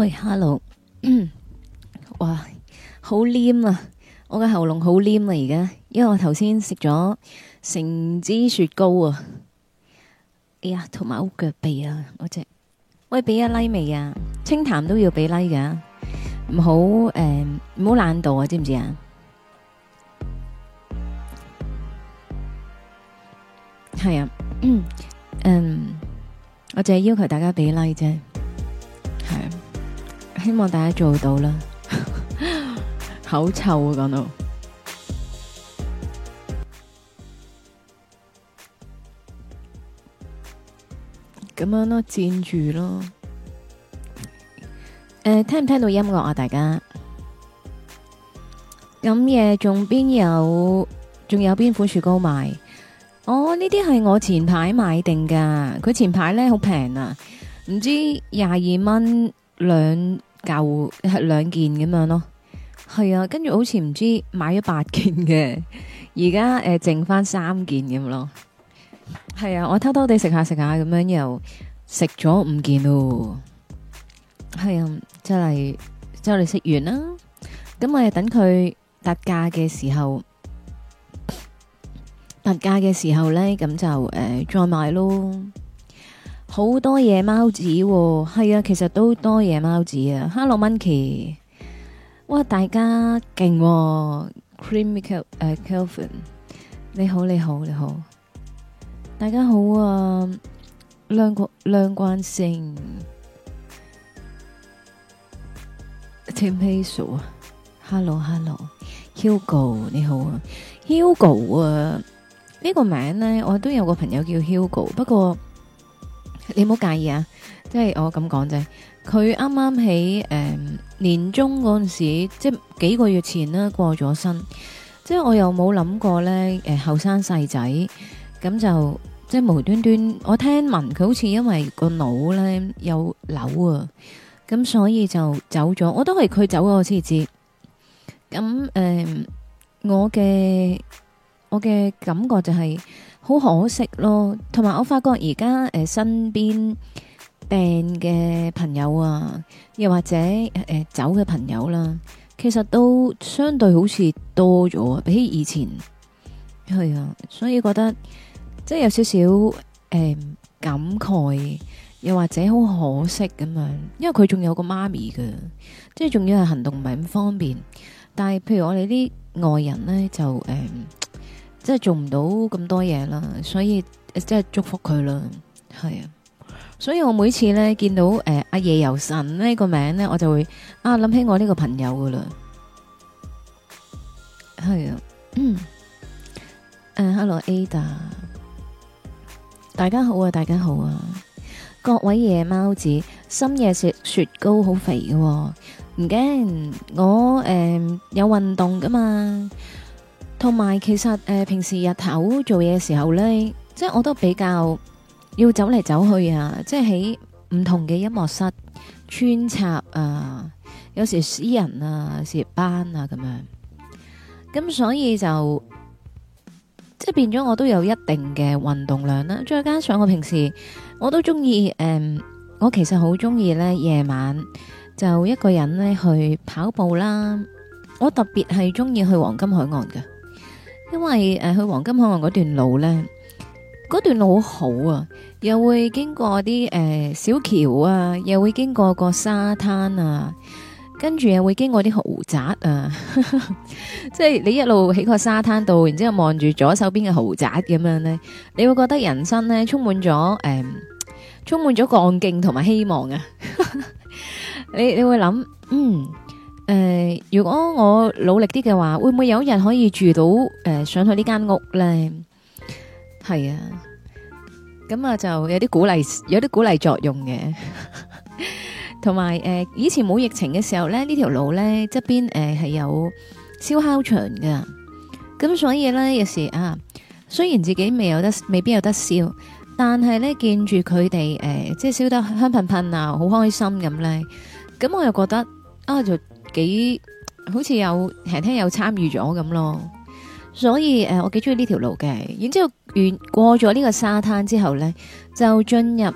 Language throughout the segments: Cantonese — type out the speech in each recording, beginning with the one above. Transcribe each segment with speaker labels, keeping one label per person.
Speaker 1: 喂，hello， 哇，好黏啊！我嘅喉嚨好黏啊，而家，因為我頭先食咗成支雪糕啊。哎呀，同埋烏腳鼻啊，我只喂俾一拉未啊？清談都要俾拉嘅，唔好誒，唔好懶惰啊，知唔知啊？係、嗯、啊，嗯，我淨係要求大家俾拉啫，係、啊。希望大家做到啦，口 臭啊！講到咁樣咯，站住咯！誒、呃，聽唔聽到音樂啊？大家咁嘢仲邊有？仲有邊款雪糕賣？哦，呢啲係我前排買定噶，佢前排咧好平啊，唔知廿二蚊兩。夠一兩件咁樣咯，係啊，跟住好似唔知買咗八件嘅，而家誒剩翻三件咁咯，係啊，我偷偷地食下食下咁樣，又食咗五件咯，係啊，即係即係食完啦，咁我又等佢特價嘅時候，特價嘅時候咧，咁就誒再買咯。好多夜貓子喎、哦，係啊，其實都多夜貓子啊。Hello Minky 哇，大家勁、哦、Creamy 誒、uh,，Kelvin，你好，你好，你好，大家好啊，亮國梁冠星，Timmy，數啊，Hello，Hello，Hugo，你好啊，Hugo 啊，呢、這個名呢，我都有個朋友叫 Hugo，不過。你唔好介意啊，即係我咁講啫。佢啱啱喺誒年中嗰陣時，即係幾個月前啦，過咗身，即係我又冇諗過咧。誒後生細仔，咁就即係無端端，我聽聞佢好似因為個腦咧有瘤啊，咁所以就走咗。我都係佢走咗我先知。咁誒、呃，我嘅我嘅感覺就係。好可惜咯，同埋我發覺而家誒身邊病嘅朋友啊，又或者誒、呃、走嘅朋友啦、啊，其實都相對好似多咗，比起以前係啊，所以覺得即係有少少誒感慨，又或者好可惜咁樣，因為佢仲有個媽咪嘅，即係仲要係行動唔係咁方便，但係譬如我哋啲外人呢，就誒。呃真係做唔到咁多嘢啦，所以真係祝福佢啦，係啊！所以我每次咧見到誒、呃、阿夜遊神呢個名咧，我就會啊諗起我呢個朋友噶啦，係啊，嗯，誒、uh，Hello Ada，大家好啊，大家好啊，各位夜貓子，深夜食雪，雪糕好肥噶。哦，唔驚，我誒、呃、有運動噶嘛。同埋，其實誒、呃，平時日頭做嘢嘅時候呢，即係我都比較要走嚟走去啊，即係喺唔同嘅音樂室穿插啊，有時私人啊，事業班啊咁樣。咁所以就即係變咗，我都有一定嘅運動量啦，啊。再加上我平時我都中意誒，我其實好中意呢，夜晚就一個人呢去跑步啦。我特別係中意去黃金海岸嘅，因為誒去黃金海岸嗰段路咧，嗰段路好啊，又會經過啲誒小橋啊，又會經過個沙灘啊，跟住又會經過啲豪宅啊，即係你一路喺個沙灘度，然之後望住左手邊嘅豪宅咁樣咧，你會覺得人生咧充滿咗誒，充滿咗幹勁同埋希望啊！你你會諗嗯。誒，如果我努力啲嘅話，會唔會有一日可以住到誒上去呢間屋咧？係啊，咁啊就有啲鼓勵，有啲鼓勵作用嘅。同埋誒，以前冇疫情嘅時候咧，呢條路咧側邊誒係有燒烤場噶，咁所以咧有時啊，雖然自己未有得，未必有得燒，但係咧見住佢哋誒，即係燒得香噴噴啊，好開心咁咧，咁我又覺得啊就。幾好似有，係聽有參與咗咁咯，所以誒，我幾中意呢條路嘅。然之後完過咗呢個沙灘之後咧，就進入誒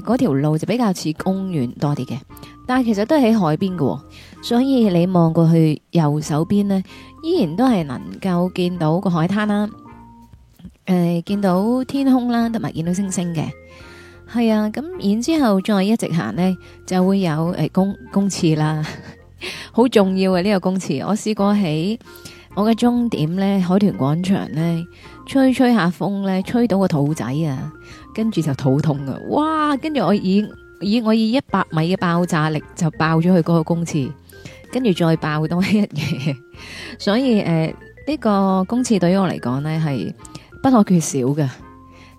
Speaker 1: 嗰條路就比較似公園多啲嘅。但係其實都係喺海邊嘅，所以你望過去右手邊咧，依然都係能夠見到個海灘啦，誒，見到天空啦，同埋見到星星嘅。係啊，咁然之後再一直行咧，就會有誒公公廁啦。好重要嘅，呢個公廁，我試過喺我嘅終點呢，海豚廣場呢，吹吹下風呢，吹到個肚仔啊，跟住就肚痛啊，哇！跟住我以以我以一百米嘅爆炸力就爆咗去嗰個公廁，跟住再爆多一嘢， 所以誒呢、呃，這個公廁對於我嚟講呢係不可缺少嘅，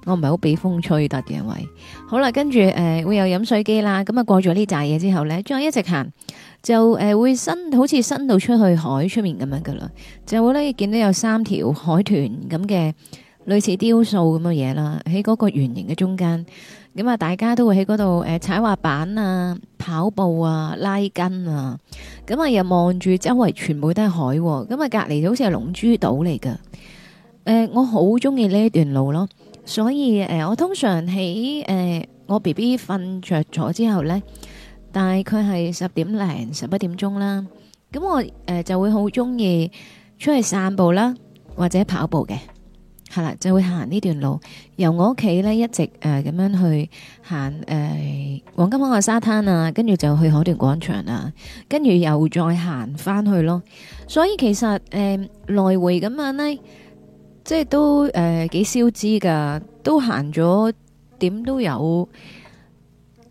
Speaker 1: 我唔係好俾風吹，得嘅，因為好啦，跟住誒、呃、會有飲水機啦，咁啊，過咗呢扎嘢之後咧，再一直行。就誒、呃、會伸，好似伸到出去海出面咁樣噶啦，就會咧見到有三條海豚咁嘅類似雕塑咁嘅嘢啦，喺嗰個圓形嘅中間，咁、嗯、啊大家都會喺嗰度誒踩滑板啊、跑步啊、拉筋啊，咁、嗯、啊又望住周圍全部都係海、啊，咁啊隔籬好似係龍珠島嚟噶，誒、呃、我好中意呢一段路咯，所以誒、呃、我通常喺誒、呃、我 B B 瞓着咗之後咧。大概佢係十點零十一點鐘啦，咁我誒就會好中意出去散步啦，或者跑步嘅，係啦就會行呢段路，由我屋企呢，一直誒咁、呃、樣去行誒黃金海岸沙灘啊，跟住就去海豚廣場啊，跟住又再行翻去咯。所以其實誒、呃、來回咁樣呢，即係都誒幾燒脂噶，都行咗點都有。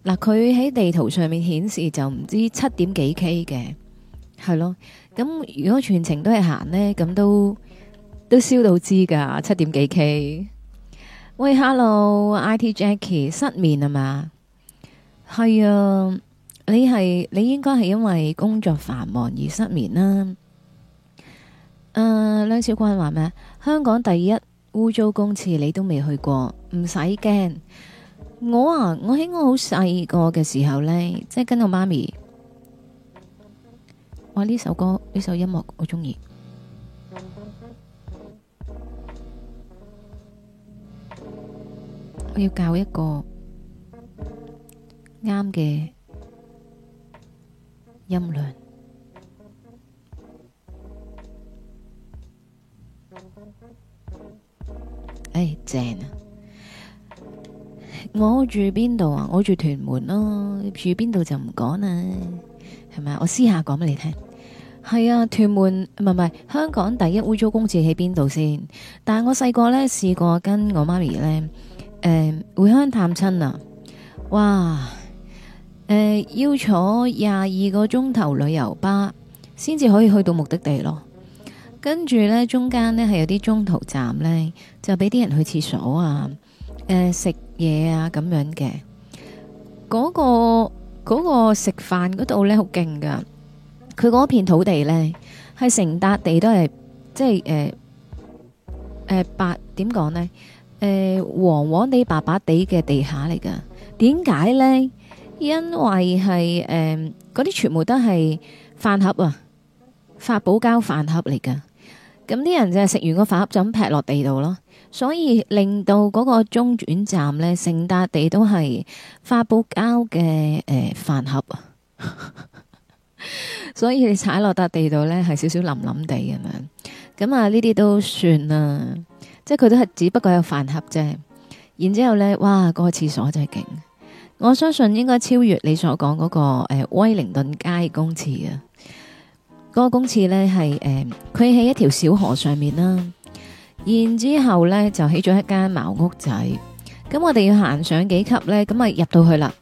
Speaker 1: 嗱，佢喺地圖上面顯示就唔知七點幾 K 嘅，係咯。咁如果全程都係行呢，咁都都燒到脂㗎。七點幾 K？喂，Hello，IT，Jackie，失眠啊嘛？係啊，你係你應該係因為工作繁忙而失眠啦。誒、呃，梁小軍話咩？香港第一污糟公廁，你都未去過，唔使驚。我啊，我喺我好細個嘅時候呢，即係跟我媽咪，哇呢首歌呢首音樂我中意，我要教一個啱嘅音量，哎正啊。我住邊度啊？我住屯門咯。住邊度就唔講啦，係咪？我私下講俾你聽，係啊。屯門唔係唔係香港第一污糟公廁喺邊度先？但係我細個呢，試過跟我媽咪呢，誒、呃、回鄉探親啊，哇誒、呃、要坐廿二個鐘頭旅遊巴先至可以去到目的地咯。跟住呢，中間呢，係有啲中途站呢，就俾啲人去廁所啊，誒、呃、食。嘢啊，咁樣嘅，嗰個嗰個食飯嗰度咧，好勁噶。佢嗰片土地咧，係成笪地都係，即係誒誒白，點講咧？誒黃黃地白白地嘅地下嚟噶。點解咧？因為係誒嗰啲全部都係飯盒啊，發泡膠飯盒嚟噶。咁啲人就係食完個飯盒就咁劈落地度咯。所以令到嗰個中轉站咧，成笪地都係發泡膠嘅誒飯盒、啊， 所以你踩落笪地度咧係少少腍腍地咁樣。咁啊，呢啲都算啦，即係佢都係只不過有飯盒啫。然之後咧，哇，嗰、那個廁所真係勁，我相信應該超越你所講嗰、那個誒、呃、威靈頓街公廁啊。嗰、那個公廁咧係誒，佢喺、呃、一條小河上面啦、啊。然之後咧就起咗一間茅屋仔，咁我哋要行上幾級咧，咁啊入到去啦，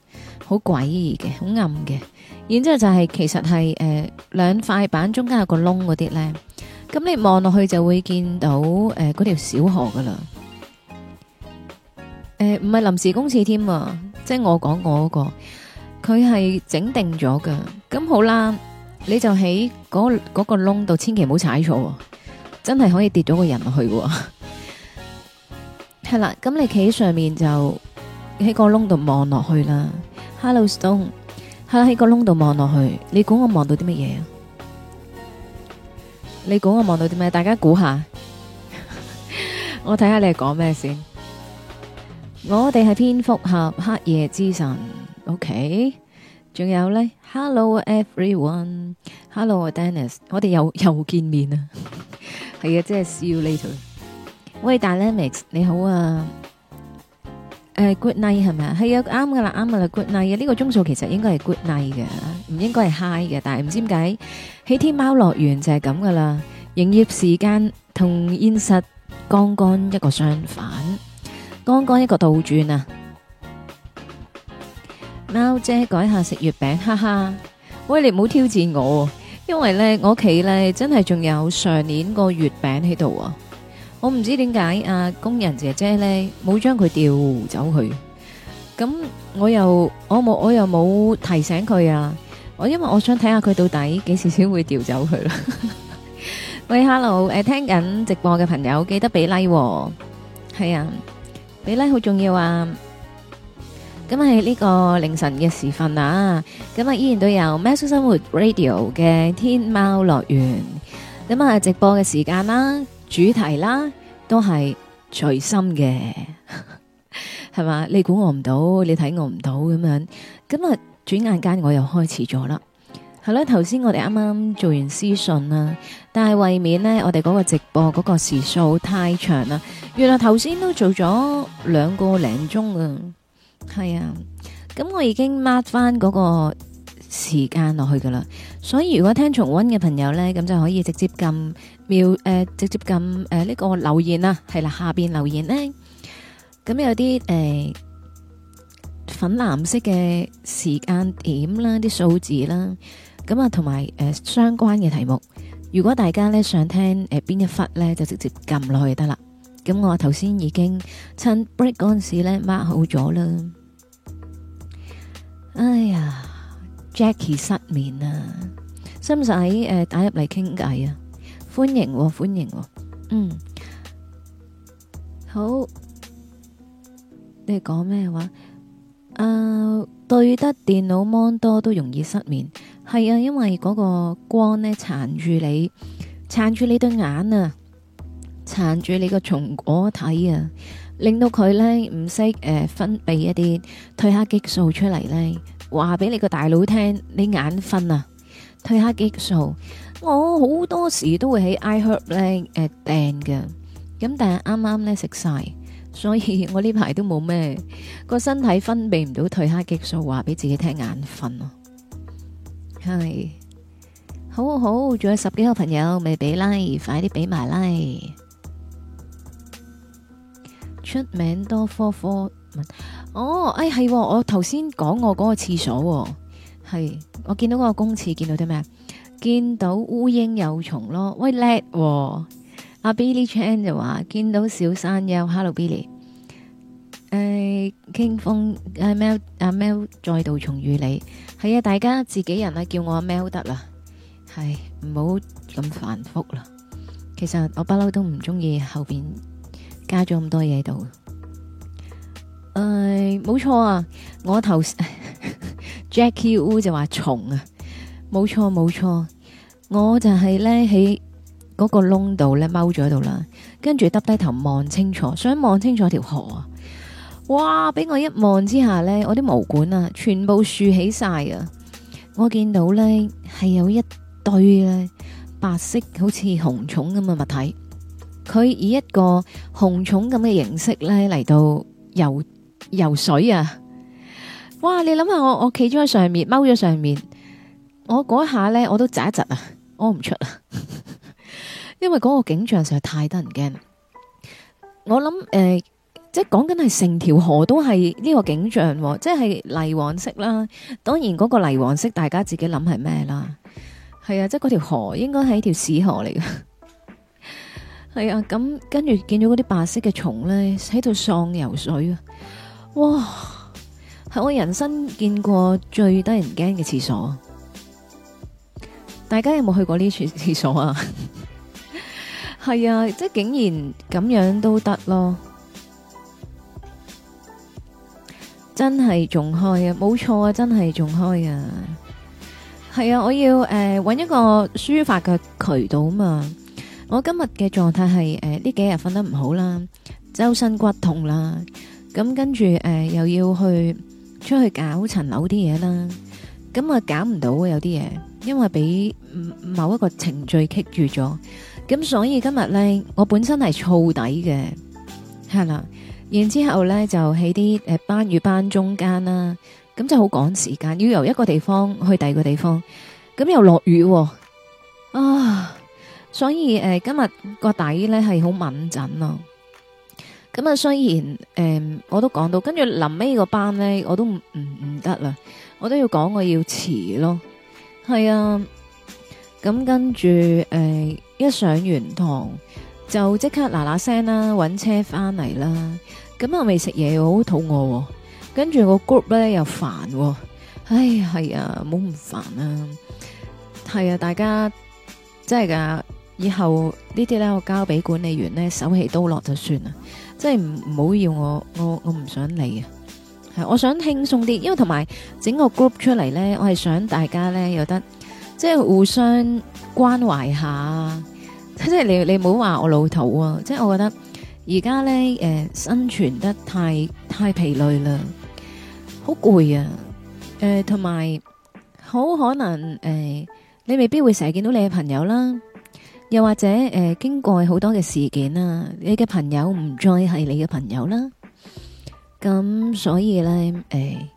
Speaker 1: 好詭異嘅，好暗嘅。然之後就係其實係誒兩塊板中間有個窿嗰啲咧，咁你望落去就會見到誒嗰條小河噶啦。誒唔係臨時公廁添啊，即係我講過嗰個，佢係整定咗噶。咁好啦，你就喺嗰嗰個窿度，千祈唔好踩錯。真係可以跌咗個人落去，哦，係 啦。咁你企上面就喺個窿度望落去啦。Hello Stone，係啦，喺 個窿度望落去，你估我望到啲乜嘢啊？你估我望到啲咩？大家估下， 我睇下你係講咩先。 我哋係蝙蝠俠、黑夜之神，OK。仲有呢 Hello everyone，Hello Dennis，我哋又又見面啦，係 啊，即係 See you later 喂。喂，Dynamics 你好啊，誒、uh,，Good night 係咪啊？係啊，啱噶啦，啱噶啦，Good night 嘅呢，這個鐘數其實應該係 Good night 嘅，唔應該係 high 嘅，但係唔知點解喺天貓樂園就係咁噶啦，營業時間同現實剛剛一個相反，剛剛一個倒轉啊！貓姐改下食月餅，哈哈！喂，你唔好挑戰我，因為咧我屋企咧真係仲有上年個月餅喺度啊！我唔知點解啊，工人姐姐咧冇將佢調走去，咁我又我冇我又冇提醒佢啊！我因為我想睇下佢到底幾時先會調走佢啦。喂，hello，誒，聽緊直播嘅朋友記得俾 like，係啊，俾 like 好重要啊！咁係呢個凌晨嘅時分啊！咁啊，依然都有《喵式生活 Radio》嘅天喵樂園咁啊，直播嘅時間啦、啊，主題啦、啊，都係隨心嘅，係 嘛？你估我唔到，你睇我唔到咁樣。咁啊，轉眼間我又開始咗啦。係、嗯、啦，頭先我哋啱啱做完私信啦，但係為免呢，我哋嗰個直播嗰個時數太長啦，原來頭先都做咗兩個零鐘啊。係啊，咁我已經 mark 翻個時間落去噶啦，所以如果聽重温嘅朋友咧，咁就可以直接撳秒誒，直接撳誒呢個留言啦，係啦，下邊留言咧，咁有啲誒、呃、粉藍色嘅時間點啦，啲數字啦，咁啊同埋誒相關嘅題目，如果大家咧想聽誒邊、呃、一忽咧，就直接撳落去得啦。咁我頭先已經趁 break 嗰陣時咧 mark 好咗啦。哎呀，Jacky 失眠啊，使唔使誒打入嚟傾偈啊？歡迎喎，歡迎喎。嗯，好。你講咩話？誒、呃，對得電腦 mon 多都容易失眠。係啊，因為嗰個光咧殘住你，殘住你對眼啊。撐住你個松果體啊，令到佢咧唔識誒分泌一啲褪黑激素出嚟咧，話俾你個大腦聽你眼瞓啊，褪黑激素。我好多時都會喺 iHerb 咧誒訂嘅，咁但係啱啱咧食晒，所以我呢排都冇咩個身體分泌唔到褪黑激素，話俾自己聽眼瞓啊。係，好好，仲有十幾個朋友未俾 like，快啲俾埋 like。出名多科科，哦，哎係、哦，我頭先講我嗰個廁所、哦，係我見到嗰個公廁見到啲咩啊？見到烏蠅有蟲咯，喂叻，阿、哦啊、Billy Chan 就話見到小山腰，Hello Billy，誒，傾風阿 Mel 阿、啊、Mel 再度重遇你，係啊，大家自己人啊，叫我阿、啊、Mel 得啦，係唔好咁繁複啦，其實我不嬲都唔中意後邊。加咗咁多嘢度？誒、呃，冇錯啊！我頭 Jackie Wu 就話蟲啊，冇錯冇錯，我就係咧喺嗰個窿度咧踎咗喺度啦，跟住耷低頭望清楚，想望清楚條河啊！哇，俾我一望之下咧，我啲毛管啊，全部豎起晒啊！我見到咧係有一堆咧白色，好似紅蟲咁嘅物體。佢以一個紅蟲咁嘅形式咧嚟，到游游水啊！哇！你諗下，我我企咗喺上面踎咗喺上面，我嗰下咧我都窒一窒啊，屙唔出啊！ 因為嗰個景象實在太得人驚。我諗誒、呃，即係講緊係成條河都係呢個景象，即係泥黃色啦。當然嗰個泥黃色，大家自己諗係咩啦。係啊，即係嗰條河應該係一條屎河嚟嘅。係啊，咁跟住見到嗰啲白色嘅蟲咧喺度喪游水啊！哇，係我人生見過最得人驚嘅廁所。大家有冇去過呢處廁所啊？係啊，即係竟然咁樣都得咯，真係仲開啊！冇錯啊，真係仲開啊！係啊，我要誒搵一個抒發嘅渠道啊嘛。我今日嘅狀態係誒，呢幾日瞓得唔好啦，周身骨痛啦，咁跟住誒又要去出去搞層樓啲嘢啦。咁啊搞唔到啊有啲嘢，因為俾某一個程序棘住咗，咁所以今日咧我本身係燥底嘅。係啦，然之後咧就喺啲誒班與班中間啦，咁就好趕時間，要由一個地方去第二個地方，咁又落雨啊！所以誒、呃，今日個底咧係好敏陣咯。咁、嗯、啊，雖然誒、嗯，我都講到，跟住臨尾個班咧，我都唔唔得啦，我都要講我要遲咯。係啊，咁跟住誒，一上完堂就即刻嗱嗱聲啦，搵車翻嚟啦。咁、嗯、啊，未食嘢，好肚餓。跟住個 group 咧又煩、啊，唉係啊，冇咁煩啊。係啊，大家真係噶。以後呢啲咧，我交俾管理員咧，手起刀落就算啦。即係唔唔好要我，我我唔想理啊。係我想輕鬆啲，因為同埋整個 group 出嚟咧，我係想大家咧有得，即係互相關懷下。即係你你唔好話我老土啊。即係我覺得而家咧誒，生存得太太疲累啦，好攰啊。誒、呃，同埋好可能誒、呃，你未必會成日見到你嘅朋友啦。又或者誒、呃，經過好多嘅事件啦，你嘅朋友唔再係你嘅朋友啦。咁、嗯、所以咧，誒、哎，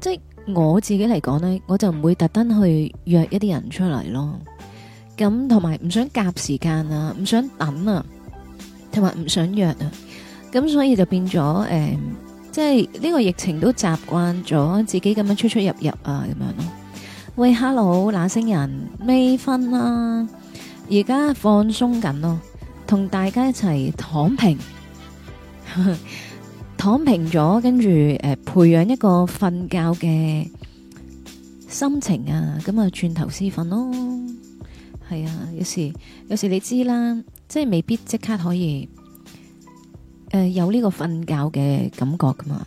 Speaker 1: 即係我自己嚟講咧，我就唔會特登去約一啲人出嚟咯。咁同埋唔想夾時間啊，唔想等啊，同埋唔想約啊。咁、嗯、所以就變咗誒、哎，即係呢個疫情都習慣咗自己咁樣出出入入啊，咁樣咯。喂，hello，那星人未瞓啦。而家放鬆緊咯，同大家一齊躺平， 躺平咗，跟住誒、呃、培養一個瞓覺嘅心情啊。咁啊，轉頭先瞓咯。係啊，有時有時你知啦，即係未必即刻可以誒、呃、有呢個瞓覺嘅感覺噶嘛。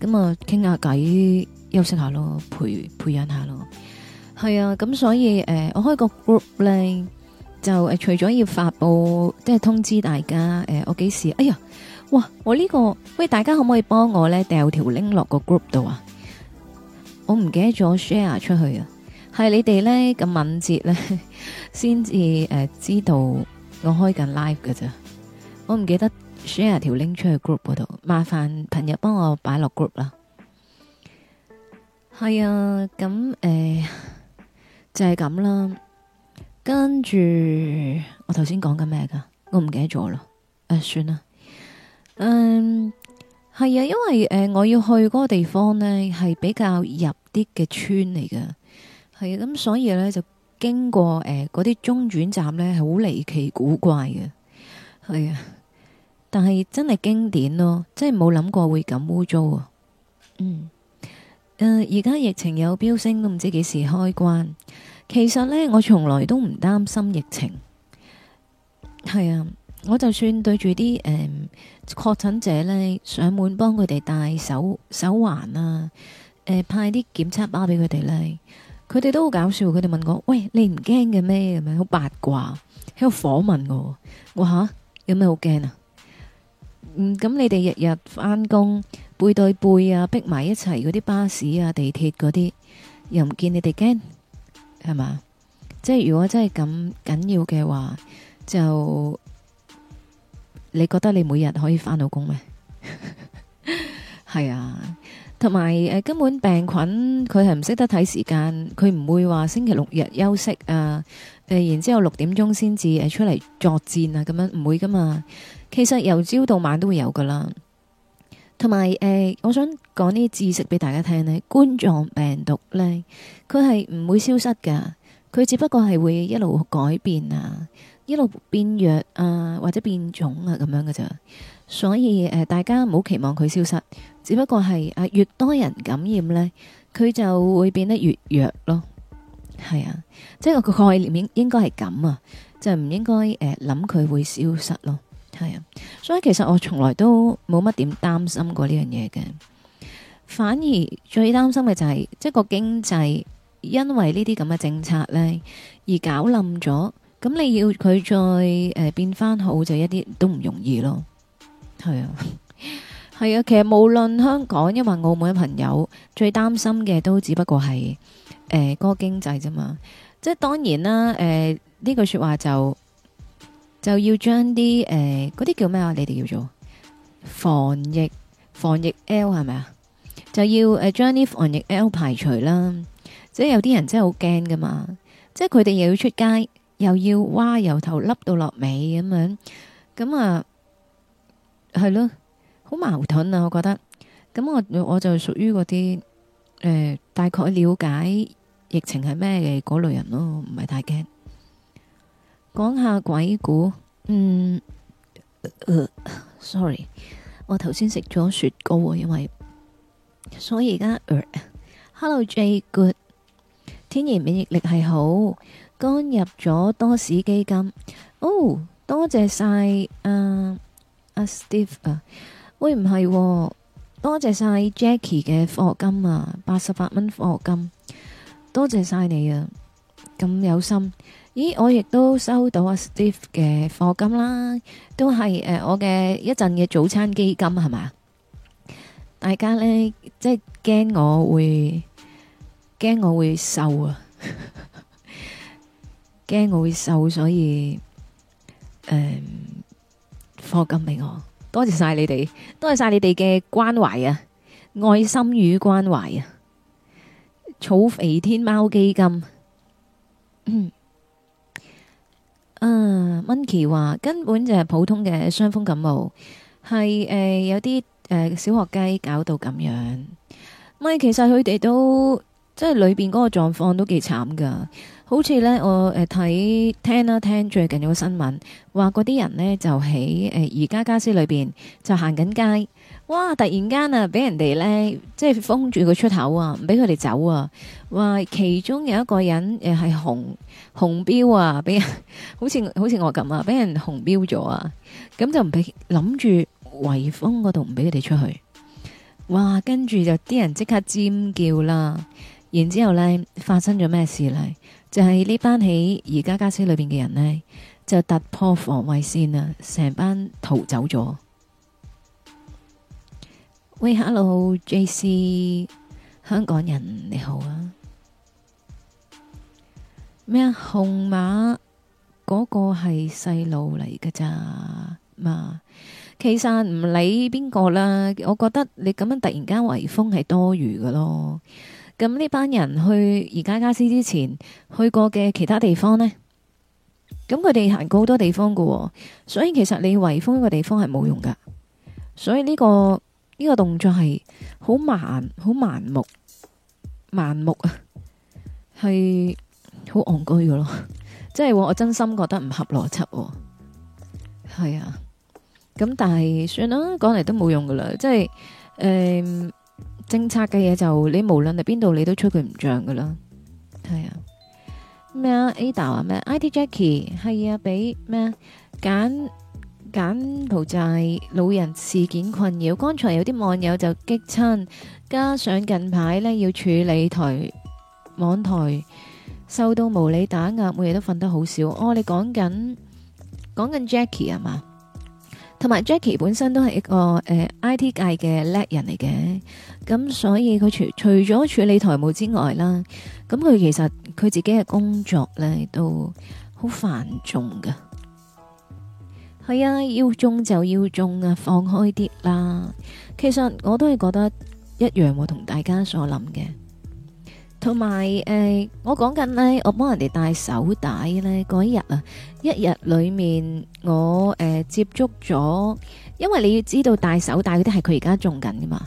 Speaker 1: 咁啊，傾下偈，休息下咯，培培養下咯。係啊，咁所以誒、呃，我開個 group 咧，就誒、呃，除咗要發布，即係通知大家，誒、呃，我幾時？哎呀，哇，我呢個，喂，大家可唔可以幫我咧掉條 link 落個 group 度啊？我唔記得咗 share 出去啊，係你哋咧咁敏捷咧，先至誒知道我開緊 live 噶咋。我唔記得 share 條 link 出去 group 嗰度，麻煩朋友幫我擺落 group 啦。係啊，咁誒就係咁啦。跟住我頭先講緊咩？噶？我唔記得咗咯。誒、呃，算啦。嗯，係啊，因為誒、呃、我要去嗰個地方呢，係比較入啲嘅村嚟噶。係啊，咁，所以呢，就經過誒嗰啲中轉站呢，係好離奇古怪嘅。係啊，但係真係經典咯，真係冇諗過會咁污糟啊。嗯。而、呃、家疫情有飆升，都唔知幾時開關。其實呢，我從來都唔擔心疫情。係啊，我就算對住啲誒確診者呢，上門幫佢哋戴手手環啊，誒、呃、派啲檢測包畀佢哋呢，佢哋都好搞笑。佢哋問我：喂，你唔驚嘅咩？咁樣好八卦喺度訪問我。我話有咩好驚啊？嗯，咁你哋日日翻工背對背啊，逼埋一齊嗰啲巴士啊、地鐵嗰啲，又唔見你哋驚。係嘛？即係如果真係咁緊要嘅話，就你覺得你每日可以返到工咩？係 啊，同埋誒，根本病菌佢係唔識得睇時間，佢唔會話星期六日休息啊，誒、呃，然之後六點鐘先至誒出嚟作戰啊，咁樣唔會噶嘛。其實由朝到晚都會有噶啦。同埋誒，我想講啲知識俾大家聽咧。冠狀病毒呢，佢係唔會消失嘅，佢只不過係會一路改變啊，一路變弱啊，或者變種啊咁樣嘅咋。所以誒、呃，大家唔好期望佢消失，只不過係啊、呃，越多人感染呢，佢就會變得越弱咯。係啊，即係個概念應該應該係咁啊，就唔應該誒諗佢會消失咯。係啊，所以其實我從來都冇乜點擔心過呢樣嘢嘅，反而最擔心嘅就係即係個經濟，因為呢啲咁嘅政策呢，而搞冧咗，咁你要佢再誒、呃、變翻好就一啲都唔容易咯。係啊，係啊，其實無論香港，因為澳門嘅朋友最擔心嘅都只不過係誒嗰個經濟啫嘛。即係當然啦，誒呢句說話就。就要將啲誒嗰啲叫咩啊？你哋叫做防疫防疫 L 係咪啊？就要誒將啲防疫 L 排除啦。即係有啲人真係好驚噶嘛，即係佢哋又要出街，又要哇由頭笠到落尾咁樣，咁啊係咯，好矛盾啊！我覺得。咁我我就屬於嗰啲誒，大概了解疫情係咩嘅嗰類人咯，唔係太驚。講下鬼故，嗯、呃、，sorry，我頭先食咗雪糕，因為所以而家、呃、，hello J good，天然免疫力係好，剛入咗多士基金，哦，多謝晒，嗯、啊，阿、啊、Steve 啊，喂唔係、哦，多謝晒 Jackie 嘅課金啊，八十八蚊課金，多謝晒你啊，咁有心。咦，我亦都收到阿 Steve 嘅課金啦，都係誒我嘅一陣嘅早餐基金係嘛？大家咧即係驚我會驚我會瘦啊，驚我會瘦，所以誒課金俾我，多謝晒你哋，多謝晒你哋嘅關懷啊，愛心與關懷啊，草肥天貓基金。啊、uh, Monkey 話根本就係普通嘅傷風感冒，係誒、呃、有啲誒、呃、小學雞搞到咁樣，咪其實佢哋都。即係裏邊嗰個狀況都幾慘噶，好似咧我誒睇、呃、聽啦、啊、聽最近有個新聞，話嗰啲人呢，就喺誒宜家家私裏邊就行緊街，哇！突然間啊，俾人哋咧即係封住個出口啊，唔俾佢哋走啊。話其中有一個人誒係、呃、紅紅標啊，俾人好似好似我咁啊，俾人紅標咗啊。咁就唔俾諗住圍封嗰度唔俾佢哋出去。哇！跟住就啲人即刻尖叫啦～然之後咧，發生咗咩事呢？就係呢班喺而家家私裏邊嘅人呢，就突破防衛線啦，成班逃走咗。喂，hello，J.C. 香港人你好啊。咩啊？紅馬嗰、那個係細路嚟噶咋嘛？其實唔理邊個啦，我覺得你咁樣突然間圍封係多餘噶咯。咁呢班人去宜家家私之前去過嘅其他地方呢，咁佢哋行過好多地方噶，哦，所以其實你圍封一個地方係冇用噶，所以呢、呢個呢、呢個動作係好盲、好盲目、盲目啊，係好戇居噶咯，即 係我真心覺得唔合邏輯，哦。係啊，咁但係算啦，講嚟都冇用噶啦，即係誒。嗯政策嘅嘢就你無論喺邊度你都吹佢唔脹噶啦，係啊，咩啊 Ada 啊咩 IT Jackie 係啊，俾咩啊柬柬埔寨老人事件困擾，剛才有啲網友就激親，加上近排呢要處理台網台，受到無理打壓，每日都瞓得好少。哦，你講緊講緊 Jackie 啊嘛。同埋 Jackie 本身都係一個誒、呃、IT 界嘅叻人嚟嘅，咁所以佢除除咗處理台務之外啦，咁佢其實佢自己嘅工作呢都好繁重噶。係啊，要中就要中啊，放開啲啦。其實我都係覺得一樣，同大家所諗嘅。同埋誒，我講緊呢，我幫人哋戴手帶呢嗰一日啊，一日裏面我誒、呃、接觸咗，因為你要知道戴手帶嗰啲係佢而家中緊噶嘛，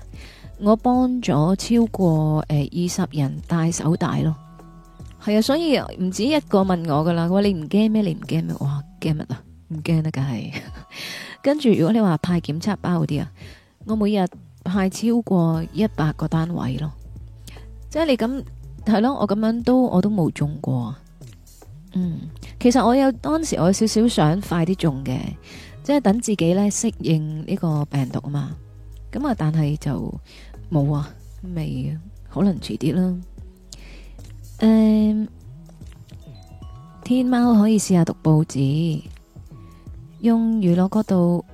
Speaker 1: 我幫咗超過誒二十人戴手帶咯，係啊，所以唔止一個問我噶啦，佢話你唔驚咩？你唔驚咩？哇，驚乜啊？唔驚啦，梗係。跟住如果你話派檢測包嗰啲啊，我每日派超過一百個單位咯，即係你咁。係咯，我咁樣都我都冇中過。嗯，其實我有當時我有少少想快啲中嘅，即係等自己咧適應呢個病毒啊嘛。咁啊，但係就冇啊，未啊，可能遲啲啦。誒、嗯，天喵可以試下讀報紙，用娛樂角度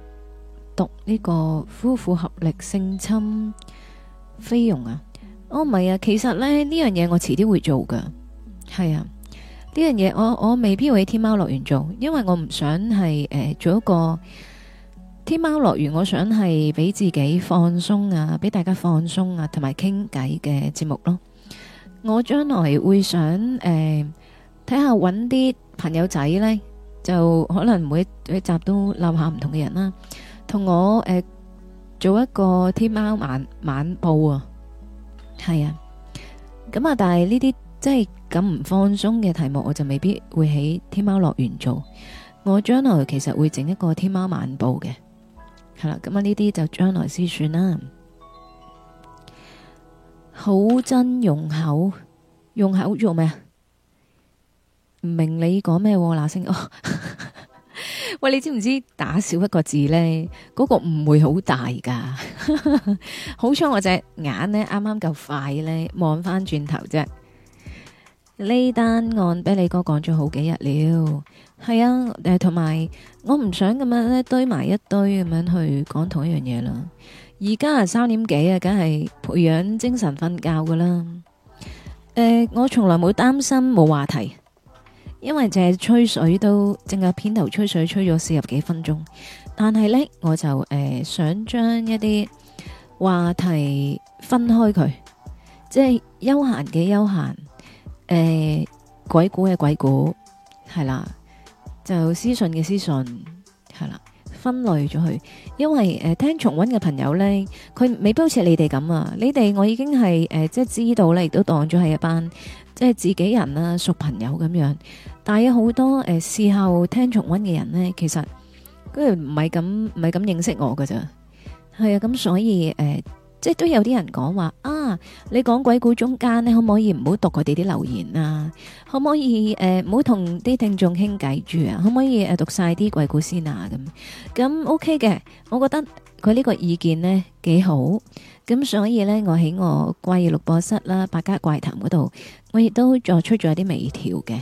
Speaker 1: 讀呢個夫婦合力性侵菲傭啊。哦，唔係啊，其實咧呢樣嘢我遲啲會做噶，係啊，呢樣嘢我我未必會喺天喵樂園做，因為我唔想係誒、呃、做一個天喵樂園，我想係俾自己放鬆啊，俾大家放鬆啊，同埋傾偈嘅節目咯。我將來會想誒睇、呃、下揾啲朋友仔呢，就可能每一集都撈下唔同嘅人啦，同我誒、呃、做一個天喵晚晚報啊。係啊，咁啊，但係呢啲即係咁唔放鬆嘅題目，我就未必會喺天喵樂園做。我將來其實會整一個天喵漫步嘅，係啦。咁啊，呢啲就將來先算啦。好真用口，用口做咩啊？唔明你講咩喎？嗱，聲哦。 喂，你知唔知打少一個字呢？嗰、那個誤會大 好大噶。好彩我隻眼呢啱啱夠快呢望返轉頭啫。呢單案俾你哥講咗好幾日了，係啊，誒、呃，同埋我唔想咁樣咧堆埋一堆咁樣去講同一樣嘢啦。而家啊三點幾啊，梗係培養精神瞓覺噶啦。誒、呃，我從來冇擔心冇話題。因為就係吹水都正啊，片頭吹水吹咗四十幾分鐘，但係呢，我就誒、呃、想將一啲話題分開佢，即係悠閒嘅悠閒，誒、呃、鬼故嘅鬼故，係啦，就屍訊嘅屍訊，係啦，分類咗佢。因為誒、呃、聽重温嘅朋友呢，佢未必好似你哋咁啊，你哋我已經係誒、呃、即係知道呢，亦都當咗係一班即係自己人啦、啊，熟朋友咁樣。但係有好多誒、呃，事後聽重温嘅人咧，其實居然唔係咁唔係咁認識我噶咋。係啊，咁、嗯、所以誒、呃，即係都有啲人講話啊，你講鬼故中間咧，可唔可以唔好讀佢哋啲留言啊？可唔可以誒，唔好同啲聽眾傾偈住啊？可唔可以誒，讀晒啲鬼故先啊？咁咁 O K 嘅，我覺得佢呢個意見咧幾好。咁、嗯、所以咧，我喺我怪異錄播室啦，百家怪談嗰度，我亦都作出咗啲微調嘅。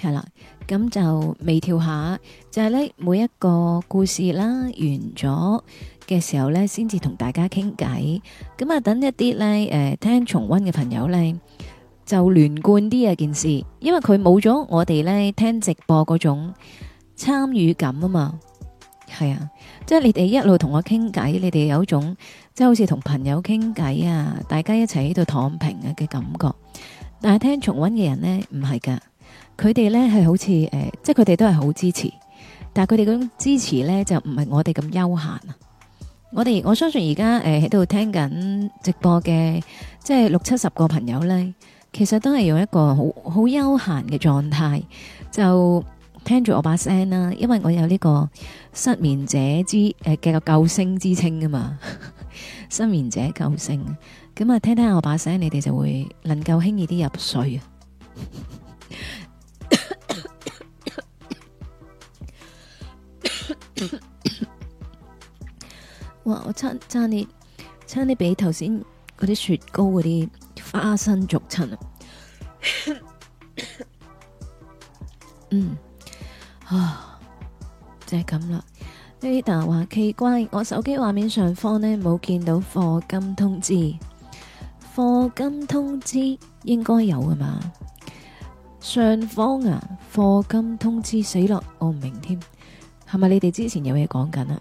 Speaker 1: 係啦，咁就微調下，就係呢，每一個故事啦，完咗嘅時候呢，先至同大家傾偈。咁啊，等一啲呢，誒、呃、聽重溫嘅朋友呢，就連貫啲啊件事，因為佢冇咗我哋呢聽直播嗰種參與感啊嘛。係啊，即係你哋一路同我傾偈，你哋有一種即係好似同朋友傾偈啊，大家一齊喺度躺平啊嘅感覺。但係聽重溫嘅人呢，唔係噶。佢哋咧係好似誒、呃，即係佢哋都係好支持，但係佢哋嗰種支持咧就唔係我哋咁悠閒啊！我哋我相信而家誒喺度聽緊直播嘅，即係六七十個朋友咧，其實都係用一個好好悠閒嘅狀態，就聽住我把聲啦，因為我有呢個失眠者之誒嘅、呃、個救星之稱㗎嘛， 失眠者救星咁啊，聽聽我把聲，你哋就會能夠輕易啲入睡啊！ 哇！我差差啲差啲比頭先嗰啲雪糕嗰啲花生足親啊！ 嗯啊，就係咁啦。呢但係話奇怪，我手機畫面上方呢冇見到課金通知，課金通知應該有啊嘛？上方啊，課金通知死咯，我唔明添。係咪你哋之前有嘢講緊啊？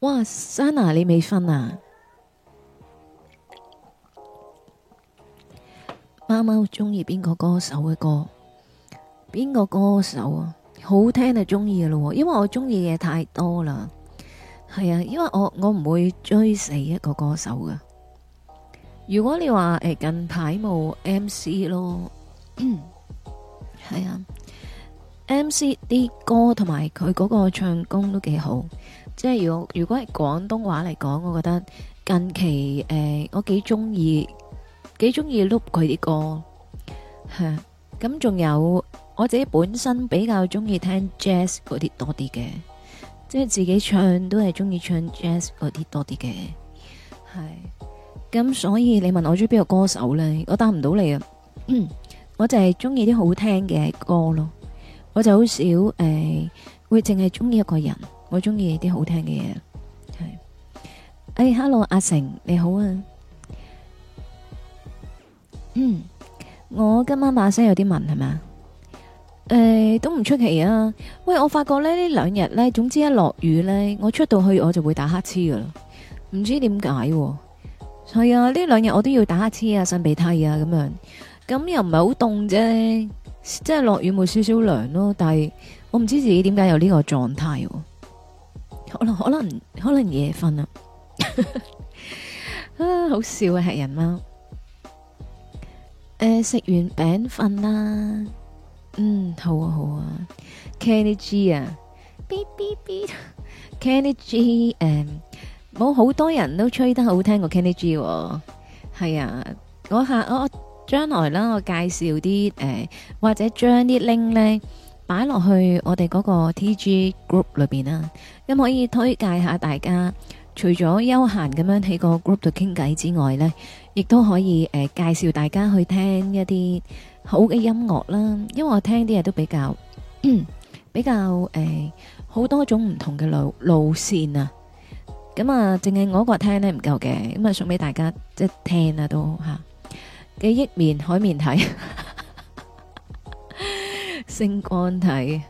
Speaker 1: 哇，Sana 你未瞓啊？貓貓中意邊個歌手嘅歌？邊個歌手啊？好聽就中意嘅咯，因為我中意嘢太多啦。係啊，因為我我唔會追死一個歌手噶。如果你話，誒、欸、近排冇 MC 咯，係 啊。M.C 啲歌同埋佢嗰個唱功都幾好，即係如果如果係廣東話嚟講，我覺得近期誒、呃，我幾中意幾中意 loop 佢啲歌吓。咁仲有我自己本身比較中意聽 jazz 嗰啲多啲嘅，即係自己唱都係中意唱 jazz 嗰啲多啲嘅。係咁，所以你問我中意邊個歌手呢？我答唔到你啊、嗯。我就係中意啲好聽嘅歌咯。我就好少誒，會淨係中意一個人，我中意啲好聽嘅嘢。係，誒，Hello 阿成，你好啊。嗯，我今晚把聲有啲文係嘛？誒，都唔出奇啊。喂，我發覺咧呢兩日咧，總之一落雨咧，我出到去我就會打乞嗤噶啦，唔知點解。係啊，呢兩日我都要打乞嗤啊，擤鼻涕啊咁樣。咁又唔係好凍啫。即係落雨冇少少涼咯，啊，但係我唔知自己點解有呢個狀態，啊，可能可能可能夜瞓啦，啊， 啊好笑啊，係人貓，誒，呃，食完餅瞓啦，嗯好啊好啊 Kenny G 啊，B B b Kenny G 誒，嗯，冇好多人都吹得好聽過 Kenny G，係啊，啊，我下我。啊將來咧，我介紹啲誒、呃，或者將啲 link 咧擺落去我哋嗰個 TG group 裏邊啦，咁、嗯、可以推介下大家。除咗休閒咁樣喺個 group 度傾偈之外咧，亦都可以誒、呃、介紹大家去聽一啲好嘅音樂啦。因為我聽啲嘢都比較 比較誒，好、呃、多種唔同嘅路路線啊。咁、嗯、啊，淨、呃、係我一個聽咧唔夠嘅，咁、嗯、啊送俾大家即係聽都啊都吓。幾億面海面體， 星光體，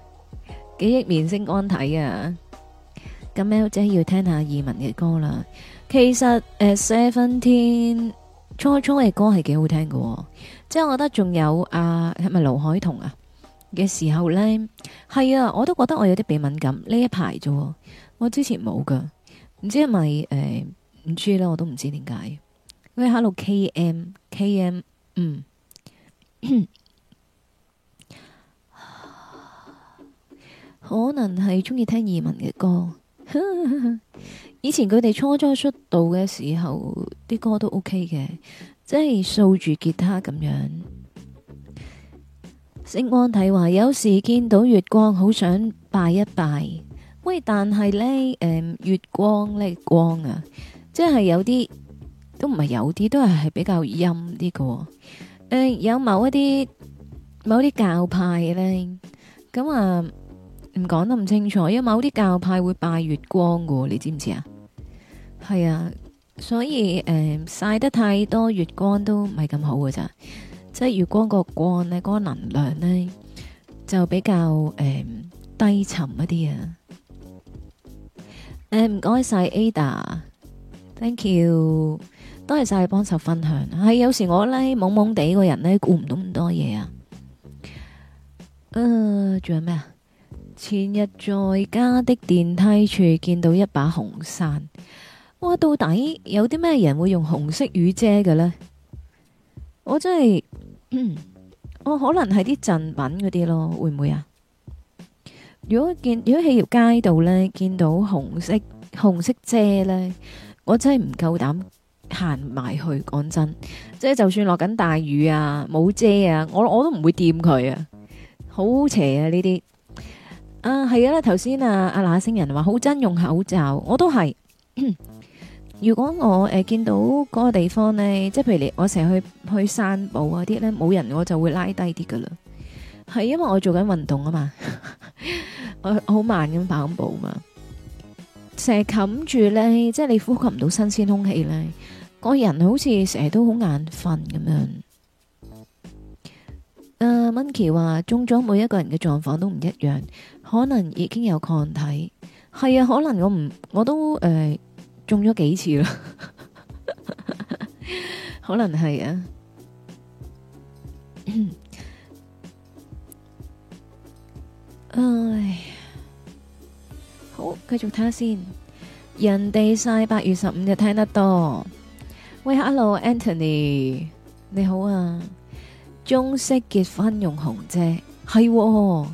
Speaker 1: 幾億面星光體啊！咁 L 姐要聽下移民嘅歌啦。其實 seventeen 初初嘅歌係幾好聽噶、哦。即我覺得仲有啊，係咪盧海彤啊嘅時候呢，係啊，我都覺得我有啲鼻敏感呢一排啫。我之前冇噶，唔知係咪誒唔知啦，我都唔知點解。喂，Hello，K M，K M，嗯、mm. 可能係鍾意聽二汶嘅歌。 以前佢哋初初出道嘅時候，啲歌都 OK 嘅，即係掃住吉他咁樣。星光體華，有時見到月光，好想拜一拜。喂，但係呢，誒、嗯，月光呢、呃、光啊，即係有啲。都唔係有啲，都係係比較陰啲嘅。誒，有某一啲某啲教派咧，咁啊唔講得唔清楚。有某啲教派會拜月光嘅，你知唔知啊？係啊，所以誒曬得太多月光都唔係咁好嘅咋。即係月光個光咧，個能量咧就比較誒低沉一啲啊。誒，唔該晒 Ada，Thank you。多謝晒幫手分享。係有時我呢懵懵地，個人呢，顧唔到咁多嘢啊。誒、呃，仲有咩啊？前日在家的電梯處見到一把紅傘，嘩，到底有啲咩人會用紅色雨遮嘅呢？我真係 我可能係啲贈品嗰啲咯，會唔會啊？如果見如果喺條街度呢，見到紅色紅色遮呢，我真係唔夠膽。行埋去，講真，即係就算落緊大雨啊，冇遮啊，我我都唔會掂佢啊，好邪啊呢啲。啊，係啊，頭先啊阿那星人話好憎用口罩，我都係。 如果我誒、呃、見到嗰個地方呢，即係譬如你我成日去去散步嗰啲呢，冇人我就會拉低啲噶啦，係因為我做緊運動啊嘛， 我好慢咁跑步嘛，成日冚住呢，即係你呼吸唔到新鮮空氣呢。個人好似成日都好眼瞓咁樣。誒、uh，Monkie 話中咗，每一個人嘅狀況都唔一樣，可能已經有抗體。係啊，可能我唔我都誒、呃、中咗幾次啦， 可能係啊。 唉，好，繼續睇下先。人哋晒八月十五日聽得多。喂，hello，Anthony，你好啊。中式結婚用紅啫，係、哦。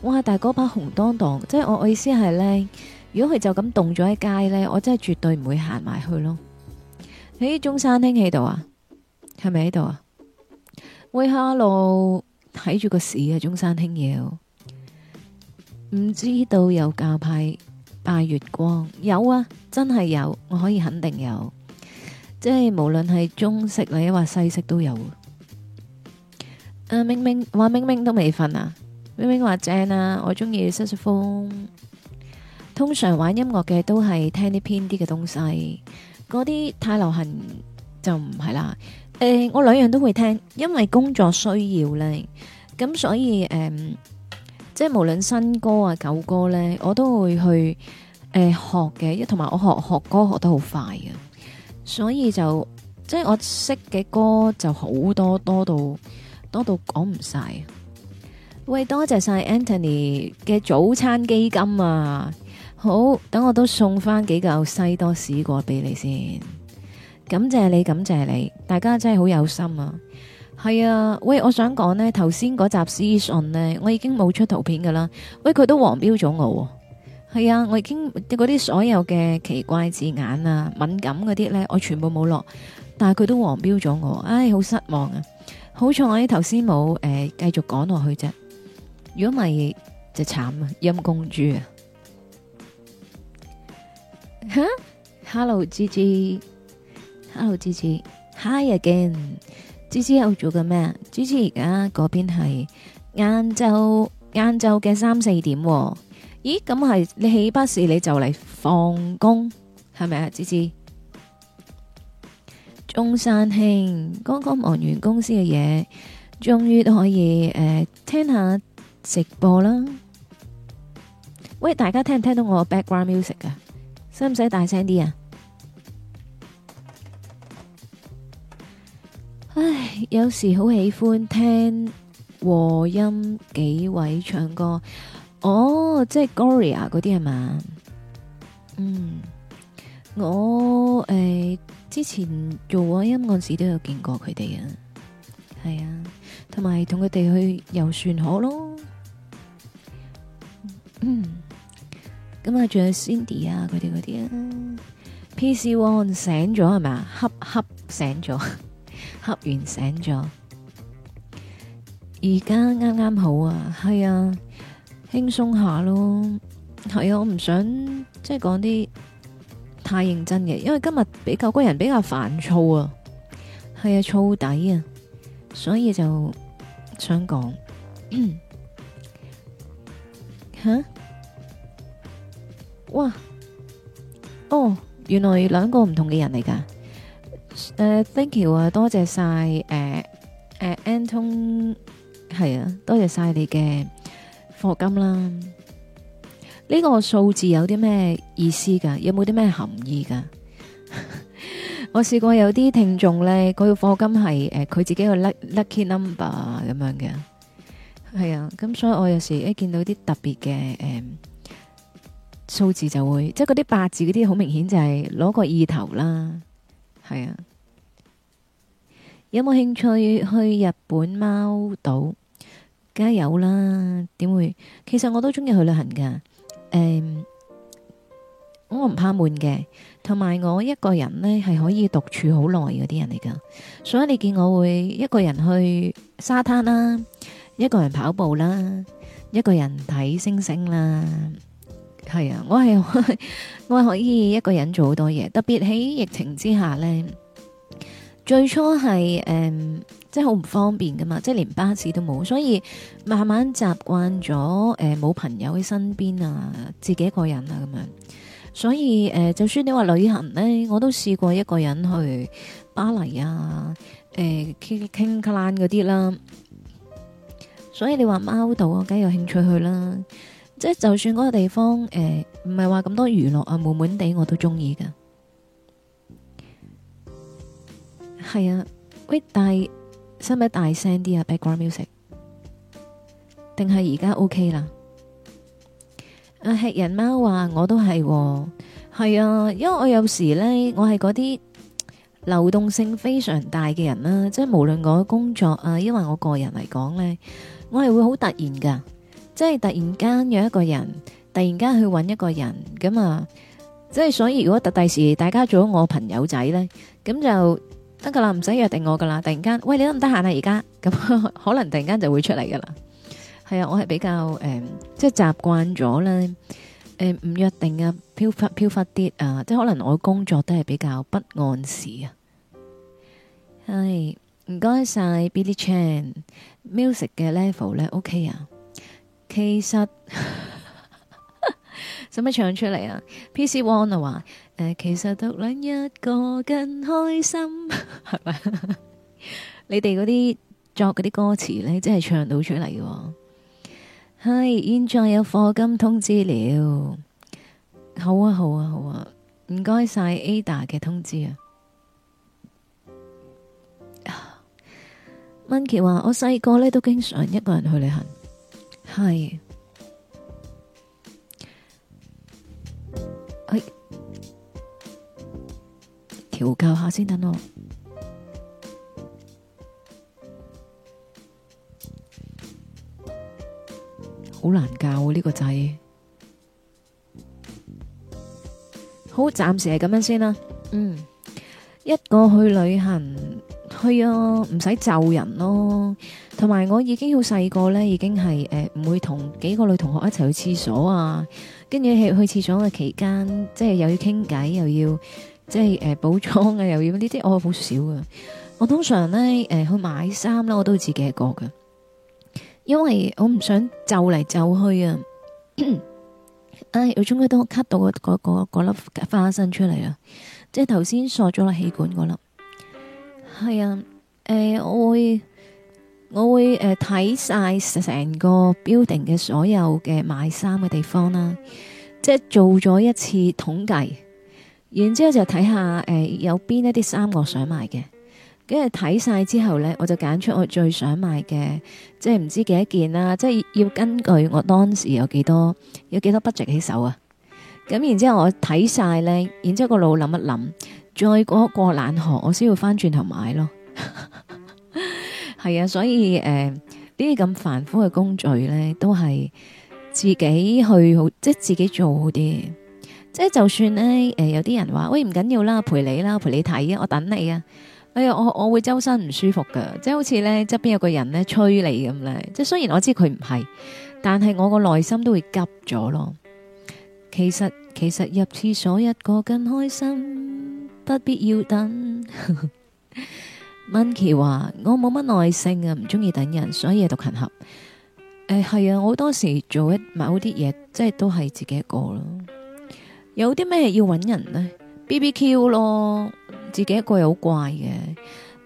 Speaker 1: 哇，大哥把紅噹噹，即係我我意思係呢。如果佢就咁凍咗喺街呢，我真係絕對唔會行埋去咯。喺中山兄喺度啊，係咪喺度啊？喂，hello，睇住個市啊，中山兄要，唔知道有教派拜月光有啊，真係有，我可以肯定有。即係無論係中式或者西式都有。誒，明明話明明都未瞓啊？明明話正啊，我中意色士風。通常玩音樂嘅都係聽啲偏啲嘅東西，嗰啲太流行就唔係啦。誒，我兩樣都會聽，因為工作需要咧，咁所以誒，即係無論新歌啊、舊歌咧，我都會去誒學嘅，一同埋我學學歌學得好快嘅。所以就即係我識嘅歌就好多，多到多到講唔晒。喂，多謝晒 Anthony 嘅早餐基金啊！好，等我都送翻幾嚿西多士過俾你先。感謝你，感謝你，大家真係好有心啊！係啊，喂，我想講呢頭先嗰集資訊呢，我已經冇出圖片噶啦。喂，佢都黃標咗我啊。係啊，我已經啲嗰啲所有嘅奇怪字眼啊、敏感嗰啲咧，我全部冇落，但係佢都黃標咗我，唉，好失望啊！好彩我頭先冇誒，呃，繼續講落去啫，如果唔係就慘啊，陰公豬啊！哈，Hello 芝芝，Hello 芝芝，Hi again，芝芝又做緊咩？芝芝而家嗰邊係晏晝晏晝嘅三四點喎。咦，咁係你起巴士你就嚟放工，係咪啊？芝芝，中山兄剛剛忙完公司嘅嘢，終於可以誒聽下直播啦。喂，大家聽唔聽到我 background music 啊？使唔使大聲啲啊？唉，有時好喜歡聽和音幾位唱歌。哦，oh, 即係 Gloria 嗰啲係嘛？嗯，我誒、欸、之前做啊音樂時都有見過佢哋啊，係啊，同埋同佢哋去遊船河咯。嗯，咁啊，仲有 Cindy 啊，嗰啲嗰啲啊，PC One 醒咗係嘛？瞌瞌醒咗，瞌 完醒咗，而家啱啱好啊，係啊。輕鬆下咯，係啊，我唔想即係講啲太認真嘅，因為今日比較個人比較煩躁啊，係啊，燥底啊，所以就想講吓，哇， 哦，原來兩個唔同嘅人嚟噶，誒、uh,，thank you 啊，多謝晒，誒、uh, uh,，誒，Anton 係啊，多謝晒你嘅。貨金啦，呢、這個數字有啲咩意思噶？有冇啲咩含義噶？ 我試過有啲聽眾呢，佢嘅貨金係誒佢自己嘅 lucky number 咁樣嘅，係啊，咁所以我有時一、呃、見到啲特別嘅誒、呃、數字就會，即係嗰啲八字嗰啲好明顯就係攞個意頭啦，係啊。有冇興趣去日本貓島？梗有啦，點會？其實我都中意去旅行噶，誒、嗯，我唔怕悶嘅，同埋我一個人呢，係可以獨處好耐嗰啲人嚟噶，所以你見我會一個人去沙灘啦，一個人跑步啦，一個人睇星星啦，係啊，我係我可以一個人做好多嘢，特別喺疫情之下呢。最初係誒。嗯即係好唔方便噶嘛，即係連巴士都冇，所以慢慢習慣咗誒冇朋友喺身邊啊，自己一個人啊咁樣。所以誒、呃，就算你話旅行咧，我都試過一個人去巴黎啊、誒 Quebec 嗰啲啦。所以你話貓島，我梗係有興趣去啦。即係就算嗰個地方誒，唔係話咁多娛樂啊，悶悶地我都中意嘅。係啊，喂，但係。使唔使大聲啲啊？Background music，定係而家 OK 啦。阿吃人貓話：我都係、哦，係啊，因為我有時咧，我係嗰啲流動性非常大嘅人啦、啊，即係無論我工作啊，因為我個人嚟講咧，我係會好突然噶，即係突然間約一個人，突然間去搵一個人咁啊，即係所以如果第時大家做咗我朋友仔咧，咁就。得噶啦，唔使約定我噶啦。突然間，喂，你得唔得閒啊？而家咁可能突然間就會出嚟噶啦。係啊，我係比較誒、呃，即係習慣咗咧，誒、呃，唔約定啊，飄忽飄忽啲啊，即係可能我工作都係比較不按時啊。係唔該晒 Billy Chan，music 嘅 level 咧 OK 啊。其實。 使乜唱出嚟啊？PC One 啊話，誒、呃，其實獨兩一個更開心，係 咪是吧？ 你哋嗰啲作嗰啲歌詞咧，真係唱到出嚟嘅、啊。係，現在有課金通知了。好啊，好啊，好啊，唔該晒 Ada 嘅通知啊。 Monkey 話：我細個咧都經常一個人去旅行。係。 調教下先，等我。好難教啊！呢個仔。好，暫時係咁樣先啦。嗯，一個去旅行，去啊，唔使就人咯。同埋我已經好細個咧，已經係誒唔會同幾個女同學一齊去廁所啊。跟住去去廁所嘅期間，即係又要傾偈，又要。即係誒補倉啊，又要呢啲，我好少噶。我通常咧誒、呃、去買衫啦，我都會自己一個噶，因為我唔想就嚟就去啊。 唉，我終於都 cut 到嗰、嗰、粒、個嗰個嗰個、花生出嚟啦，即係頭先索咗個氣管嗰粒。係啊，誒、呃、我會我會誒睇晒成個 building 嘅所有嘅買衫嘅地方啦、啊，即係做咗一次統計。然，之後就睇下誒，有邊一啲衫我想買嘅，跟住睇晒之後咧，我就揀出我最想買嘅，即係唔知幾多件啦，即係要根據我當時有幾多，有幾多 budget 喺手啊。咁然之後我睇晒咧，然之後個腦諗一諗，再過過冷河，我先要翻轉頭買咯。係 啊，所以誒，呢啲咁繁複嘅工序咧，都係自己去好，即係自己做好啲。即係，就算呢，誒、呃，有啲人話喂，唔緊要啦，陪你啦，陪你睇啊，我等你啊。哎呀，我我會周身唔舒服噶，即係好似呢側邊有個人咧催你咁咧。即係雖然我知佢唔係，但係我個內心都會急咗咯。其實其實入廁所一個更開心，不必要等。m n 文 y 話我冇乜耐性啊，唔中意等人，所以係獨行俠。誒、欸，係啊，我多時做一某啲嘢，即係都係自己一個咯。有啲咩要揾人呢 BBQ 咯，自己一個又好怪嘅。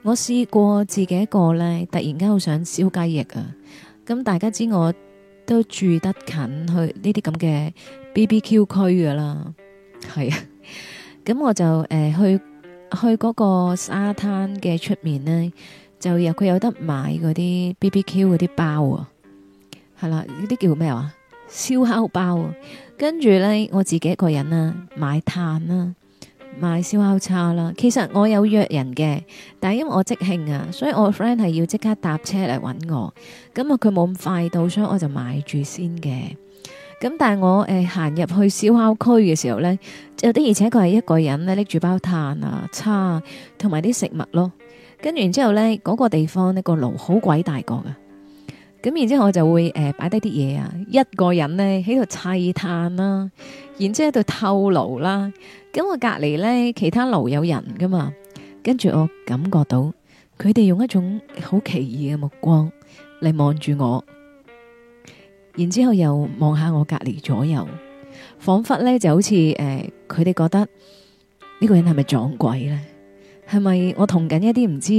Speaker 1: 我試過自己一個咧，突然間好想燒雞翼啊！咁、嗯嗯嗯、大家知我都住得近去呢啲咁嘅 BBQ 區噶啦，係啊。咁、嗯、 我就誒、呃、去去嗰個沙灘嘅出面咧，就有佢有得買嗰啲 BBQ 嗰啲包啊，係啦、啊，呢啲叫咩話、啊？燒烤包啊！跟住呢，我自己一個人啦、啊，買炭啦、啊，買燒烤叉啦、啊。其實我有約人嘅，但係因為我即興啊，所以我個 friend 係要即刻搭車嚟搵我。咁、嗯、啊，佢冇咁快到，所以我就買住先嘅。咁、嗯、但係我誒行、呃、入去燒烤區嘅時候呢，有啲而且確係一個人咧拎住包炭啊叉同埋啲食物咯。跟住然之後呢，嗰、嗰個地方呢、那個爐好鬼大個、啊、嘅。咁然之後我就會誒擺低啲嘢啊，一個人咧喺度砌炭啦，然之後喺度透爐啦。咁我隔籬咧其他爐有人噶嘛，跟住我感覺到佢哋用一種好奇異嘅目光嚟望住我，然之後又望下我隔籬左右，仿佛咧就好似誒佢哋覺得呢個人係咪撞鬼咧？係咪我同緊一啲唔知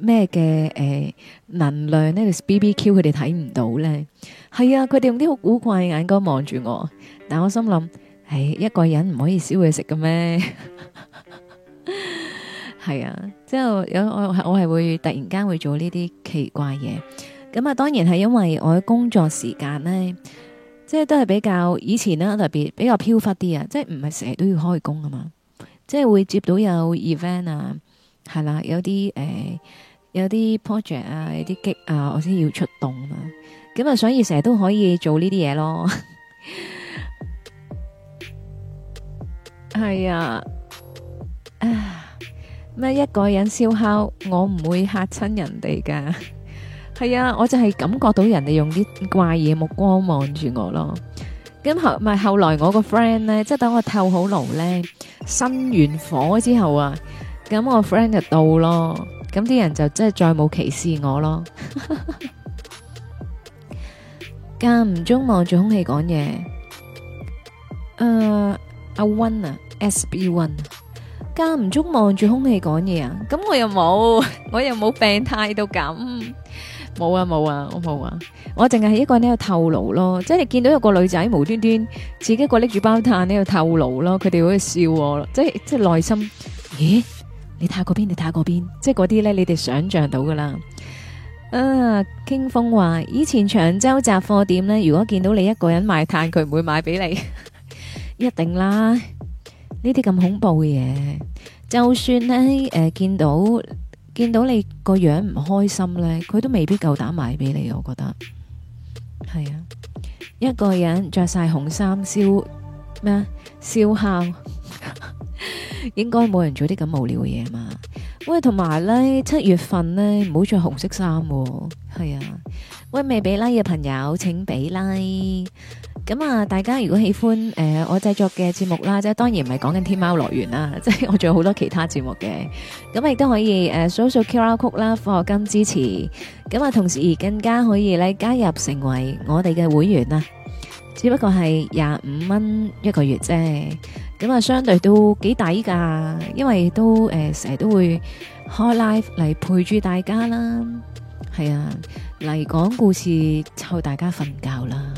Speaker 1: 咩嘅誒能量咧？B B Q 佢哋睇唔到咧？係啊，佢哋用啲好古怪嘅眼光望住我。但我心諗，唉、哎，一個人唔可以燒嘢食嘅咩？係 啊，之後有我我係會突然間會做呢啲奇怪嘢。咁啊，當然係因為我嘅工作時間咧，即係都係比較以前咧、啊，特別比較飄忽啲啊，即係唔係成日都要開工啊嘛，即係會接到有 event 啊。係啦，有啲誒、呃，有啲 project 啊，有啲激啊，我先要出動啊。咁啊，所以成日都可以做呢啲嘢咯。係 啊，咩一個人燒烤，我唔會嚇親人哋噶。係 啊，我就係感覺到人哋用啲怪嘢目光望住我咯。咁後咪後來我個 friend 咧，即係等我透好爐咧，生完火之後啊。咁我 friend 就到咯，咁啲人就真係再冇歧視我咯。間唔中望住空氣講嘢，誒，阿温啊，S B 温，間唔中望住空氣講嘢啊，咁我又冇，我又冇病態到咁，冇啊冇啊，我冇啊，我淨係一個人喺度透露咯，即係你見到有個女仔無端端自己一個拎住包炭喺度透露咯，佢哋好似笑我咯，即係即係內心，咦？你睇嗰邊，你睇嗰邊，即係嗰啲呢，你哋想象到噶啦。啊，傾風話以前長洲雜貨店呢，如果見到你一個人買炭，佢唔會買俾你， 一定啦。呢啲咁恐怖嘅嘢，就算呢，誒、呃、見到見到你個樣唔開心呢，佢都未必夠膽買俾你。我覺得係啊，一個人着晒紅衫，燒咩啊，燒烤。笑笑 應該冇人做啲咁無聊嘅嘢嘛？喂，同埋咧，七月份呢，唔好着紅色衫，哦。係啊，喂，未俾 like 嘅朋友，請俾拉、like。咁、嗯、啊，大家如果喜歡誒、呃、我製作嘅節目啦，即係當然唔係講緊天喵樂園啦，即係我仲有好多其他節目嘅。咁亦都可以誒，掃掃 QR Code 啦，課金支持。咁、嗯、啊，同時而更加可以咧，加入成為我哋嘅會員啦，只不過係廿五蚊一個月啫。咁啊，相對都幾抵㗎，因為都誒成日都會開 live 嚟陪住大家啦，係啊，嚟講故事湊大家瞓覺啦，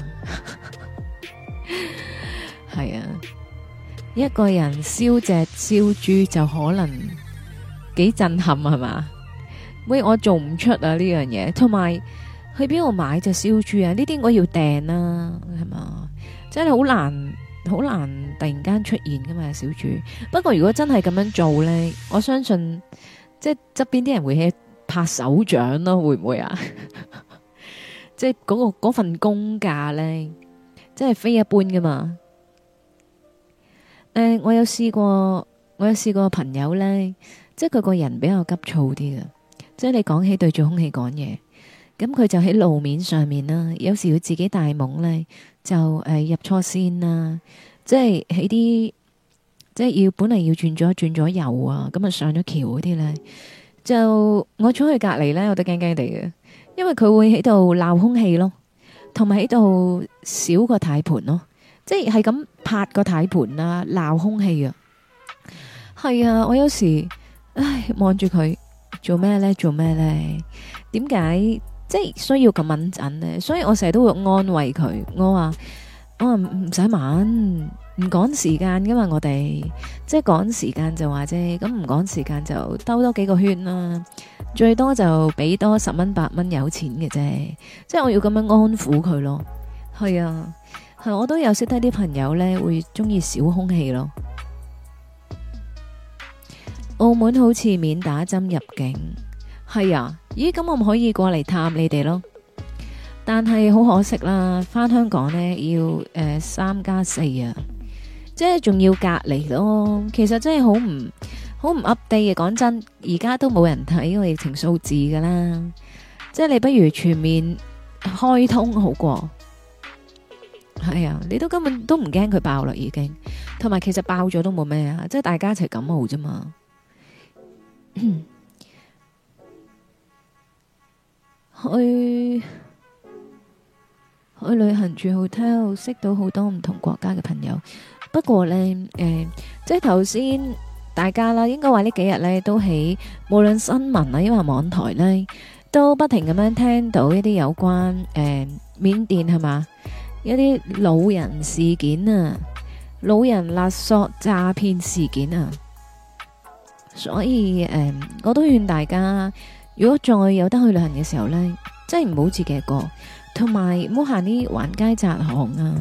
Speaker 1: 係 啊，一個人燒隻燒豬就可能幾震撼係嘛？喂，我做唔出啊呢樣嘢，同埋去邊度買隻燒豬啊？呢啲我要訂啦、啊，係嘛，真係好難。好難突然間出現噶嘛，小主。不過如果真係咁樣做呢，我相信即係側邊啲人會起拍手掌咯，會唔會啊？ 即係嗰、嗰個份功架呢，即係非一般噶嘛。誒、呃，我有試過，我有試過個朋友呢，即係佢個人比較急躁啲噶，即係你講起對住空氣講嘢。咁佢就喺路面上面啦，有時佢自己大懵咧，就誒入錯線啦，即係喺啲即係要本嚟要轉左轉左右啊，咁啊上咗橋嗰啲咧，就我坐喺隔籬咧，我都驚驚地嘅，因為佢會喺度鬧空氣咯，同埋喺度少個軚盤咯，即係係咁拍個軚盤啊，鬧空氣啊，係啊，我有時唉望住佢做咩咧，做咩咧，點解？即係需要咁穩陣咧，所以我成日都會安慰佢。我話我話唔使問，唔、啊、趕時間噶嘛，我哋即係趕時間就話啫，咁唔趕時間就兜多幾個圈啦，最多就俾多十蚊八蚊有錢嘅啫。即係我要咁樣安撫佢咯。係啊，係我都有識得啲朋友咧，會中意小空氣咯。澳門好似免打針入境，係啊。咦，咁我唔可以過嚟探你哋咯？但係好可惜啦，返香港呢要誒三加四啊，即係仲要隔離咯。其實真係好唔好唔 update 嘅。講真，而家都冇人睇個疫情數字噶啦，即係你不如全面開通好過。係、哎、啊，你都根本都唔驚佢爆啦，已經。同埋其實爆咗都冇咩啊，即係大家一齊感冒啫嘛。 去去旅行住 hotel，識到好多唔同國家嘅朋友。不過呢，誒、嗯，即係頭先大家啦，應該話呢幾日咧都喺無論新聞啊，因為網台呢，都不停咁樣聽到一啲有關誒嗯、緬甸係嘛一啲老人事件啊，老人勒索詐騙事件啊，所以誒、嗯，我都勸大家。如果再有得去旅行嘅時候呢，真係唔好自己過，同埋唔好行啲橫街窄巷啊！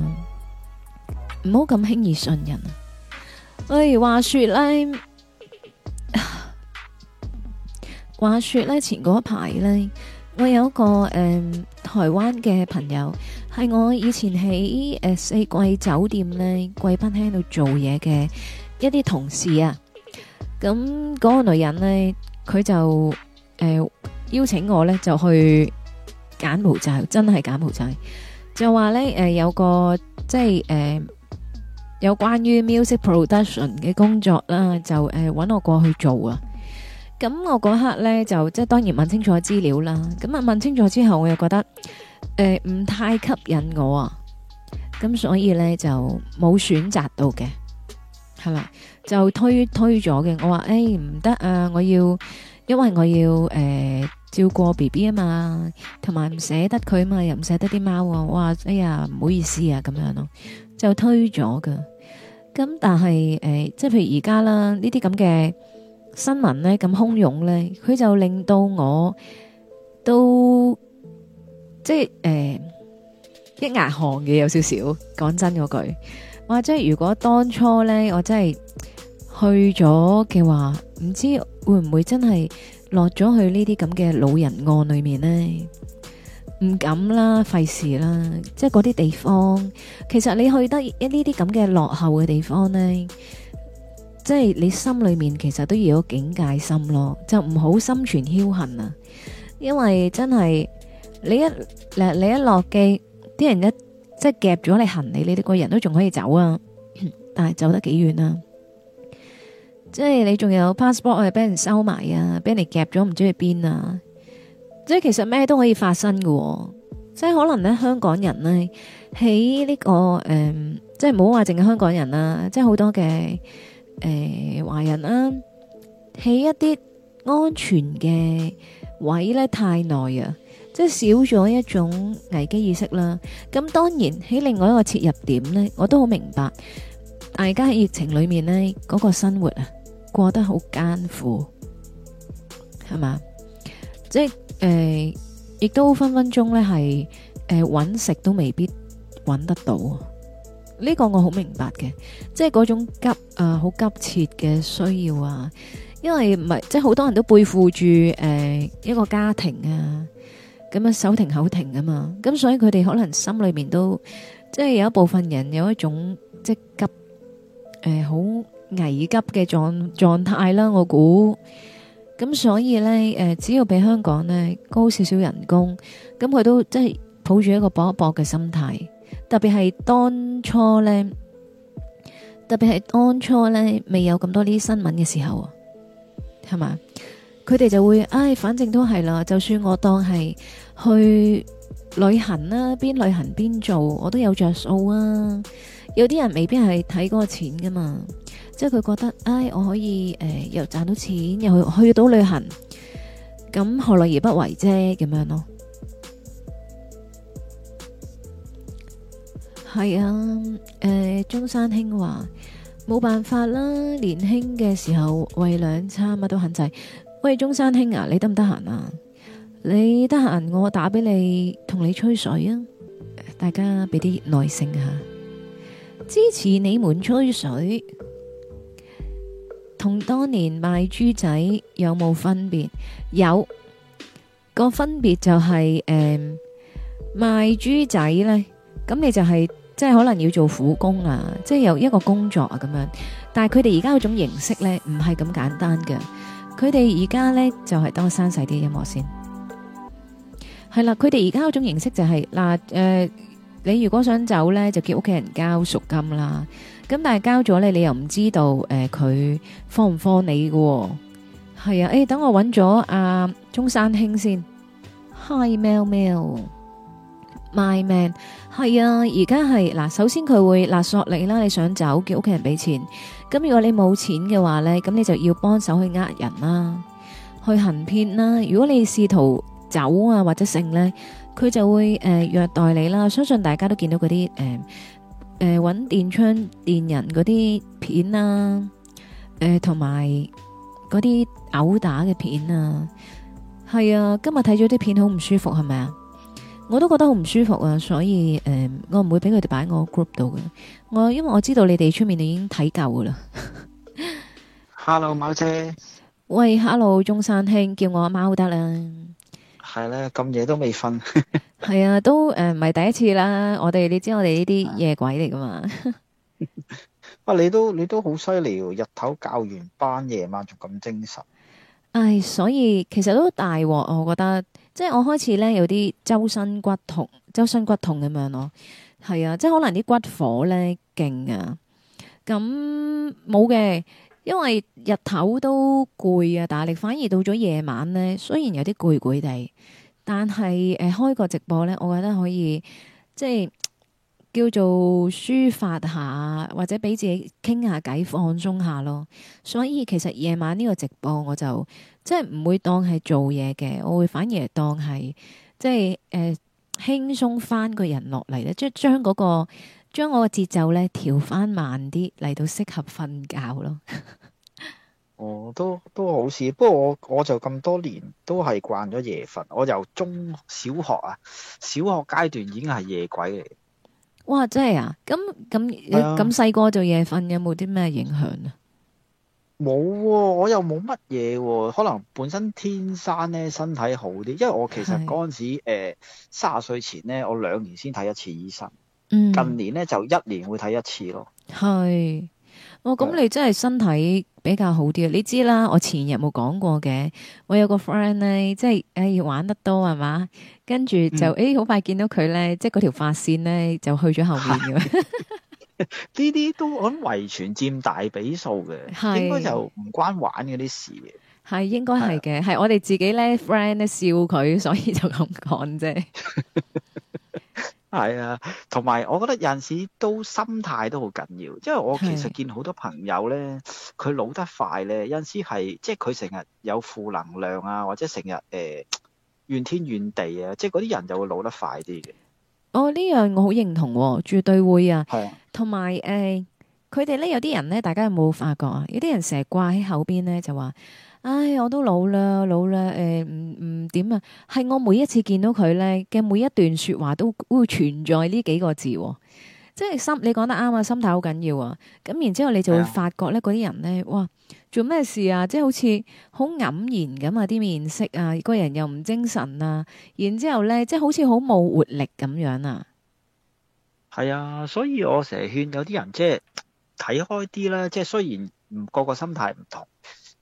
Speaker 1: 唔好咁輕易信人、啊。哎，話說呢， 話說呢，前嗰排呢，我有一個誒、呃、台灣嘅朋友，係我以前喺誒、呃、四季酒店呢，貴賓廳度做嘢嘅一啲同事啊。咁嗰、嗰個女人呢，佢就。誒、呃，邀請我咧就去柬埔寨，真係柬埔寨。就話咧，誒、呃、有個即係誒、呃、有關於 music production 嘅工作啦，就誒搵、呃、我過去做啊。咁、嗯、我嗰刻咧就即係當然問清楚資料啦。咁、嗯、啊問清楚之後，我又覺得誒唔、呃、太吸引我啊。咁、嗯、所以咧就冇選擇到嘅，係咪？就推推咗嘅。我話誒唔得啊，我要。因為我要誒、呃、照顧 B B 啊嘛，同埋唔捨得佢啊嘛，又唔捨得啲貓啊，哇哎呀唔好意思啊咁樣咯，就推咗噶。咁但係誒、呃，即係譬如而家啦，這這呢啲咁嘅新聞咧咁洶湧咧，佢就令到我都即係誒、呃、一額寒嘅有少少。講真嗰句，哇！即係如果當初咧，我真係去咗嘅話，唔知。會唔會真係落咗去呢啲咁嘅老人案裏面咧？唔敢啦，費事啦！即係嗰啲地方，其實你去得一呢啲咁嘅落後嘅地方咧，即係你心裏面其實都要有警戒心咯，就唔好心存僥幸啊！因為真係你一誒你一落機，啲人一即係夾咗你行李，呢啲個人都仲可以走啊，但係走得幾遠啊？即係你仲有 passport 係俾人收埋啊，俾人夾咗唔知去邊啊！即係其實咩都可以發生㗎、哦，即係可能咧香港人咧喺呢、這個誒、呃，即係唔好話淨係香港人啦，即係好多嘅誒華人啦，喺一啲安全嘅位咧太耐啊，即係、呃啊、少咗一種危機意識啦。咁當然喺另外一個切入點咧，我都好明白，大家喺疫情裏面咧嗰、那個生活啊。過得好艱苦係嘛？即係誒，亦都分分鐘咧係誒，搵食都未必搵得到。呢個我好明白嘅，即係嗰種急啊，好急切嘅需要啊，因為唔係，即係好多人都背負住誒一個家庭啊，咁樣手停口停啊嘛，咁所以佢哋可能心裏面都即係有一部分人有一種即係急誒好。危急嘅狀狀態啦，我估咁，所以呢，誒、呃，只要比香港呢高少少人工，咁佢都即係抱住一個搏一搏嘅心態。特別係當初呢，特別係當初呢未有咁多呢啲新聞嘅時候，係嘛？佢哋就會唉、哎，反正都係啦，就算我當係去旅行啦，邊旅行邊做，我都有着數啊。有啲人未必係睇嗰個錢噶嘛。即係佢覺得，哎，我可以誒、呃、又賺到錢，又去去到旅行，咁何樂而不為啫？咁樣咯，係啊，誒、呃，中山兄話冇辦法啦，年輕嘅時候餵兩餐乜都肯制。喂，中山兄啊，你得唔得閒啊？你得閒我打俾你，同你吹水啊！大家俾啲耐性吓，支持你們吹水。同當年賣豬仔有冇分別？有個分別就係、是、誒、呃，賣豬仔呢，咁你就係、是、即係可能要做苦工啦、啊，即係有一個工作啊咁樣。但係佢哋而家嗰種形式呢，唔係咁簡單嘅。佢哋而家呢，就係等我刪細啲音樂先，係啦。佢哋而家嗰種形式就係、是、嗱，誒、呃，你如果想走呢，就叫屋企人交贖金啦。咁但係交咗咧，你又唔知道誒，佢放唔放你嘅？係啊，誒，等我搵咗阿中山兄先。Hi，Mel，Mel，my man。係啊，而家係嗱，首先佢會勒索你啦，你想走，叫屋企人俾錢。咁如果你冇錢嘅話咧，咁你就要幫手去呃人啦，去行騙啦。如果你試圖走啊或者剩咧，佢就會誒虐待你啦。相信大家都見到嗰啲誒。誒，揾、呃、電槍電人嗰啲片啊，誒、呃，同埋嗰啲毆打嘅片啊，係啊，今日睇咗啲片好唔舒服，係咪啊？我都覺得好唔舒服啊，所以誒、呃，我唔會俾佢哋擺我 group 度嘅，我因為我知道你哋出面你已經睇夠噶啦。 Hello 貓姐。喂，Hello 中山兄，叫我阿貓得啦。
Speaker 2: 係咧，咁夜都未瞓。
Speaker 1: 係 啊，都誒唔係第一次啦。我哋你知我哋呢啲夜鬼嚟噶嘛？
Speaker 2: 哇， 啊，你都你都好犀利，日頭教完班，夜晚仲咁精神。
Speaker 1: 唉、哎，所以其實都大鑊、啊，我覺得，即係我開始咧有啲周身骨痛，周身骨痛咁樣咯。係啊，即係可能啲骨火咧勁啊。咁冇嘅。因為日頭都攰啊，大力反而到咗夜晚咧，雖然有啲攰攰地，但係誒、呃、開個直播咧，我覺得可以即係叫做抒發下，或者俾自己傾下偈，放鬆下咯。所以其實夜晚呢個直播，我就即係唔會當係做嘢嘅，我會反而當係即係誒、呃、輕鬆翻個人落嚟咧，即係將嗰、那個。將我嘅節奏咧調翻慢啲嚟，到適合瞓覺咯。
Speaker 2: 哦，都都好事。不過我我就咁多年都係慣咗夜瞓。我由中小學啊，
Speaker 1: 小學階
Speaker 2: 段已經係夜鬼嚟。
Speaker 1: 哇，真係啊！咁咁咁細個就夜瞓，有冇啲咩影響啊？
Speaker 2: 冇，我又冇乜嘢。可能本身天生咧身體好啲，因為我其實嗰陣時誒，卅歲是、呃、前咧，我兩年先睇一次醫生。近年咧，就一年會睇一次咯。
Speaker 1: 係，哦，咁你真係身體比較好啲啊！是你知啦，我前日冇講過嘅，我有個 friend 咧，即係誒、哎、玩得多係嘛，跟住就誒好、嗯哎、快見到佢咧，即係嗰條髮線咧就去咗後面嘅。呢啲
Speaker 2: 都我諗遺傳佔大比數嘅是，應該就唔關玩嗰啲事嘅。
Speaker 1: 係應該係嘅，係我哋自己咧 friend 咧笑佢，所以就咁講啫。
Speaker 2: 係啊，同埋我覺得有陣時都心態都好緊要，因為我其實見好多朋友咧，佢是老得快咧，有陣時係即係佢成日有負能量啊，或者成日誒怨天怨地啊，即係嗰啲人就會老得快啲
Speaker 1: 嘅。哦，呢樣我好認同喎、哦，絕對會啊。係啊，同埋誒，佢哋咧有啲人咧，大家有冇發覺啊？有啲人成日掛喺口邊咧，就話。唉，我都老啦，老啦，誒，欸，唔唔點啊？係我每一次見到佢咧嘅每一段說話，都都會存在呢幾個字，哦，即係心。你講得啱啊，心態好緊要啊。咁然之後，你就會發覺咧，嗰啲人咧，哇，做咩事啊？即係好似好黯然咁啊！啲面色啊，個人又唔精神啊。然之後咧，即係好似好冇活力咁樣啊。
Speaker 2: 係啊，所以我成日勸有啲人，即係睇開啲啦。即係雖然唔個個心態唔同。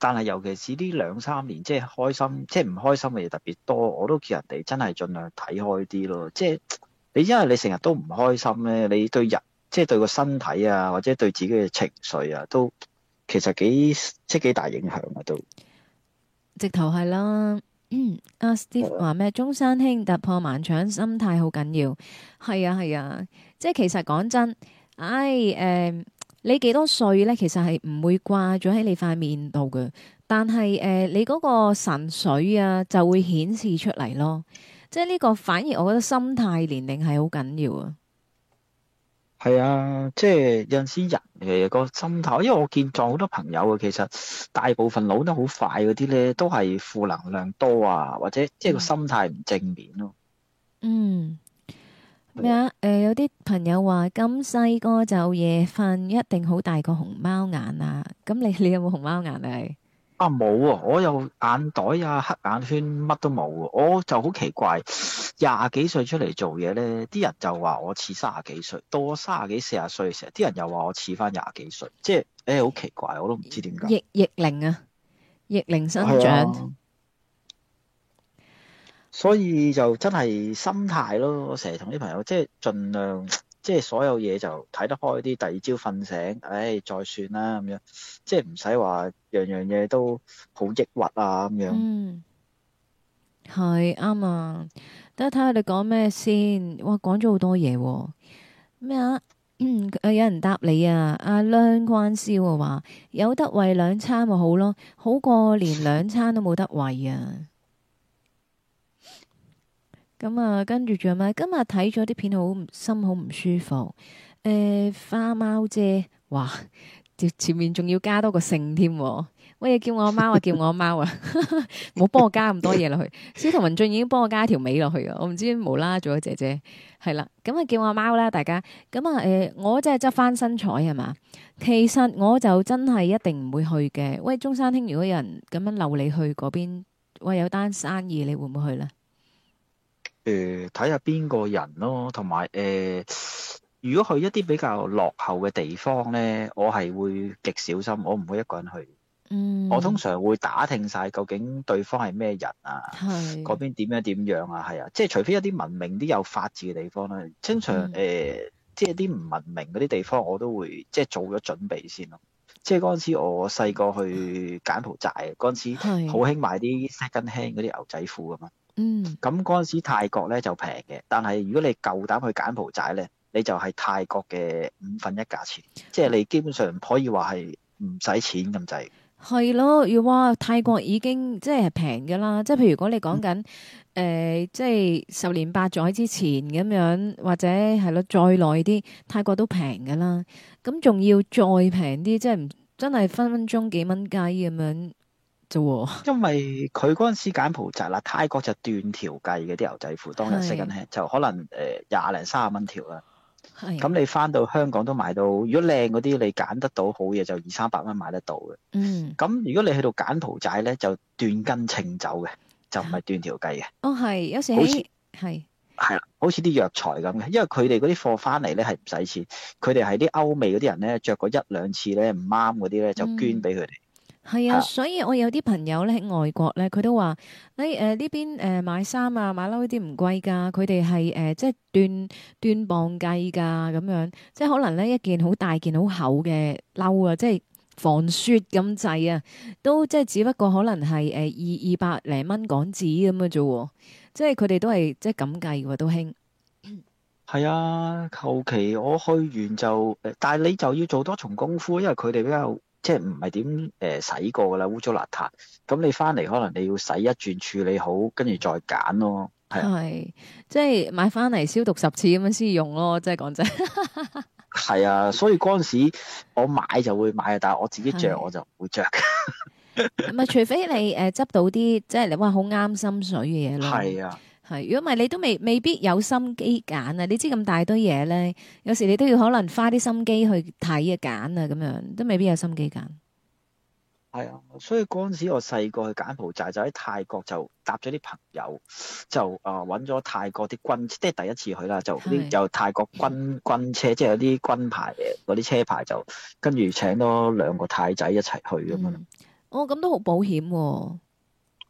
Speaker 2: 但係尤其是呢兩三年，即係開心，嗯、即係唔開心嘅嘢特別多，我都叫人哋真係盡量睇開啲咯。即係你因為你成日都唔開心咧，你對人，即係對個身體啊，或者對自己嘅情緒啊，都其實幾即係幾大影響啊都。
Speaker 1: 直頭係啦，嗯，阿、啊、Steve 話咩的？中山兄突破盲腸，心態好緊要。係啊係啊，即係其實講真，唉誒。呃你幾多歲呢？其實係唔會掛咗喺你塊面度嘅，但係誒、呃，你嗰個神水啊就會顯示出嚟咯。即係呢個反而我覺得心態年齡係好緊要
Speaker 2: 啊。係啊，即係有啲人其實個心態，因為我見狀好多朋友啊，其實大部分老得好快嗰啲呢，都係負能量多啊，或者即係個心態唔正面咯、啊嗯。嗯。
Speaker 1: 咩啊？誒、呃，有啲朋友話咁細個就夜瞓，一定好大個熊貓眼，有有熊貓眼啊！咁你你有冇熊貓眼啊？
Speaker 2: 我冇啊！我有眼袋啊、黑眼圈，乜都冇。啊。我就好奇怪，廿幾歲出嚟做嘢咧，啲人就話我似卅幾歲。到我卅幾四十歲嘅時候，啲人又話我似翻廿幾歲，即係誒，好、欸、奇怪，我都唔知點
Speaker 1: 解。逆逆齡啊！逆齡生長。哎
Speaker 2: 所以就真係心態咯，我成日同啲朋友即係盡量，即係所有嘢就睇得開啲。第二朝瞓醒，唉、哎，再算啦，咁樣即係唔使話樣樣嘢都好抑鬱啊，咁樣。
Speaker 1: 嗯，係啱啊。等下睇下你講咩先。哇，講咗好多嘢。咩啊？誒、嗯，有人答你啊？阿梁關宵話有得喂兩餐咪好咯，好過連兩餐都冇得喂啊！咁啊、嗯，跟住仲有咩？今日睇咗啲片，好心好唔舒服。誒、欸，花貓姐，哇！前面仲要加多個姓添，喂！叫我阿貓啊，叫我阿貓啊，冇幫我加咁多嘢落去。司徒文進已經幫我加條尾落去，啊！我唔知無啦做嘅姐姐。係啦，咁啊，叫我阿貓啦，大家。咁、嗯、啊，誒、呃，我真係執翻身材係嘛？其實我就真係一定唔會去嘅。喂，中山兄如果有人咁樣留你去嗰邊，喂，有單生意你，你會唔會去呢？
Speaker 2: 誒，睇下邊個人咯，同埋誒，如果去一啲比較落後嘅地方咧，我係會極小心，我唔會一個人去。嗯，我通常會打聽晒究竟對方係咩人啊，嗰邊點樣點樣啊，係啊，即係除非一啲文明啲有法治嘅地方咧，通常誒，即係啲唔文明嗰啲地方，嗯呃、地方我都會即係做咗準備先咯。即係嗰陣時我細個去柬埔寨嗰陣、嗯、時好興買啲 second hand 嗰啲牛仔褲咁啊。嗯，咁嗰陣時泰國咧就平嘅，但係如果你夠膽去柬埔寨咧，你就係泰國嘅五分一價錢，即係你基本上可以話係唔使錢咁滯。
Speaker 1: 係咯，要話泰國已經即係平㗎喇，即係譬如如果你講緊誒，即係十年八載之前咁樣，或者係咯再耐啲，泰國都平㗎喇。咁仲要再平啲，即係唔真係分分鐘幾蚊雞咁樣。
Speaker 2: 因為佢嗰陣時柬埔寨啦，泰國就斷條計嘅啲牛仔褲。當日食緊吃是就可能誒廿零三十蚊條啦。咁是你翻到香港都買到，如果靚嗰啲你揀得到好嘢，就二三百蚊買得到嘅。嗯，咁如果你去到柬埔寨咧，就斷斤稱走嘅，就唔係斷條計嘅
Speaker 1: 啊。哦，係有時喺係
Speaker 2: 啦，好似啲藥材咁嘅，因為佢哋嗰啲貨翻嚟咧係唔使錢，佢哋係啲歐美嗰啲人咧着過一兩次咧唔啱嗰啲咧就捐俾佢哋。嗯
Speaker 1: 係啊，啊所以我有啲朋友咧喺外國咧，佢都話，你誒呢邊誒買衫啊買褸啲唔貴噶，佢哋係誒即係斷斷磅計噶咁樣，即係可能咧一件好大件好厚嘅褸啊，即係防雪咁制啊，都即係只不過可能係誒二二百零蚊港紙咁啊啫，即係佢哋都係即係咁計噶都興。
Speaker 2: 係啊，求其我去完就誒，但係你就要做多重功夫，因為佢哋比較。即係唔係點誒洗過噶啦，污糟邋遢。咁你翻嚟可能你要洗一轉，處理好，跟住再揀咯。係、啊、
Speaker 1: 即係買翻嚟消毒十次咁樣先用咯。即係講真，
Speaker 2: 真，係 啊。所以嗰陣時我買就會買，但係我自己着、啊、我就唔會着。
Speaker 1: 唔 係除非你誒執、呃、到啲即係你話好啱心水嘅嘢咯。係啊。係，如果唔係你都未未必有心機揀啊！你知咁大堆嘢咧，有時你都要可能花啲心機去睇啊揀啊咁樣，都未必有心機揀。
Speaker 2: 係啊，所以嗰陣時我細個去柬埔寨就喺泰國就搭咗啲朋友，就啊揾咗泰國啲軍，即係第一次去啦，就的有泰國軍軍車，即係有啲軍牌嘅嗰啲車牌就，就跟住請多兩個泰仔一齊去咁樣、
Speaker 1: 嗯。哦，咁都好保險、哦。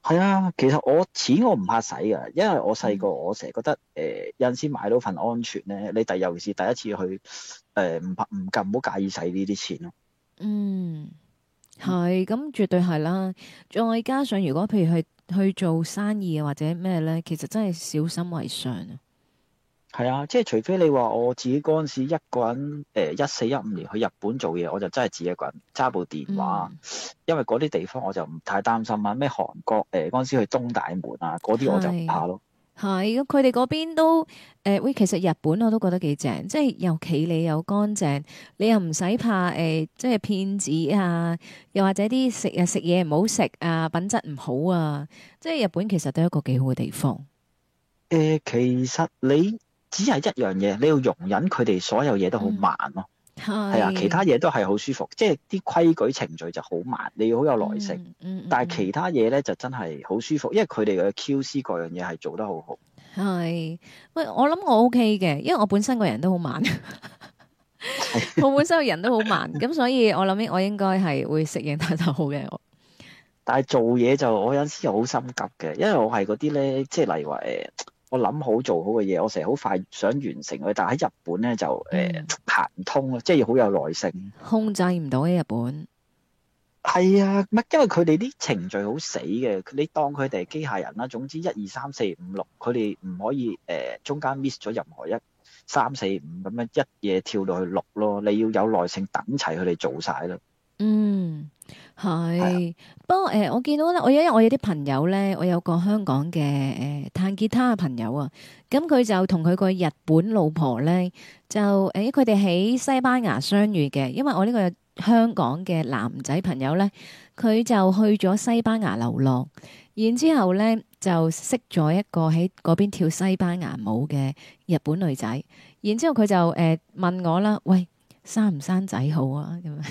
Speaker 2: 係啊，其實我錢我唔怕使噶，因為我細個我成日覺得誒，有陣時、呃、買到份安全咧。你第尤其是第一次去誒，唔、呃、怕唔夠，唔好介意使呢啲錢咯、嗯。
Speaker 1: 嗯，係，咁絕對係啦。再加上如果譬如去去做生意啊或者咩咧，其實真係小心為上、啊。
Speaker 2: 係啊，即係除非你話我自己嗰陣時一個人，誒一四一五年去日本做嘢，我就真係自己一個人揸部電話，嗯、因為嗰啲地方我就唔太擔心啊。咩韓國誒，嗰、呃、陣時去東大門啊，嗰啲我就唔怕咯。
Speaker 1: 係咁，佢哋嗰邊都誒，喂、呃，其實日本我都覺得幾正，即係又企理又乾淨，你又唔使怕誒、呃，即係騙子啊，又或者啲食啊食嘢唔好食啊，品質唔好啊，即係日本其實都係一個幾好嘅地方。
Speaker 2: 誒、呃，其實你。只係一樣嘢，你要容忍佢哋所有嘢都好慢咯、
Speaker 1: 啊，係、嗯、啊，其他
Speaker 2: 嘢都係好舒服，即係啲規矩程序就好慢，你要好有耐性。嗯嗯嗯、但係其他嘢咧就真係好舒服，因為佢哋嘅 QC 各樣嘢係做得好好。
Speaker 1: 係，喂，我諗我 OK 嘅，因為我本身個人都好慢， 我本身個人都好慢，咁 所以我諗我應該係會適應大頭好嘅。我，
Speaker 2: 但係做嘢就我有陣時又好心急嘅，因為我係嗰啲咧，即係例如話誒。欸我諗好做好嘅嘢，我成日好快想完成佢，但係喺日本咧就，誒，行唔通咯，即係要好有耐性，
Speaker 1: 控制唔到。喺日本
Speaker 2: 係啊，乜，因為佢哋啲程序好死嘅，你當佢哋係機械人啦，總之一二三四五六，佢哋唔可以誒、呃、中間 miss 咗任何一三四五咁樣一嘢跳到去六咯，你要有耐性等齊佢哋做晒咯。嗯。
Speaker 1: 係，不過誒，我見到咧，我因為我有啲朋友咧，我有，我有，我有個香港嘅誒彈吉他嘅朋友啊，咁佢就同佢個日本老婆咧，就誒，佢哋喺西班牙相遇嘅，因為我呢個香港嘅男仔朋友咧，佢就去咗西班牙流浪，然之後咧就識咗一個喺嗰邊跳西班牙舞嘅日本女仔，然之後佢就誒、呃、問我啦，喂。生唔生仔好啊？咁啊，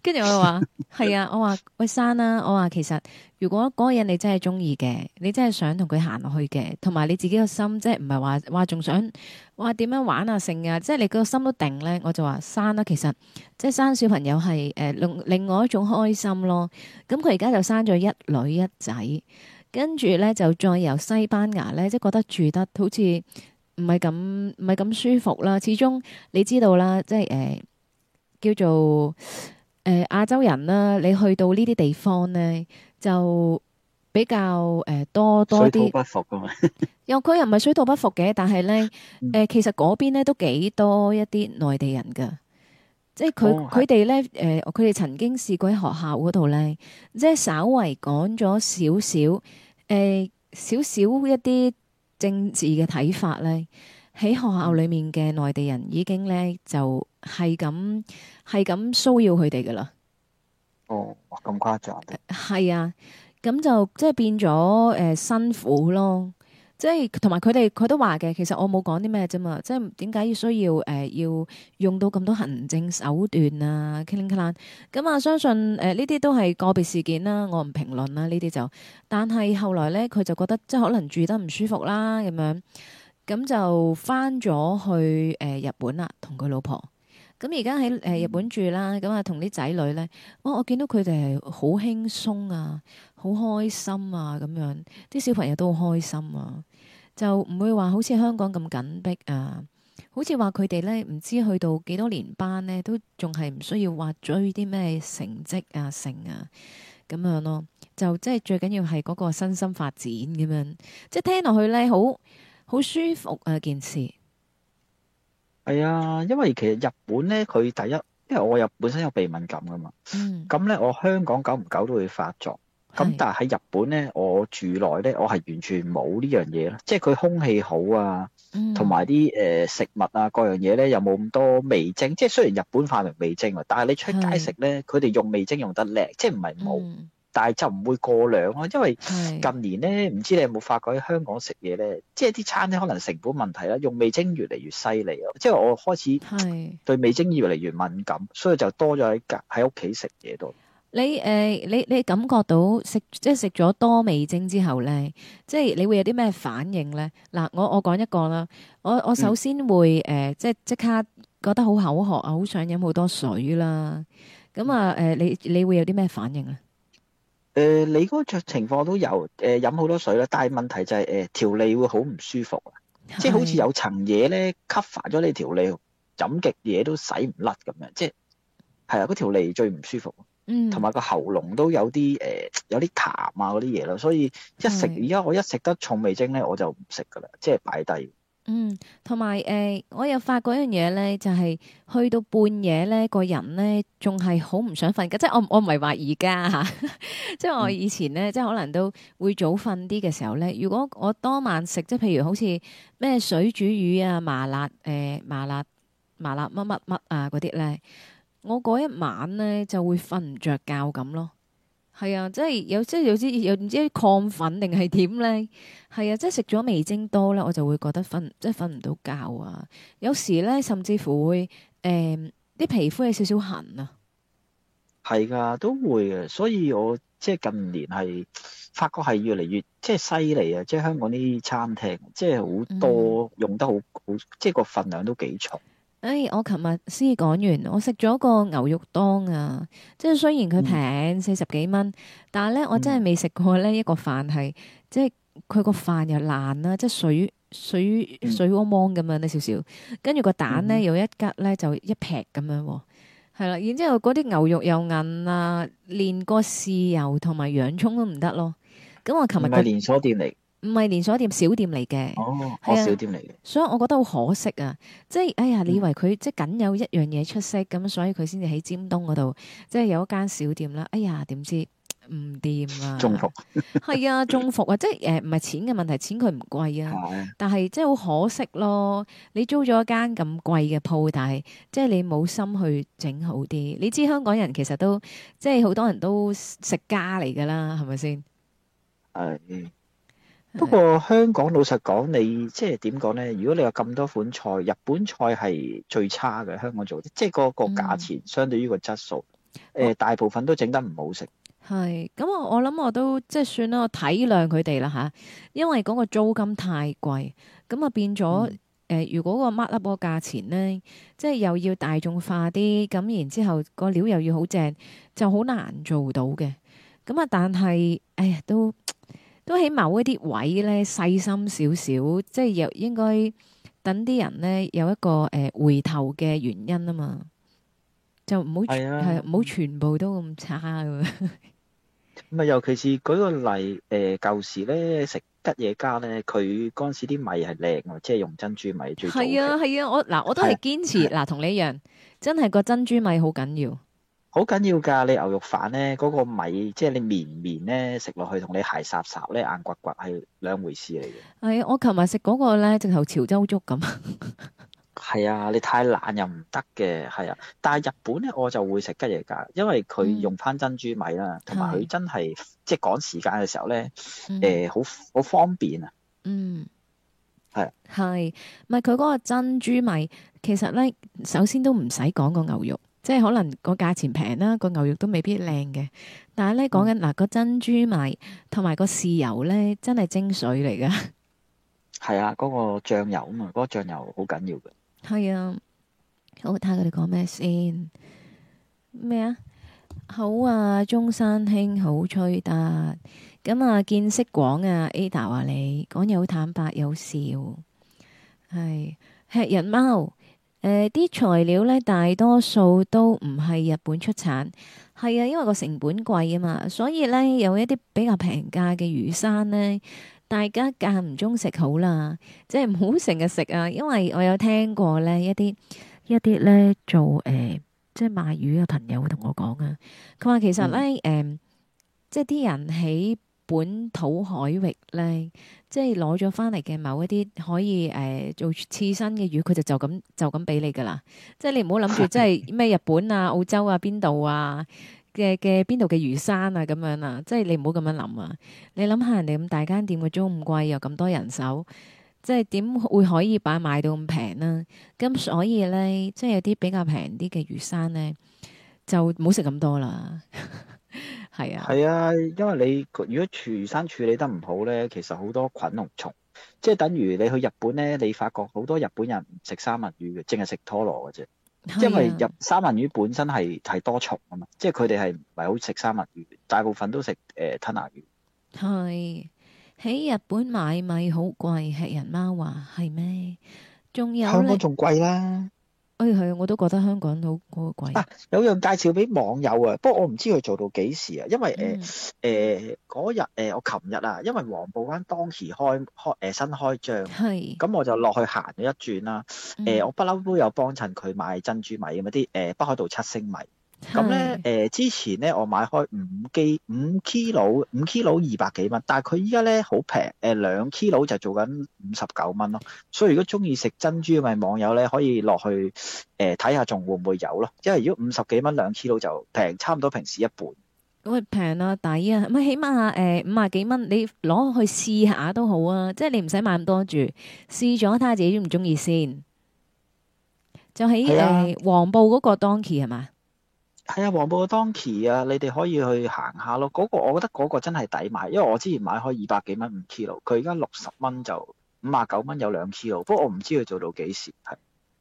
Speaker 1: 跟住我就話係 啊，我話喂生啦，啊，我話其實如果嗰個人你真係中意嘅，你真係想同佢行落去嘅，同埋你自己個心即係唔係話話仲想話點樣玩啊成啊，即係你個心都定呢。我就話生啦，啊。其實即係生小朋友係誒另另外一種開心咯。咁佢而家就生咗一女一仔，跟住呢就再由西班牙呢，即係覺得住得好似。唔係咁唔係咁舒服啦，始終你知道啦，即係誒、呃、叫做誒、呃、亞洲人啦，你去到呢啲地方咧，就比較誒、呃、多多啲，水土不服噶嘛，又佢又唔係水土不服嘅， 但係咧誒，其實嗰邊咧都幾多一啲內地人噶，即係佢佢哋咧誒，佢哋、嗯呃、曾經試過喺學校嗰度咧，即係稍微講咗少少誒，少少，少一啲政治嘅睇法呢，喺學校裏面嘅內地人已經呢，就係咁係咁騷擾佢哋噶啦。
Speaker 2: 哦，哇，咁誇張。
Speaker 1: 係、呃、啊，咁就即係變咗誒、呃、辛苦咯。即係同埋佢哋，佢都話嘅，其實我冇講啲咩啫嘛。即係點解要需要誒、呃、要用到咁多行政手段啊？咁、嗯、啊，相信誒呢啲都係個別事件啦。我唔評論啦，呢啲就。但係後來咧，佢就覺得即係可能住得唔舒服啦，咁樣咁就返咗去誒、呃、日本啦，同佢老婆。咁而家喺誒日本住啦，咁啊同啲仔女咧，我我見到佢哋係好輕鬆啊，好開心啊，咁樣啲小朋友都好開心啊。就唔會話好似香港咁緊迫啊，好似話佢哋呢，唔知去到幾多年班呢，都仲係唔需要話咗啲咩成績啊成啊咁樣咯，就即係最緊要係嗰個身心發展咁樣，即係聽落去呢，好好舒服啊件事。
Speaker 2: 係啊、哎，因為其實日本呢，佢第一，因為我有本身有鼻敏感噶嘛，咁、嗯、呢，我香港久唔久都會發作。咁但係喺日本咧，我住耐咧，我係完全冇呢樣嘢咯。即係佢空氣好啊，同埋啲誒食物啊，各樣嘢咧又冇咁多味精。即係雖然日本發明味精啊，但係你出街食咧，佢哋是用味精用得叻，即係唔係冇，嗯、但係就唔會過量咯、啊。因為近年咧，唔是知你有冇發覺喺香港食嘢咧，即係啲餐廳可能成本問題啦，用味精越嚟越犀利啊。即係我開始是對味精越嚟越敏感，所以就多咗喺隔喺屋企食嘢多。
Speaker 1: 你誒你你感覺到食即係食咗多味精之後咧，即係你會有啲咩反應咧？嗱，我我講一個啦，我我首先會誒、嗯呃、即係即刻覺得好口渴啊，好想飲好多水啦。咁啊誒、呃，你你會有啲咩反應啊？
Speaker 2: 誒、呃，你嗰個情況都有誒、呃、飲好多水啦，但係問題就係、是、誒、呃、條脷會好唔舒服，即係好似有層嘢咧吸發咗你條脷，飲極嘢都洗唔甩咁樣，即係係啊，嗰條脷最唔舒服。嗯，同埋個喉嚨都有啲誒、呃，有啲痰啊嗰啲嘢咯，所以一食而家我一食得重味精咧，我就唔食噶啦，即係擺低。
Speaker 1: 嗯，同埋誒，我又發覺一樣嘢咧，就係、是、去到半夜咧，個人咧仲係好唔想瞓㗎，即係我我唔係話而家嚇， 即係我以前咧，嗯、即係可能都會早瞓啲嘅時候咧，如果我當晚食即係譬如好似咩水煮魚啊、麻辣誒、呃、麻辣麻辣乜乜乜啊嗰啲咧。我嗰一晚咧就會瞓唔着覺咁咯，係啊，即係有即係有啲有唔知，知礦粉定係點咧，係啊，即係食咗味精多咧，我就會覺得瞓即係瞓唔到覺啊。有時咧甚至乎會誒啲、呃、皮膚有少少痕啊，
Speaker 2: 係噶都會啊。所以我即係近年係發覺係越嚟越即係犀利啊！即係香港啲餐廳即係好多、嗯、用得好好，即係個份量都幾重。
Speaker 1: 哎，我琴日先講完，我食咗個牛肉當啊，即係雖然佢平、嗯、四十幾蚊，但係咧我真係未食過呢一個飯係，即係佢個飯又爛啦、啊，即係水水水汪汪咁樣咧少少，嗯、跟住個蛋呢，有一格呢就一劈咁樣喎，係、嗯、啦、嗯，然之後嗰啲牛肉又韌啊，連個豉油同埋洋葱都唔得咯，咁我琴日，唔係連鎖店嚟。唔係連鎖店，小店嚟嘅。係、哦、小店嚟嘅，啊，所以我覺得好可惜啊！即係，哎呀，你以為佢、嗯、即係僅有一樣嘢出色，咁所以佢先至喺尖東嗰度，即係有一間小店啦。哎呀，點知唔掂啊？中伏？係 啊，中伏啊！即係誒，呃、唔係錢嘅問題，錢佢唔貴啊，啊但係即係好可惜咯。你租咗一間咁貴嘅鋪，但係即係你冇心去整好啲。你知香港人其實都即係好多人都食家嚟噶啦，係咪先？誒、嗯，
Speaker 2: 不過香港老實講，你即係點講咧？如果你有咁多款菜，日本菜係最差嘅香港做，即係個個價錢相對於個質素，誒、嗯呃、大部分都整得唔好食。
Speaker 1: 係咁啊！我諗我都即係算啦，我體諒佢哋啦吓，因為嗰個租金太貴，咁啊變咗誒、嗯呃。如果個 mark up 個價錢咧，即係又要大眾化啲，咁然之後個料又要好正，就好難做到嘅。咁啊，但係哎呀都～都喺某一啲位咧細心少少，即係又應該等啲人咧有一個誒、呃、回頭嘅原因啊嘛，就唔好係啊，唔好全部都咁差咁。
Speaker 2: 唔係，尤其是舉個例誒、呃，舊時咧食吉野家咧，佢嗰陣時啲米係靚即係用珍珠米最早期。
Speaker 1: 係啊係啊，我嗱我都係堅持嗱，同、啊、你一樣，真係個珍珠米好緊要。
Speaker 2: 好緊要噶，你牛肉飯咧，嗰、那個米即係你綿綿咧，食落去同你鞋霎霎咧硬掘掘係兩回事嚟嘅。係、
Speaker 1: 哎、我琴日食嗰個咧，直頭潮州粥咁。
Speaker 2: 係 啊，你太懶又唔得嘅，係啊。但係日本咧，我就會食吉野家，因為佢用翻珍珠米啦，同埋佢真係是即係趕時間嘅時候咧，誒、呃，好好、嗯、方便啊。嗯，
Speaker 1: 係係、啊，唔係佢嗰個珍，珍珠米，其實咧，首先都唔使講個牛肉，肉。即係可能個價錢平啦，個牛肉都未必靚嘅。但係呢講緊嗱個珍珠米同埋個豉油呢，真係精髓嚟噶。
Speaker 2: 係啊，嗰個醬油啊嘛，嗰個醬油好緊要嘅。
Speaker 1: 係啊，好睇下佢哋講咩先？咩啊？好啊，中山兄好吹得。咁啊，見識廣啊，Ada 話你講嘢好坦白又好笑，係吃人貓。誒啲、呃、材料咧，大多數都唔係日本出產，係啊，因為個成本貴啊嘛，所以咧有一啲比較平價嘅魚生咧，大家間唔中食好啦，即係唔好成日食啊，因為我有聽過咧一啲一啲咧做誒、呃、即係賣魚嘅朋友會同我講啊，
Speaker 2: 佢話其實咧
Speaker 1: 誒、嗯呃、即係啲人喺本土海域咧，即係攞咗翻嚟嘅某一啲可以誒、呃、做刺身嘅魚，佢就就咁就咁俾你噶啦。即係你唔好諗住，即係咩日本啊、澳洲啊、邊度啊嘅嘅邊度嘅魚生啊咁樣啊。即係你唔好咁樣諗啊。你諗下人哋咁大間店嘅租咁貴，又咁多人手，即係點會可以擺賣到咁平啊？咁所以咧，即係有啲比較平啲嘅魚生咧，就唔好食咁多啦。 係
Speaker 2: 啊，係啊，因為你如果廚師，處理得唔好咧，其實好多菌同蟲。即係等於你去日本咧，你發覺好多日本人唔食三文魚嘅，淨係食拖羅嘅啫，
Speaker 1: 因為日
Speaker 2: 三文魚本身係係多蟲啊嘛。即係佢哋係唔係好食三文魚，大部分都食誒、呃、吞拿魚。
Speaker 1: 係喺日本買米好貴，吃人貓話係咩？仲有香港仲貴啦。哎，係啊！我都覺得香港好鬼貴。啊，
Speaker 2: 有樣介紹俾網友啊，不過我唔知佢做到幾時啊，因為誒誒嗰日誒我琴日啊，因為黃埔灣當時開開誒新開張，咁是我就落去行咗一轉啦、
Speaker 1: 啊。誒、呃，我不
Speaker 2: 嬲都有幫襯佢買珍珠米咁啲誒北海道七星米。咁咧，誒、呃、之前咧，我買開五基五 kilo 五 kilo 二百幾蚊，但係佢依家咧好平，誒兩 kilo 就做緊五十九蚊咯。所以如果中意食珍珠嘅咪網友咧，可以落去誒睇下仲會唔會有咯。因為如果五十幾蚊兩 kilo，就平，差唔多平時一半。
Speaker 1: 咁佢平啊，抵啊，咁、啊、起碼誒五啊幾蚊，你攞去試下都好啊，即係你唔使買咁多住，試咗睇下自己中唔中意先。就喺誒、啊呃、黃埔嗰個 Donkey 係嘛？
Speaker 2: 係啊，黃埔嘅 Donkey 啊，你哋可以去行下咯。嗰、嗰個我覺得嗰個真係抵買，因為我之前買開二百幾蚊五 kilo，佢而家六十蚊就五啊九蚊有兩 kilo。不過我唔知佢做到幾時係。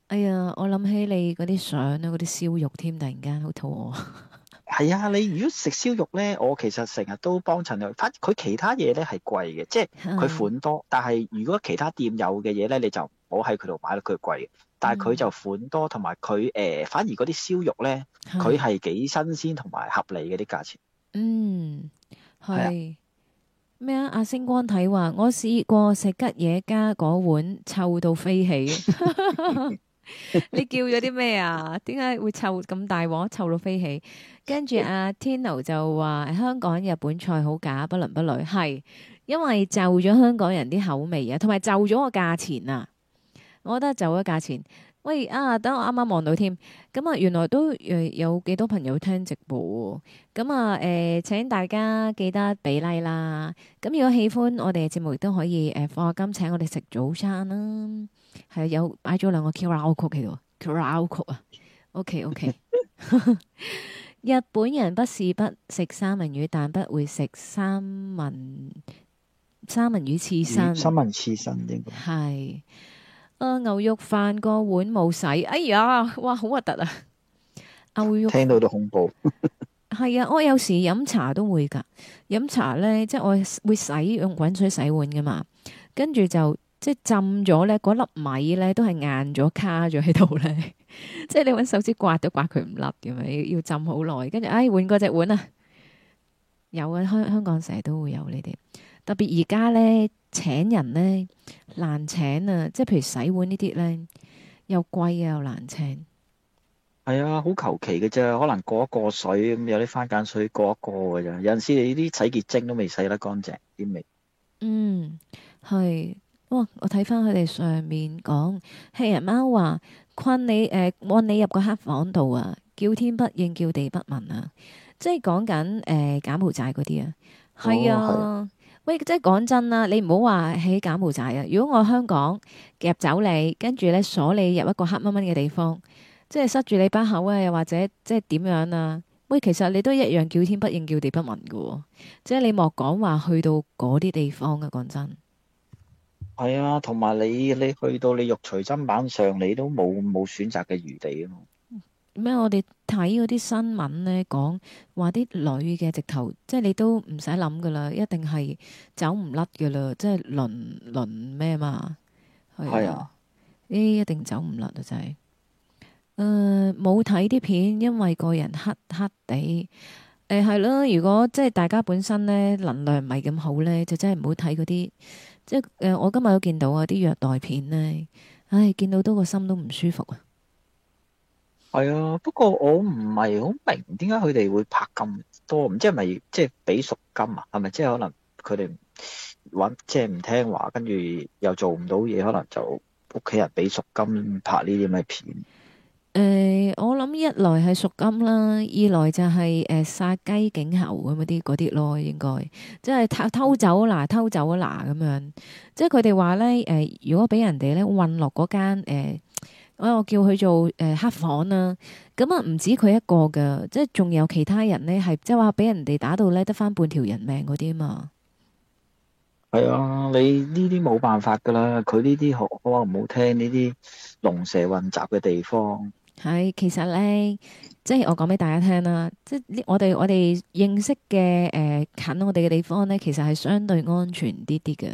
Speaker 1: 哎呀，我諗起你嗰啲相啊，嗰啲燒肉添，突然間好肚
Speaker 2: 餓。係 啊，你如果食燒肉咧，我其實成日都幫襯佢。反佢其他嘢咧係貴嘅，即係佢款多。但係如果其他店有嘅嘢咧，你就唔好喺佢度買佢佢貴。但係佢就款多，同埋佢誒反而嗰啲燒肉呢，佢係幾新鮮同埋合理嗰啲價錢。
Speaker 1: 嗯，係咩啊？阿星光睇話，我試過食吉野家嗰碗臭到飛起，你叫咗啲咩啊？點解會臭咁大鑊臭到飛起？跟住阿天奴就話香港日本菜好假，不倫不類，係因為就咗香港人啲口味啊，同埋就咗個價錢啊。我覺得就咗價錢。喂啊，等我啱啱望到添，咁、嗯、啊原來都誒有，有幾多朋友聽直播，啊，咁啊誒，請大家記得俾、like、啦。咁、嗯、如果喜歡我哋嘅節目，亦都可以誒、呃、放個金請我哋食早餐啦。係有擺咗兩個 QR code 喺度，QR code 啊。O K O K。日本人不是不食三文魚，但不會食三文三文魚刺身。三文
Speaker 2: 刺身應
Speaker 1: 該係。牛肉飯個碗冇洗，哎呀，哇，好核突啊！牛肉聽到都恐怖。係 啊，我有時飲茶都會噶，飲茶咧，即係我會洗用滾水洗碗噶嘛，跟住就即係浸咗咧，嗰粒米咧都係硬咗卡咗喺度咧， 即係你揾手指刮都刮佢唔甩嘅嘛，要浸好耐，跟住哎換嗰隻碗啊，有啊，香香港成日都會有呢啲。特別而家咧，請人咧難請啊，即係譬如洗碗呢啲咧又貴又難請，
Speaker 2: 係啊，好求其嘅啫。可能過一過水咁，有啲番梘水過一過嘅啫。有陣時你啲洗潔精都未洗得乾淨啲
Speaker 1: 味。嗯，係哇。我睇翻佢哋上面講係人貓話困你誒，困、呃、你入個黑房度啊，叫天不應，叫地不聞啊，即係講緊誒柬埔寨嗰啲啊，係啊。哦喂，即係講真啦，你唔好話喺柬埔寨啊！如果我香港夾走你，跟住咧鎖你入一個黑蚊蚊嘅地方，即係塞住你把口啊，又或者即係點樣啊？喂，其實你都一樣叫天不應，叫地不聞㗎喎，即係你莫講話去到嗰啲地方啊！講真，
Speaker 2: 係啊，同埋你你去到你肉隨砧板上，你都冇冇選擇嘅餘地啊！
Speaker 1: 咩？我哋睇嗰啲新聞咧，講話啲女嘅直頭，即係你都唔使諗噶啦，一定係走唔甩噶啦，即係輪輪咩嘛？係啊，呢、欸、一定走唔甩啊！真係，誒、呃，冇睇啲片，因為個人黑黑地，誒係囉。如果即係大家本身咧能量唔係咁好咧，就真係唔好睇嗰啲。即係誒、呃，我今日都見到啊，啲虐待片咧，唉，見到都個心都唔舒服啊！
Speaker 2: 係啊、哎，不過我唔係好明點解佢哋會拍咁多，唔知係咪即係俾贖金啊？係咪即係可能佢哋玩即係唔聽話，跟住又做唔到嘢，可能就屋企人俾贖金拍呢啲咁嘅片？
Speaker 1: 誒、呃，我諗一來係贖金啦，二來就係誒殺雞儆猴咁嗰啲嗰啲咯，應該即係偷偷走嗱偷走嗱咁樣，即係佢哋話咧誒，如果俾人哋咧混落嗰間誒。呃我、哎、我叫佢做誒、呃、黑房啊，咁啊唔止佢一個噶，即係仲有其他人呢，係即係話俾人哋打到咧，得翻半條人命嗰啲啊嘛。
Speaker 2: 係啊，你呢啲冇辦法噶啦。佢呢啲好話唔好聽，呢啲龍蛇混雜嘅地方
Speaker 1: 係、哎、其實呢，即係我講俾大家聽啦，即係我哋我哋認識嘅誒、呃、近我哋嘅地方呢，其實係相對安全啲啲嘅。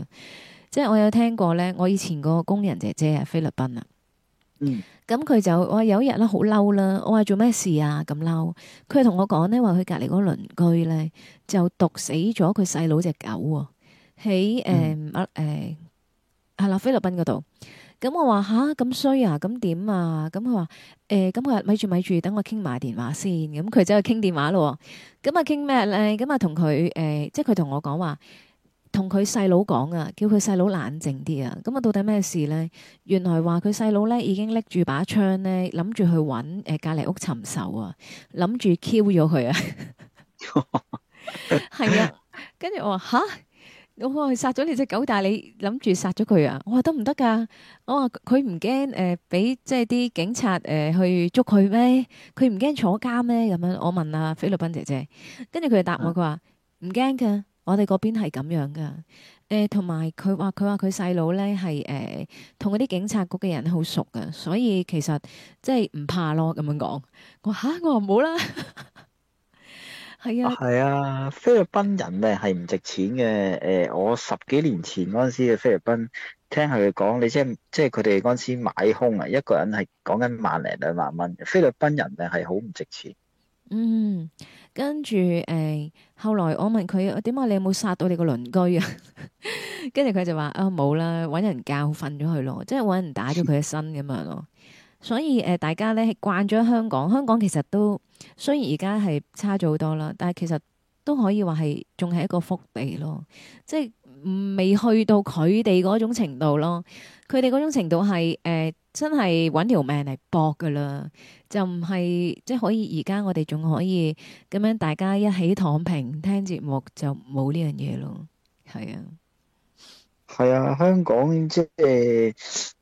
Speaker 1: 即係我有聽過呢，我以前個工人姐姐係菲律賓啊。嗯，咁佢、嗯、就我有一日啦，好嬲啦，我話做咩事啊咁嬲，佢同我講呢話佢隔籬嗰個鄰居咧就毒死咗佢細佬隻狗喎，喺誒誒係啦菲律賓嗰度，咁我話吓，咁衰啊，咁點啊？咁佢話誒咁佢咪住咪住，等、uh, 我傾埋電話先，咁佢走去傾電話咯，咁啊傾咩咧？咁啊同佢誒即係佢同我講話。同佢細佬講啊，叫佢細佬冷靜啲啊！咁啊，到底咩事咧？原來話佢細佬咧已經拎住把槍咧，諗住去揾誒隔離屋尋仇啊，諗住 Q 咗佢啊！係啊，跟住我話吓，我話殺咗你隻狗，但係你諗住殺咗佢啊？我話得唔得㗎？我話佢唔驚誒，俾即係啲警察誒、呃、去捉佢咩？佢唔驚坐監咩？咁樣我問啊菲律賓姐姐， 跟住佢就答我，佢話唔驚㗎。我哋嗰邊係咁樣噶，誒同埋佢話佢話佢細佬咧係誒同嗰啲警察局嘅人好熟噶，所以其實即係唔怕咯咁樣講。我嚇、啊，我話唔好啦，係 的啊，
Speaker 2: 係啊，菲律賓人咧係唔值錢嘅。誒、呃，我十幾年前嗰陣時嘅菲律賓，聽佢講，你知即係即係佢哋嗰陣時買空啊，一個人係講緊萬零兩萬蚊。菲律賓人咧係好唔值錢。
Speaker 1: 嗯，跟住誒，後來我問佢，點解你有冇殺到你個鄰居啊？跟住佢就話啊冇啦，搵、呃、人教訓咗佢咯，即係搵人打咗佢一身咁樣咯。所以誒、呃，大家咧係慣咗香港，香港其實都雖然而家係差咗好多啦，但係其實都可以話係仲係一個福地咯，即係未去到佢哋嗰種程度咯。佢哋嗰種程度係誒。呃真係搵條命嚟搏噶啦，就唔係即係可以。而家我哋仲可以咁樣，大家一起躺平聽節目，就冇呢樣嘢咯。係啊，
Speaker 2: 係啊，香港即係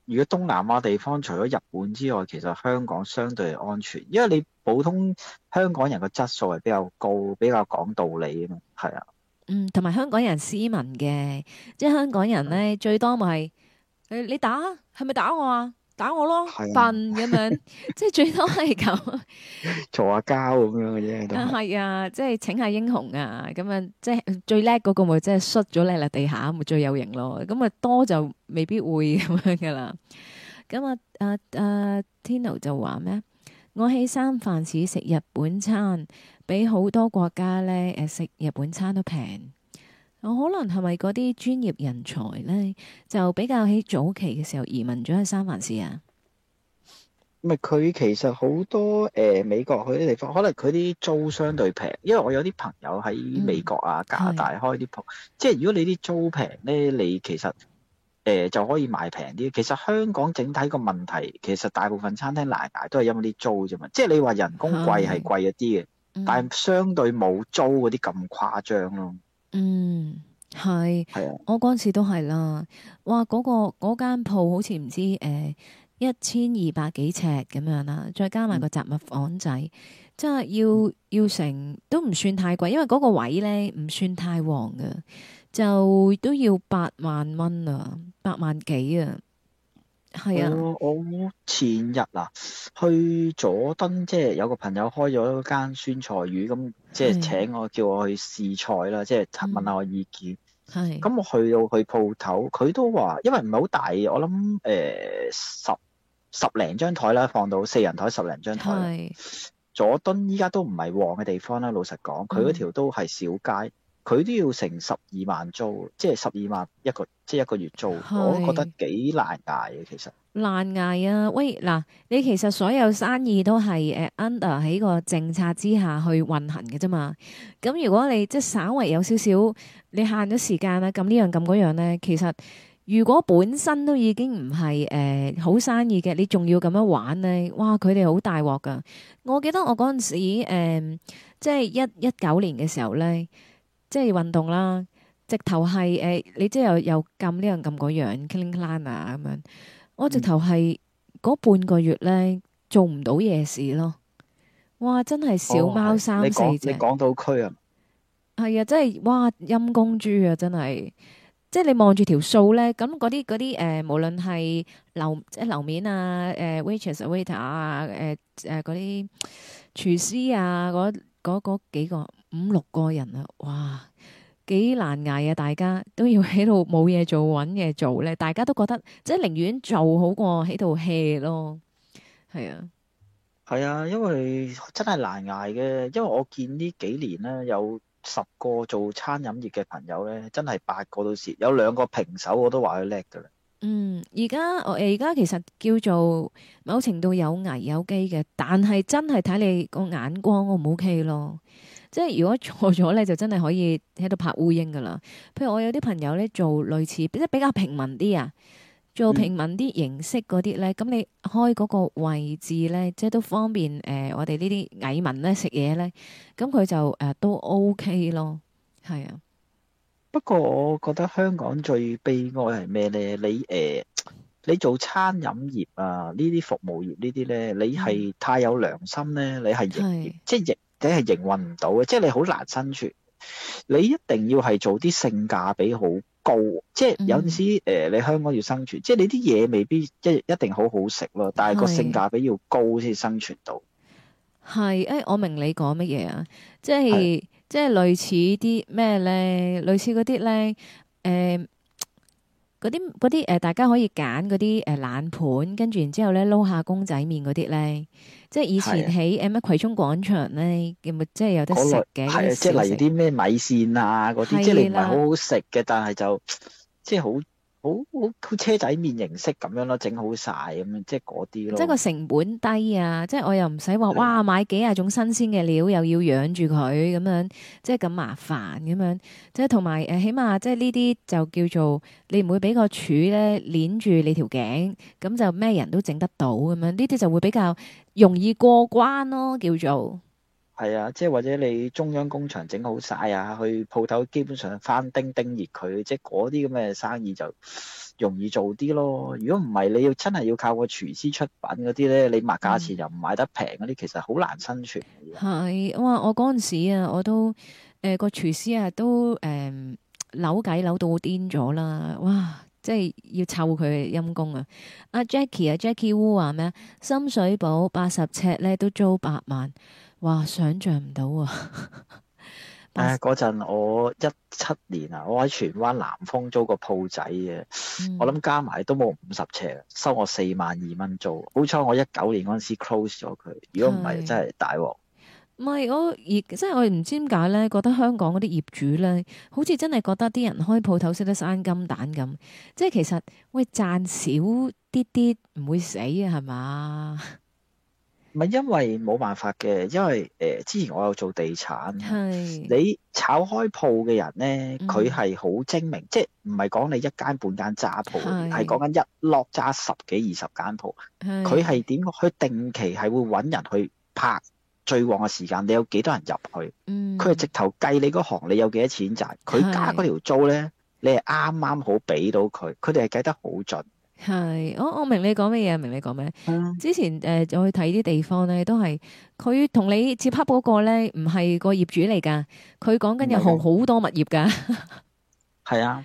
Speaker 2: 如果東南亞地方除咗日本之外，其實香港相對安全，因為你普通香港人個質素係比較高，比較講道理啊嘛。係啊，嗯，
Speaker 1: 同埋香港人斯文嘅，即係香港人呢，最多咪誒，你打係咪打我啊？打我咯，瞓、啊，咁樣， 即係最多係咁
Speaker 2: 嘈下交咁樣嘅
Speaker 1: 啫。啊，係啊，即係請下英雄啊，咁樣即係最叻嗰個咪即係摔咗咧落地下，咪最有型咯。咁啊多就未必會咁樣噶啦。咁啊，誒、啊啊、，Tino 就話咩？我喺三藩市食日本餐，比好多國家咧誒食日本餐都平。我可能係咪嗰啲專業人才咧，就比較喺早期嘅時候移民咗去三藩市啊？
Speaker 2: 唔係佢其實好多誒、呃、美國去啲地方，可能佢啲租相對平，因為我有啲朋友喺美國啊加拿大開啲鋪，嗯、即係如果你啲租平咧，你其實誒、呃、就可以賣平啲。其實香港整體個問題，其實大部分餐廳難捱都係因為啲租啫嘛。即係你話人工貴係貴一啲嘅，嗯嗯、但係相對冇租嗰啲咁誇張咯。嗯，
Speaker 1: 係，我嗰時都係啦。哇，嗰、嗰個嗰間鋪好似唔知誒、欸、一千二百幾尺咁樣啦，再加埋個雜物房仔，即係、嗯、要要成都唔算太貴，因為嗰個位呢，唔算太旺嘅，就都要八萬蚊啦，八萬幾啊。係
Speaker 2: 啊，我前日啊，去佐敦，即係有個朋友開咗一間酸菜魚，咁即係請我的叫我去試菜啦，即係問下我意見。係的，咁我去到去鋪頭，佢都話，因為唔係好大，我諗誒十十零張台啦，放到四人台十零張台。的佐敦依家都唔係旺嘅地方啦，老實講，佢嗰條都係小街。佢都要成十二萬租，即係十二萬一個，即係一個月租。是我都覺得幾難捱嘅，其實
Speaker 1: 難捱啊！喂嗱，你其實所有生意都係誒 under 喺個政策之下去運行嘅啫嘛。咁如果你即係稍微有少少你限咗時間咧，咁呢樣咁嗰樣咧，其實如果本身都已經唔係誒好生意嘅，你仲要咁樣玩咧，哇！佢哋好大鑊噶。我記得我嗰陣時，呃，即係一一九年嘅時候咧。即係運動啦，直頭係誒，你即係又又撳呢、這個、樣撳嗰樣 clicking 啦咁樣。我直頭係嗰半個月咧做唔到夜市咯，哇！真係小貓三、oh, 四隻個。你
Speaker 2: 講到區啊？
Speaker 1: 係啊，真係哇陰公豬啊！真、呃、係，即係你望住條數咧，咁嗰啲嗰啲誒，無論係樓即係樓面啊，誒 waitress waiter 啊，誒誒嗰啲廚師啊，嗰嗰嗰幾個。五六個人啊，哇，幾難挨啊！大家都要喺度冇嘢做，揾嘢做呢，大家都覺得即係寧願做好過喺度 hea 咯，係啊，
Speaker 2: 係啊，因為真係難挨嘅。因為我見呢幾年呢，有十個做餐飲業嘅朋友呢，真係八個都蝕，有兩個平手，我都話佢叻噶啦。嗯，
Speaker 1: 而家我而家其實叫做某程度有危有機嘅，但係真係睇你個眼光，我唔 ok 咯。即係如果錯咗咧，就真係可以喺度拍烏蠅噶啦。譬如我有啲朋友咧做類似即係比較平民啲啊，做平民啲形式嗰啲咧，咁你開嗰個位置咧，即係都方便誒，我哋呢啲蟻民咧食嘢咧，咁佢就誒都 OK 咯，係啊。
Speaker 2: 不過我覺得香港最悲哀係咩咧？你誒你做餐飲業啊，呢啲服務業呢啲咧，你係太有良心咧，你係營即係營。梗係營運唔到嘅，即係你好難生存。你一定要係做啲性價比好高，即係有陣時誒、嗯呃，你香港要生存，即係你啲嘢未必一一定好好食咯，但係個性價比要高先生存到。
Speaker 1: 係誒、欸，我明你講乜嘢啊？即係是即係類似啲咩咧？類似嗰啲咧誒。呃嗰啲嗰啲誒，大家可以揀嗰啲誒冷盤，跟住然之後咧撈下公仔麵嗰啲咧，即係以前喺誒咩葵涌廣場咧，有冇即係有得類食嘅？係，即係例如啲
Speaker 2: 咩米線啊嗰啲的，即係你唔係好好食嘅，但係就即係好。好好車仔麵形式咁樣咯，整好晒咁樣，即係嗰啲咯。即係個成
Speaker 1: 本低啊，即係我又唔使話哇，買幾廿種新鮮嘅料，又要養住佢咁樣，即係咁麻煩咁樣。即係同埋誒，起碼即係呢啲就叫做你唔會俾個柱咧鏈住你條頸，咁就咩人都整得到咁樣。呢啲就會比較容易過關咯，叫做。係啊，即係
Speaker 2: 或者你中央工場整好晒啊，去鋪頭基本上翻叮叮熱佢，即係嗰啲咁嘅生意就容易做啲咯。如果唔係，你要真係要靠個廚師出品嗰啲咧，你賣價錢又唔賣得平嗰啲，嗯、其實好難生存。
Speaker 1: 係哇！我嗰陣時啊，我都誒、呃那個廚師啊都誒、嗯、扭計扭乎到癲咗啦。哇！即係要湊佢陰功啊！阿 Jackie 啊 Jackie Wu 話咩？深水埗八十尺咧都租八萬。哇！想象唔到
Speaker 2: 啊！誒，嗰陣我一七年啊，我喺荃灣南豐租個鋪仔嘅，我諗、嗯、加埋都冇五十尺，收我四萬二蚊租。好彩我一九年嗰陣時 close 咗佢，如果唔係真係大鑊。
Speaker 1: 唔係我，亦即係我唔知點解呢。覺得香港嗰啲業主呢，好似真係覺得啲人開鋪頭識得生金蛋咁，即係其實喂賺少啲啲唔會死啊，係嘛？
Speaker 2: 唔係因為冇辦法嘅，因為誒、欸、之前我有做地產，是你炒開鋪嘅人咧，佢係好精明，嗯、即係唔係講你一間半間揸鋪，係講緊一落揸十幾二十間鋪。佢係點？佢定期係會揾人去拍最旺嘅時間，你有幾多人入去？佢係、嗯、直頭計你嗰行，你有幾多錢賺？佢加嗰條租咧，你係啱啱好俾到佢。佢哋係計得好準。
Speaker 1: 係，我我明你講咩嘢，明你講咩？Uh, 之前誒、呃，我去睇啲地方咧，都係佢同你接洽嗰個咧，唔係個業主嚟噶，佢講緊有好多物業噶。
Speaker 2: 係 啊，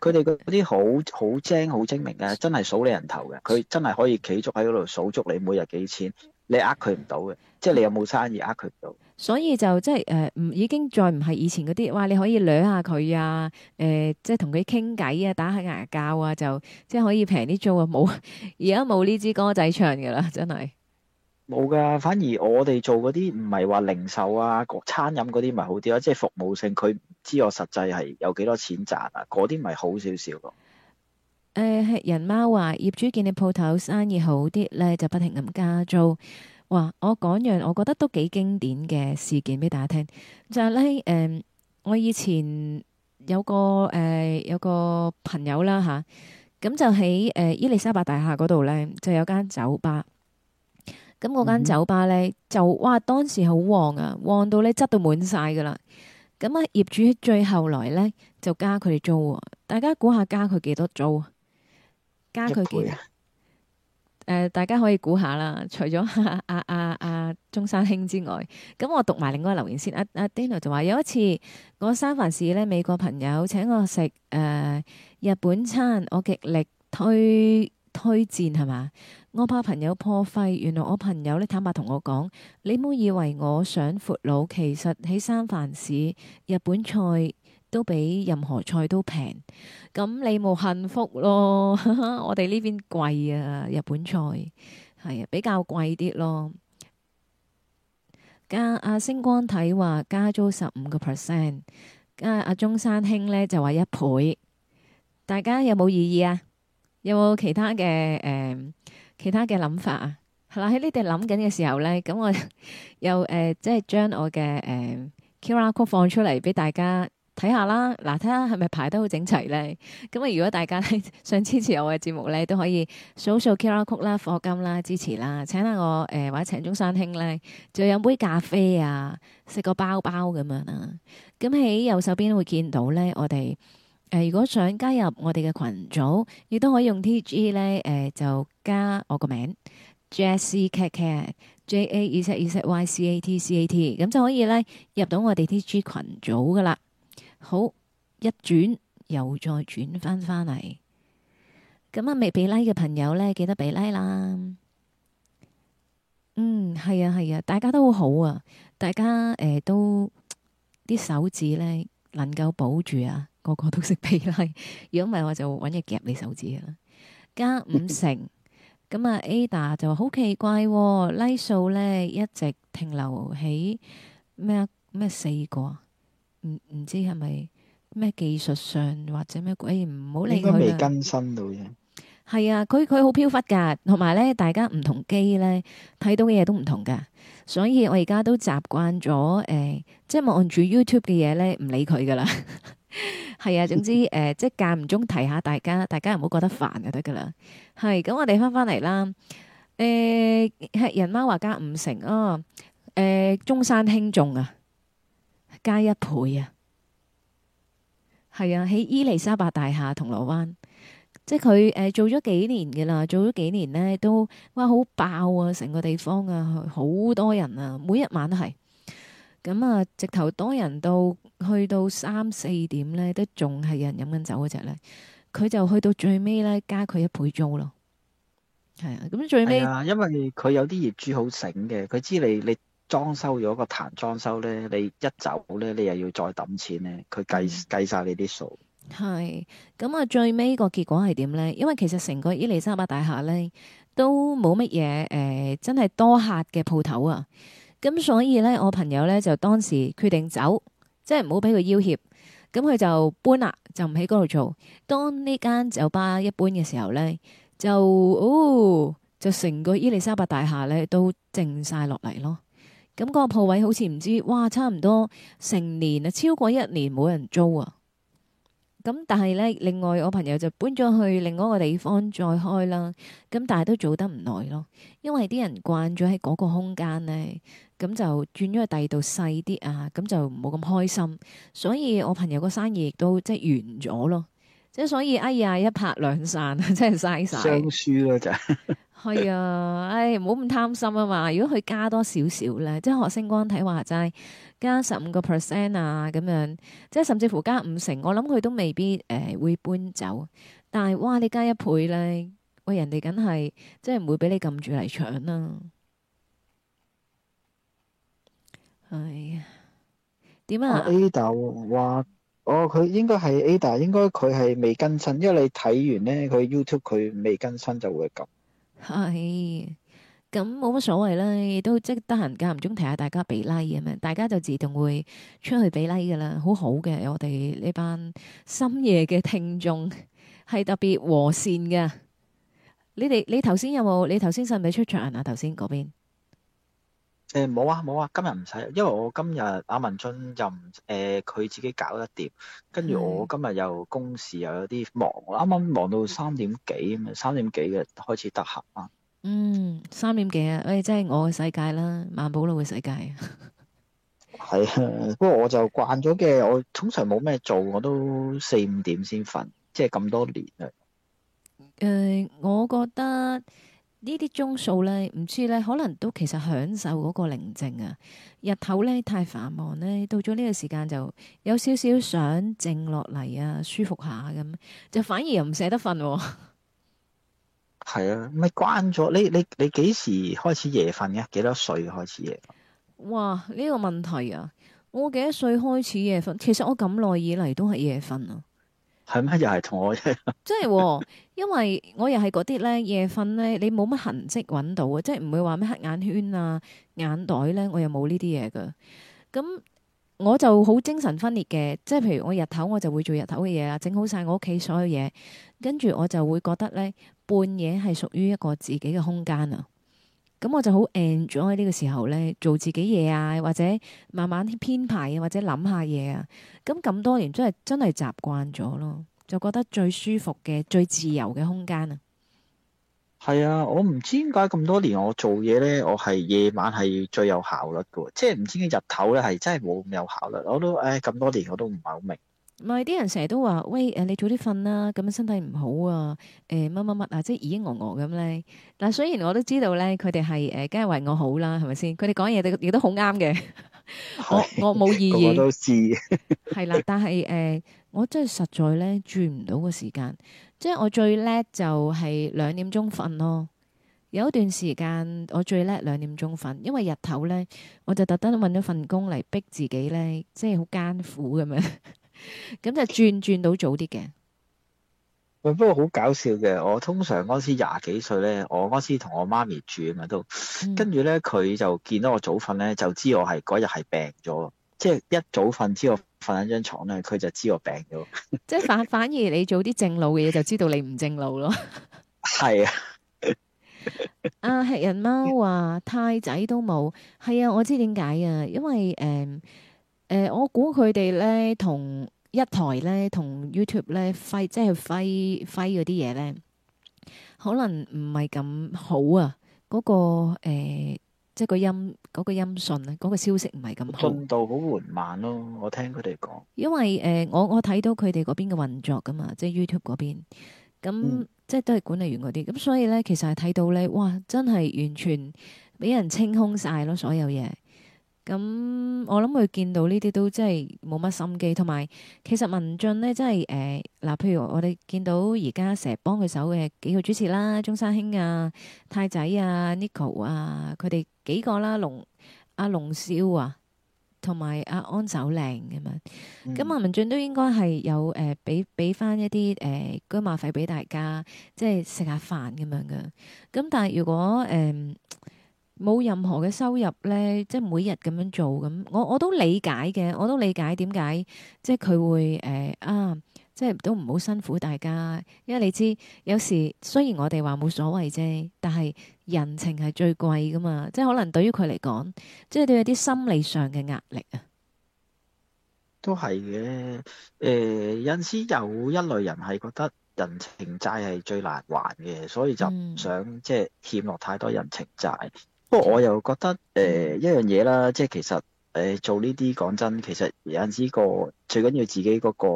Speaker 2: 佢哋嗰啲好好精、好精明嘅，真係數你人頭嘅，佢真係可以企足喺嗰度數足你每日幾錢，你呃佢唔到嘅，即係你有冇生意呃佢唔到。
Speaker 1: 所以就即係誒，唔、呃、已經再唔係以前嗰啲哇，你可以掠下佢啊，誒、呃，即係同佢傾偈啊，打下牙骹啊，就即係可以平啲租啊，冇而家冇呢支歌仔唱噶啦，真係
Speaker 2: 冇噶，反而我哋做嗰啲唔係話零售啊，各餐飲嗰啲咪好啲咯，即係服務性，佢知我實際係有幾多錢賺啊，嗰啲咪好少少咯。
Speaker 1: 誒、呃，人貓話業主見你鋪頭生意好啲咧，就不停咁加租。話我講樣，我覺得都幾經典嘅事件俾大家聽，就係、是、咧，誒、呃，我以前有個誒、呃、有個朋友啦吓，咁、啊、就喺誒、呃、伊麗莎白大廈嗰度咧，就有間酒吧，咁嗰間酒吧咧就，哇，當時好旺啊，旺到咧擠到，呢到滿晒噶啦，咁啊業主最後來咧就加佢哋租，大家估下加佢幾多租？加佢幾？誒、呃，大家可以估下啦。除咗阿阿阿中山兄之外，咁我讀埋另外一個留言先。阿、啊、阿、啊、Daniel 就話有一次我三藩市咧，美國朋友請我食誒、呃、日本餐，我極力推推薦，係嘛？我怕朋友破費，原來我朋友咧坦白同我講，你冇以為我想闊佬，其實喺三藩市日本菜。都比任何菜都平，咁你冇幸福咯！ 我哋呢邊貴啊，日本菜，係啊，比較貴啲咯。加阿、啊、星光睇話加租十五個 percent，加阿、啊、中山興咧就話一倍。大家有冇異議啊？有冇其他嘅誒、呃、其他嘅諗法啊？係啦，喺呢度諗緊嘅時候咧，咁我又 誒、呃、即係將我嘅誒 QR code 放出嚟俾大家。睇下啦，嗱，睇下係咪排得好整齊咧？咁啊，如果大家咧 想支持我嘅節目咧，都可以掃掃 QR Code 啦、課金啦、支持啦。請下我誒、呃、或者請中山兄咧，再飲杯咖啡啊，食個包包咁樣啊。咁喺右手邊會見到咧，我哋誒、呃、如果想加入我哋嘅群組，亦都可以用 T G 咧誒、呃、就加我個名 Jazzy Cat Cat, J、A、Z、Z、Y、C、A、T、C、A、T，咁就可以咧入到我哋 T G 群組噶啦。好，一轉又再轉翻翻嚟，咁啊未俾拉嘅朋友呢，記得俾拉、like、啦。嗯，係啊係啊，大家都好啊，大家誒、呃、都啲手指呢能夠保住啊，個個都識俾拉。如果唔係我就搵嘢夾你手指㗎喇。加五成，咁 啊 Ada 就話好奇怪，哦，拉數呢一直停留喺咩咩四個。唔知係咪咩技術上或者咩鬼？唔好理佢。應該未更新到嘅。係啊，佢佢好飄忽噶，同埋咧，大家唔同機咧，睇到嘅嘢，都唔同噶所以我而家都習慣咗誒，即係望住 YouTube 嘅嘢咧，唔理佢噶啦。係 啊，總之誒、呃，即係間唔中提下大家，大家唔好覺得煩就得噶啦。係、呃、咁，我哋翻翻嚟啦。誒，黑人貓話加五成啊。誒、哦呃，中山兄重啊。加一倍啊，係啊，喺伊利沙伯大廈銅鑼灣，即係佢誒做咗幾年嘅啦，做咗幾年呢，都哇好爆啊，成個地方啊好多人啊，每一晚都係，咁啊直頭多人到去到三四點呢，都仲係有人飲緊酒嗰隻呢。佢就去到最尾呢，加佢一倍租咯，係啊，咁最尾、啊、
Speaker 2: 因為佢有啲業主好醒嘅，佢知你你。你裝修咗個壇，裝修呢，你一走呢，你又要再揼錢呢，佢計計晒你啲數
Speaker 1: 係咁啊。最尾個結果係點呢？因為其實成個伊利沙伯大廈呢，都冇乜嘢誒，真係多客嘅鋪頭啊。咁所以呢，我朋友呢，就當時決定走，即係唔好俾佢要脅。咁佢就搬啦，就唔喺嗰度做。當呢間酒吧一搬嘅時候呢，就哦就成個伊利沙伯大廈呢，都靜晒落嚟咯。咁嗰個鋪位好似唔知，哇，差唔多成年啊，超過一年冇人租啊。咁但係呢，另外我朋友就搬咗去另外一個地方再開啦。咁但係都做得唔耐咯，因為啲人慣咗喺嗰個空間呢，咁就轉咗去第二度細啲啊，咁就冇咁開心。所以我朋友個生意亦都即係完咗咯，即係所以哎呀一拍兩散， 真係嘥晒。雙
Speaker 2: 輸咯就。
Speaker 1: 係 啊，唉、哎，唔好咁貪心啊嘛。如果佢加多少少咧，即係學星光睇話齋加十五個 percent 啊，咁樣即係甚至乎加五成，我諗佢都未必誒、呃、會搬走。但係哇，你加一倍咧，喂，人哋梗係即係唔會俾你撳住嚟搶啦。係
Speaker 2: 啊，點啊？啊 Ada 話哦，佢應該係 Ada，應該佢係未更新，因為你睇完呢，佢 YouTube 佢未更新就會咁。
Speaker 1: 係，咁冇乜所謂啦，都即得閒，間唔中提下大家俾 like 咁樣，大家就自動會出去俾 like 噶啦，好好嘅。我哋呢班深夜嘅聽眾係特別和善嘅。你哋你頭先有冇？你頭先使唔使出場啊？頭先嗰邊。
Speaker 2: 誒，冇啊，冇啊，今日唔使，因為我今日阿文俊任，誒佢自己搞得掂，跟住我今日又公事又有啲忙，啱啱忙到三點幾咁啊，三點幾嘅開始得閒啊。嗯，
Speaker 1: 三點幾啊，誒，即係我嘅世界啦，萬寶路嘅世界。
Speaker 2: 係啊，不過我就慣咗嘅，我通常冇咩做，我都四五點先瞓，即係咁多年啊。誒，
Speaker 1: 我覺得。呢啲鐘數呢，唔知呢，可能都其實享受嗰個寧靜啊。日頭呢，太繁忙呢，到咗呢個時間就有少少想靜落嚟啊，舒服下咁，就反而又唔捨得瞓。
Speaker 2: 係啊，咪關咗你？你你幾時開始夜瞓啊？幾多歲開始夜？
Speaker 1: 哇！呢個問題啊，我幾多歲開始夜瞓？其實我咁耐以嚟都係夜瞓啊。
Speaker 2: 係咩？又係同
Speaker 1: 我啫。即係，因為我又係嗰啲咧，夜瞓咧，你冇乜痕跡揾到啊！即係唔會話咩黑眼圈啊、眼袋咧，我又冇呢啲嘢噶。咁我就好精神分裂嘅，即係譬如我日頭我就會做日頭嘅嘢啊，整好晒我屋企所有嘢，跟住我就會覺得咧，半夜係屬於一個自己嘅空間啊。咁我就好 enjoy 呢個時候呢，做自己嘢啊，或者慢慢去編排啊，或者諗下嘢啊。咁咁多年真係真係習慣咗咯，就覺得最舒服嘅、最自由嘅空間啊。
Speaker 2: 係啊，我唔知點解咁多年我做嘢呢，我係夜晚係最有效率嘅，即係唔知啲日頭呢，係真係冇咁有效率。我都誒咁、哎、多年我都唔係好明。
Speaker 1: 唔係啲人成日都話，喂誒，你早啲瞓啦，咁樣身體唔好啊。誒乜乜乜啊，即係耳耳俄俄咁咧。嗱、呃，呃呃呃呃呃呃呃、但雖然我都知道咧，佢哋係誒，梗、呃、係為我好啦，係咪先？佢哋講嘢都亦都好啱嘅。我我冇異議。個個都知係 啦，但係誒、呃，我真係實在咧，轉唔到個時間。即係我最叻就係兩點鐘瞓咯。有一段時間我最叻兩點鐘瞓，因為日頭咧，我就特登揾咗份工嚟逼自己咧，即係好艱苦咁樣。咁就轉轉到早啲嘅，嗯，
Speaker 2: 不過好搞笑嘅。我通常嗰時廿幾歲咧，我嗰時同我媽咪住啊嘛，都跟住咧，佢就見到我早瞓咧，就知我係嗰日係病咗，即係一早瞓之後瞓喺張床咧，佢就知我病咗。
Speaker 1: 即係反反而你做啲正路嘅嘢，就知道你唔正路咯。係 是啊，阿 食、啊、人貓話太仔都冇，係啊，我知點解啊，因為誒。嗯誒、呃，我估佢哋咧，同一台咧，同 YouTube 咧，揮即係揮揮嗰啲嘢咧，可能唔係咁好啊。嗰、那個誒，即係個音嗰、那個音訊啊，嗰、那個消息唔係咁好。進
Speaker 2: 度好緩慢咯，我聽佢哋講。
Speaker 1: 因為誒、呃，我我睇到佢哋嗰邊嘅運作噶嘛，即係 YouTube 嗰邊，咁、嗯、即係都係管理員嗰啲，咁所以咧，其實係睇到咧，哇，真係完全俾人清空晒咯，所有嘢。咁、嗯、我諗佢見到呢啲都真係冇乜心機，同埋其實文進呢真係誒嗱，譬、呃、如我哋見到而家成日幫佢手嘅幾個主持啦，中山兄啊、太仔啊、Nico 啊，佢哋幾個啦，龍阿龍少啊，同埋阿安守靚咁樣，咁啊、嗯、文進都應該係有誒俾俾翻一啲誒、呃、居馬費俾大家，即係食下飯咁樣嘅。咁但係如果誒，呃冇任何嘅收入呢，即係每日咁樣做咁，我我都理解嘅，我都理解點解即係佢會誒、呃、啊，即係都唔好辛苦大家，因為你知有時雖然我哋話冇所謂啫，但係人情係最貴噶嘛，即係可能對於佢嚟講，即係都有啲心理上嘅壓力啊。
Speaker 2: 都係嘅，誒、呃，有陣時有一類人係覺得人情債係最難還嘅，所以就唔想、嗯、即係欠落太多人情債。不過我又覺得誒一樣嘢啦，即係其實誒做呢啲講真，其實有陣時個最緊要自己嗰個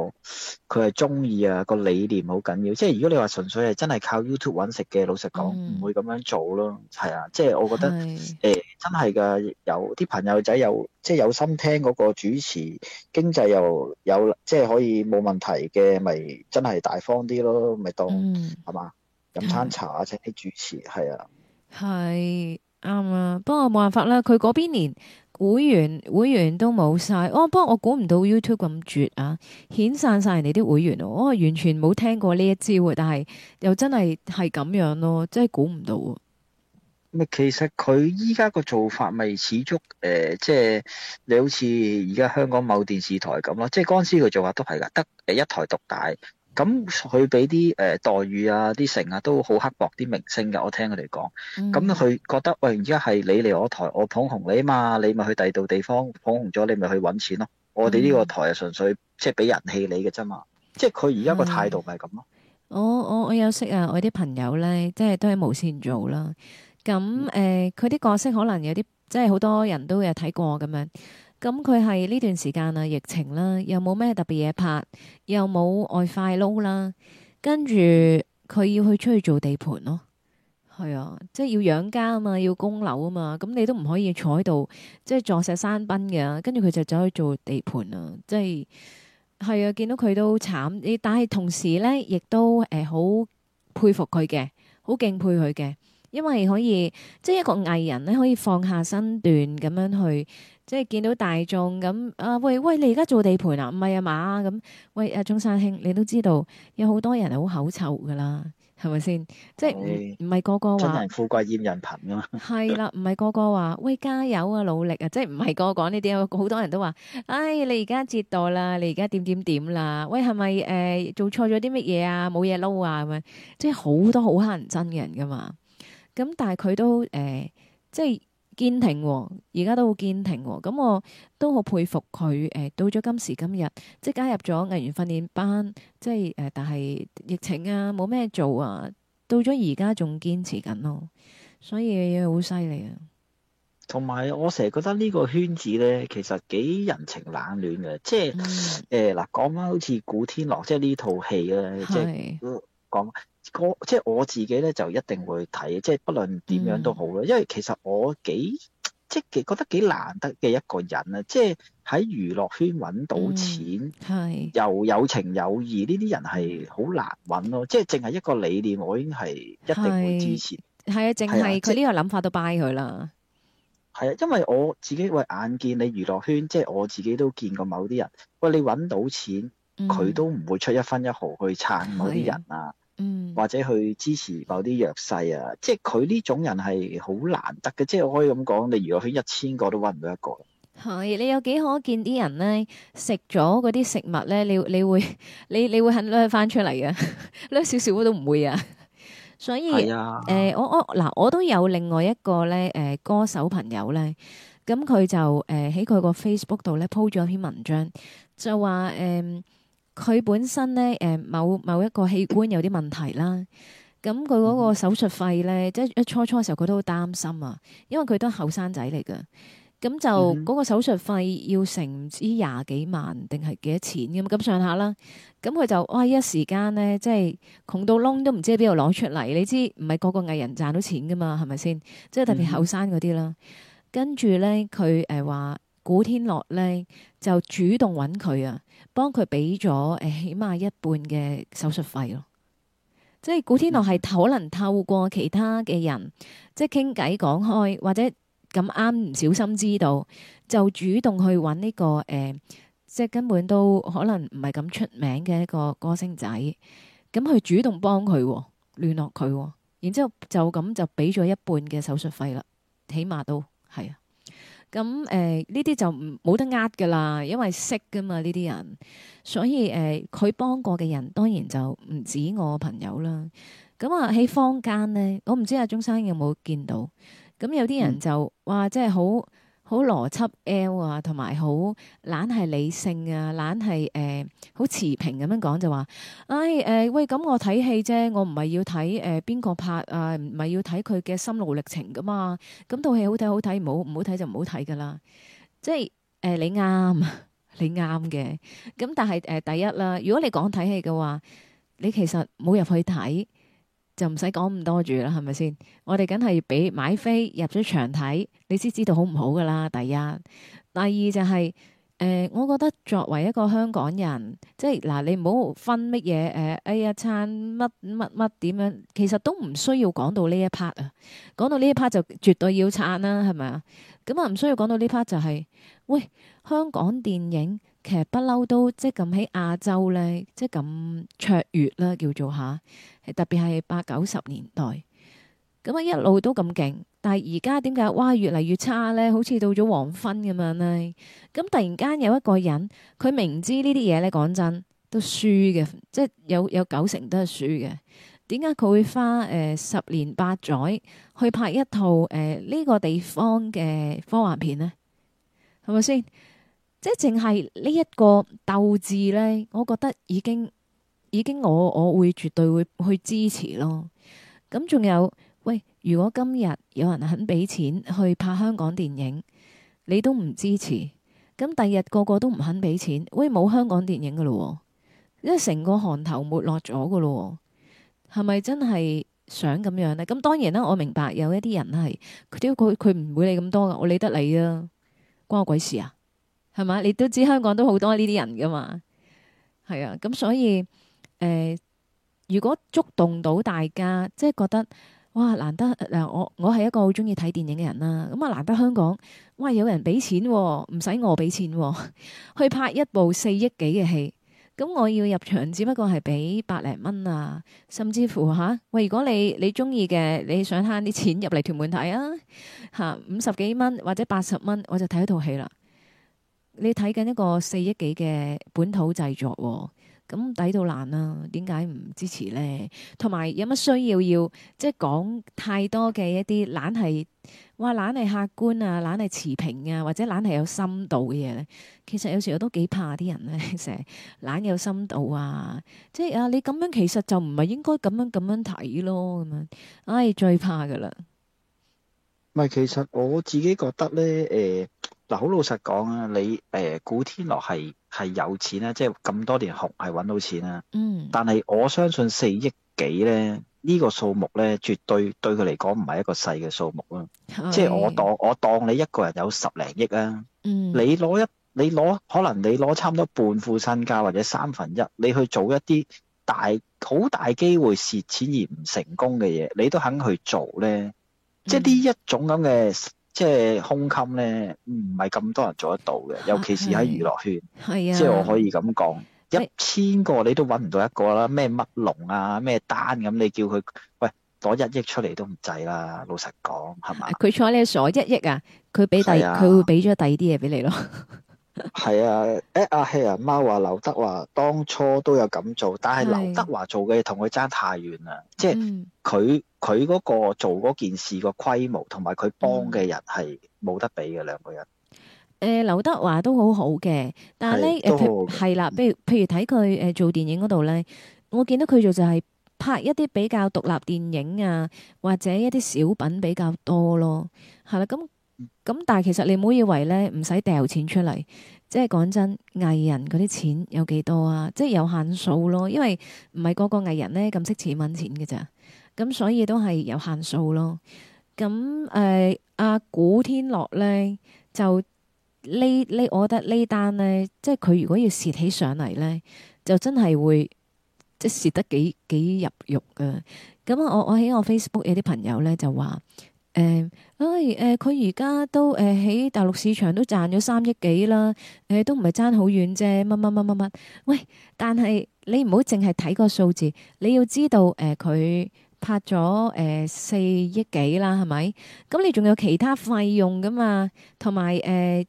Speaker 2: 佢係鍾意啊，個理念好緊要。即係如果你話純粹係真係靠 YouTube 揾食嘅，老實講唔會咁樣做咯。係啊，即係我覺得誒真係㗎，有啲朋友仔有即係有心聽嗰個主持，經濟又有即係可以冇問題嘅，咪真係大方啲咯，咪當係嘛，飲餐茶請啲主持係啊，
Speaker 1: 係。啱啊，不過冇辦法啦，佢嗰邊連會員會員都冇晒哦。不過我估唔到 YouTube 咁絕啊，遣散晒人哋啲會員哦。我完全冇聽過呢一招，但係又真係係咁樣咯，真係估唔到啊。
Speaker 2: 咪其實佢依家個做法咪始終誒、呃，即係你好似而家香港某電視台咁咯，即係陣時佢做法都係噶得一台獨大。咁佢俾啲誒待遇啊，啲成啊都好刻薄啲明星嘅。我聽佢哋講。咁佢、嗯、覺得，喂，而家係你嚟我台，我捧紅你嘛，你咪去第二度地方捧紅咗，你咪去揾錢咯。我哋呢個台係，純粹即係俾人氣你嘅啫嘛。即係佢而家個態度咪係咁咯。
Speaker 1: 我我我有識啊，我啲朋友咧，即係都係無線做啦。咁誒，佢、呃、啲角色可能有啲，即係好多人都有睇過咁樣。咁佢係呢段時間啊，疫情啦，又冇咩特別嘢拍，又冇外快撈啦，跟住佢要去出去做地盤咯，係啊，即係要養家啊嘛，要供樓啊嘛，咁、嗯、你都唔可以坐喺度，即係坐食山崩嘅，跟住佢就走去做地盤啊，即係，係啊，見到佢都好慘，你但係同時呢，亦都誒好、呃、佩服佢嘅，好敬佩佢嘅，因為可以即係一個藝人咧，可以放下身段咁樣去。即係見到大眾咁啊喂喂，你而家做地盤啦，唔係啊嘛咁喂啊，中山兄，你都知道有好多人係好口臭噶啦，係咪先？即係唔係個個話，出人富貴厭人貧噶嘛？係 啦，唔係個個話喂，加油啊，努力啊！即係唔係個個講呢啲啊，好多人都話，唉、哎，你而家折墮啦，你而家點點點啦？喂，係咪誒做錯咗啲乜嘢啊？冇嘢撈啊咁樣，即係好多好乞人憎嘅人噶嘛。咁但係佢都誒、呃、即係。呃即堅挺，而家、哦、都好堅挺，咁我都好佩服佢。誒、哎，到咗今時今日，即係加入咗藝員訓練班，即係誒、呃，但係疫情啊，冇咩做啊，到咗而家仲堅持緊咯，所以好犀利啊！
Speaker 2: 同埋我成日覺得呢個圈子咧，其實幾人情冷暖嘅，即
Speaker 1: 係
Speaker 2: 誒嗱，講翻、嗯欸、好似古天樂，即係呢套戲咧，是即係。講即係我自己咧，就一定會睇，即係不論點樣都好咯。嗯、因為其實我幾即係覺得幾難得嘅一個人啦，即係喺娛樂圈揾到錢，係、嗯、又有情有義呢啲人係好難揾咯。即係淨係一個理念，我已經係一定會支持。
Speaker 1: 係啊，淨係佢呢個諗法都 buy 佢啦。
Speaker 2: 係啊，因為我自己喂眼見你娛樂圈，即係我自己都見過某啲人喂，你揾到錢，佢都唔會出一分一毫去撐某啲人啊。嗯嗯，或者去支持某啲弱勢啊，即係佢呢種人係好難得嘅，即係我可以咁講，你娛樂圈一千個都搵唔到一個。
Speaker 1: 係，你有幾可見啲人咧，食咗嗰啲食物咧，你你會你你會肯甩翻出嚟嘅，甩少少都唔會啊。所以係啊，誒、呃，我我嗱，我都有另外一個咧，誒、呃，歌手朋友咧，咁、嗯、佢就誒喺、呃，佢個 Facebook 度咧鋪咗一篇文章，就話誒。呃佢本身咧誒某某一個器官有啲問題啦，咁佢嗰個手術費咧，嗯、即係一初初嘅時候佢都好擔心啊，因為佢都係後生仔嚟㗎，咁就嗰個手術費要成唔知廿幾萬定係幾多錢咁咁上下啦，咁佢就哇、哎、一時間咧即係窮到窿都唔知喺邊度攞出嚟，你知唔係個個藝人賺到錢㗎嘛，係咪先？即係特別後生嗰啲啦，嗯、跟住咧佢誒話，古天樂咧就主動揾佢啊，幫佢俾咗誒起碼一半嘅手術費咯。即係古天樂係可能透過其他嘅人，嗯、即係傾偈講開或者咁啱唔小心知道，就主動去揾呢、這個誒、呃，即係根本都可能唔係咁出名嘅一個歌星仔，咁佢主動幫佢聯絡佢、啊，然之後就咁就俾咗一半嘅手術費啦，起碼都係啊。咁誒呢啲就唔冇得呃㗎啦，因為識㗎嘛呢啲人，所以誒佢、呃、幫過嘅人當然就唔止我朋友啦。咁啊喺坊間咧，我唔知阿中山有冇見到，咁有啲人就話即係好。好邏輯 L 啊，同埋好懶係理性啊，懶係誒好持平咁樣講就話，唉誒喂咁我睇戲啫，我唔係要睇誒邊個拍啊，唔係要睇佢嘅心路歷程噶嘛，咁套戲好睇好睇，唔好唔好睇就唔好睇噶啦，即係誒你啱，你啱嘅，咁但係誒第一啦，如果你講睇戲嘅話，你其實冇入去睇。就唔使講咁多住啦，係咪先？我哋梗係俾買飛入咗場睇，你先知道好唔好噶啦。第一，第二就係、是、誒、呃，我覺得作為一個香港人，即係嗱、呃，你唔好分乜嘢誒，哎呀，撐乜乜乜點樣，其實都唔需要講到呢一 part 啊。講到呢一 part 就絕對要撐啦，係咪啊？咁啊，唔需要講到呢 part 就係、是，喂，香港電影。其實不嬲都即係咁喺亞洲呢，即係咁卓越啦，叫做吓，特別係八九十年代，咁啊一路都咁勁。但係而家點解哇越嚟越差呢？好似到咗黃昏咁樣呢。咁突然間有一個人，佢明知呢啲嘢呢講真都輸嘅，即係有有九成都係輸嘅。點解佢會花誒、呃、十年八載去拍一套誒呢、呃呢個地方嘅科幻片呢？係咪先？即係淨係呢一個鬥志呢，我覺得已經已經我我會絕對會去支持咯。咁仲有喂，如果今日有人肯俾錢去拍香港電影，你都唔支持，咁第日個個都唔肯俾錢，喂冇香港電影噶啦，因為成個行頭沒落咗噶啦，係咪真係想咁樣呢？咁當然啦，我明白有一啲人係佢屌佢佢唔會理咁多噶，我理得你啊，關我鬼事啊！係嘛？你都知香港都好多呢啲人噶嘛？係啊，咁、嗯、所以誒、呃，如果觸動到大家，即係覺得哇，難得嗱、呃，我我係一個好中意睇電影嘅人啦、啊。咁、嗯、啊，難得香港，哇，有人俾錢、啊，唔使我俾錢、啊，去拍一部四億幾嘅戲，咁、嗯、我要入場只不過係俾百零蚊啊，甚至乎吓、啊，喂，如果你你中意嘅，你想慳啲錢入嚟屯門睇啊，吓、啊、五十幾蚊或者八十蚊，我就睇一套戲啦。你睇緊一個四億幾嘅本土製作、哦，咁抵到爛啦！點解唔支持呢？同埋有乜需要要即係講太多嘅一啲懶係話懶係客觀啊，懶係持平啊，或者懶係有深度嘅嘢咧？其實有時我都幾怕啲人咧，成日懶有深度啊！即係啊，你咁樣其實就唔係應該咁樣咁樣睇咯，咁、哎、啊，唉最怕噶啦！
Speaker 2: 唔係，其實我自己覺得咧，誒、呃。嗱，好老實講啊，你誒、呃、古天樂係係有錢咧、啊，即係咁多年紅係揾到錢啦、啊。嗯。但係我相信四億幾咧，呢、個數目咧，絕對對佢嚟講唔係一個細嘅數目啊。是即係我當我當你一個人有十零億啊。嗯、你攞一你攞，可能你攞差唔多半副身家或者三分一，你去做一啲大好大機會蝕錢而唔成功嘅嘢，你都肯去做咧？即係呢一種咁嘅。嗯即係胸襟咧，唔係咁多人做得到嘅，尤其是喺娛樂圈。
Speaker 1: 係啊，即係我可
Speaker 2: 以咁講，一千是個你都揾唔到一個啦。咩乜龍啊，咩單咁，你叫佢喂，攞一億出嚟都唔制啦。老實講係咪？
Speaker 1: 佢坐你攞一億啊，佢俾第佢、啊、會俾咗第二啲嘢俾你咯。
Speaker 2: 係 啊，誒，阿希啊媽話劉德華當初都有咁做，但係劉德華做嘅嘢同佢差太遠啦，即係佢佢嗰個做嗰件事個規模，同埋佢幫嘅人係冇得比嘅兩個人。
Speaker 1: 誒、嗯，劉德華都好好嘅，但係誒係啦，譬如譬如睇佢誒做電影嗰度咧，我見到佢做就係拍一啲比較獨立電影啊，或者一啲小品比較多咯，係啦咁。咁、嗯、但係其實你唔好以為咧，唔使掉錢出嚟，即係講真，藝人嗰啲錢有幾多啊？即係有限數咯，因為唔係個個藝人咧咁識錢揾錢嘅咋，咁所以都係有限數咯。咁誒，阿、呃啊、古天樂咧就呢呢，我覺得單呢單咧，即係佢如果要蝕起上嚟咧，就真係會即係蝕得幾幾入肉噶。咁我我喺我 Facebook 有啲朋友咧就話，誒，誒、嗯，佢而家都誒喺、呃、大陸市場都賺咗三億幾啦，誒、呃，都唔係差好遠啫，乜乜乜乜乜，喂，但係你唔好淨係睇個數字，你要知道，誒、呃，佢拍咗誒四億幾啦，係、呃、咪？咁你仲有其他費用噶嘛？同埋誒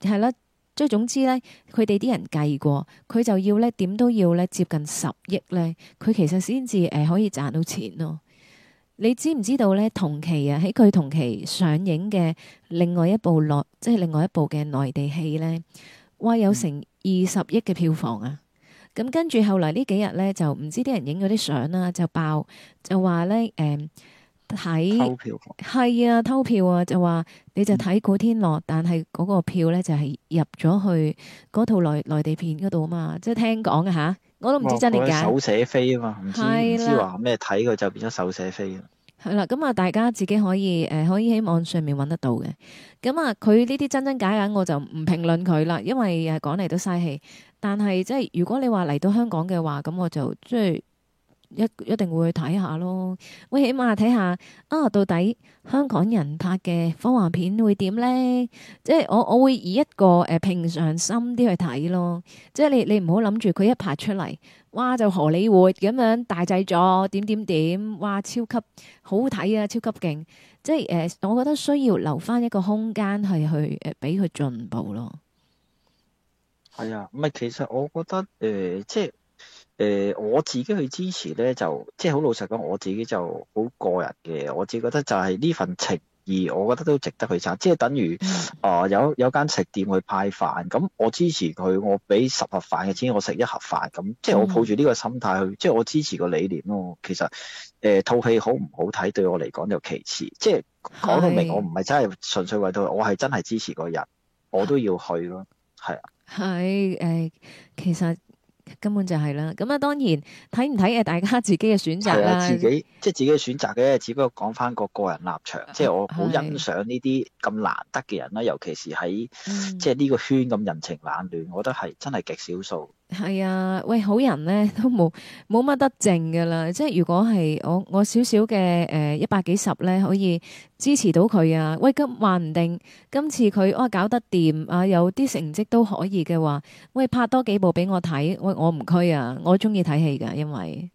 Speaker 1: 係啦，即、呃、係總之咧，佢哋啲人計過，佢就要咧點都要咧接近十億咧，佢其實先至誒可以賺到錢咯。你知唔知道咧？同期啊，喺佢同期上映嘅另外一部內，即係另外一部嘅內地戲咧，哇！有成二十億嘅票房啊！咁、嗯嗯、跟住後來呢幾日咧，就唔知啲人影咗啲相啦，就爆就話咧，誒、嗯。睇，係啊，偷票啊，就話你就睇古天樂，嗯、但係嗰個票咧就係、是、入咗去嗰套內內地片嗰度啊嘛，即係聽講啊吓，我都唔知真定假。手寫
Speaker 2: 飛啊嘛，唔知話咩睇佢就變咗手寫飛啊。
Speaker 1: 係啦，咁啊，大家自己可以誒、呃，可以喺網上面揾得到嘅。咁、嗯、啊，佢呢啲真真假假，我就唔評論佢啦，因為誒講嚟都嘥氣。但係即係如果你話嚟到香港嘅話，咁我就即係。一一定會去睇下咯，喂，起碼睇下啊，到底香港人拍嘅科幻片會點咧？即係我我會以一個誒、呃、平常心啲去睇咯，即係你你唔好諗住佢一拍出嚟，哇就荷里活咁樣大製作點點點，哇超級好睇啊，超級勁！即係誒、呃，我覺得需要留翻一個空間係去誒俾佢進步咯。
Speaker 2: 係啊，唔係其實我覺得誒、呃、即係。誒、呃，我自己去支持咧，就即係好老實講，我自己就好個人嘅，我自己覺得就係呢份情義，我覺得都值得去撐，即係等於啊、呃、有有間食店去派飯，咁我支持佢，我俾十盒飯嘅錢，我食一盒飯，咁即係我抱住呢個心態去，嗯、即係我支持個理念咯。其實誒、呃，套戲好唔好睇，對我嚟講就其次，即係
Speaker 1: 講到明是我，我唔
Speaker 2: 係真係純粹為到，我係真係支持個人，我都要去咯，係
Speaker 1: 啊，係誒，其實。根本就係啦，咁啊當然睇唔睇誒大家自己嘅選擇啦、啊。自己
Speaker 2: 即係自己嘅選擇嘅，只不過講翻個個人立場， 即係我好欣賞呢啲咁難得嘅人啦，尤其是喺的即係呢個圈咁人情冷暖，我覺得係真係極少數。
Speaker 1: 係啊，喂，好人呢都冇冇乜得剩噶啦，即係如果係我我少少嘅誒一百幾十呢，可以支持到佢啊，喂，咁話唔定今次佢啊、哦、搞得掂啊、呃、有啲成績都可以嘅話，喂拍多幾部俾我睇，喂我唔虧啊，我中意睇戲噶，因為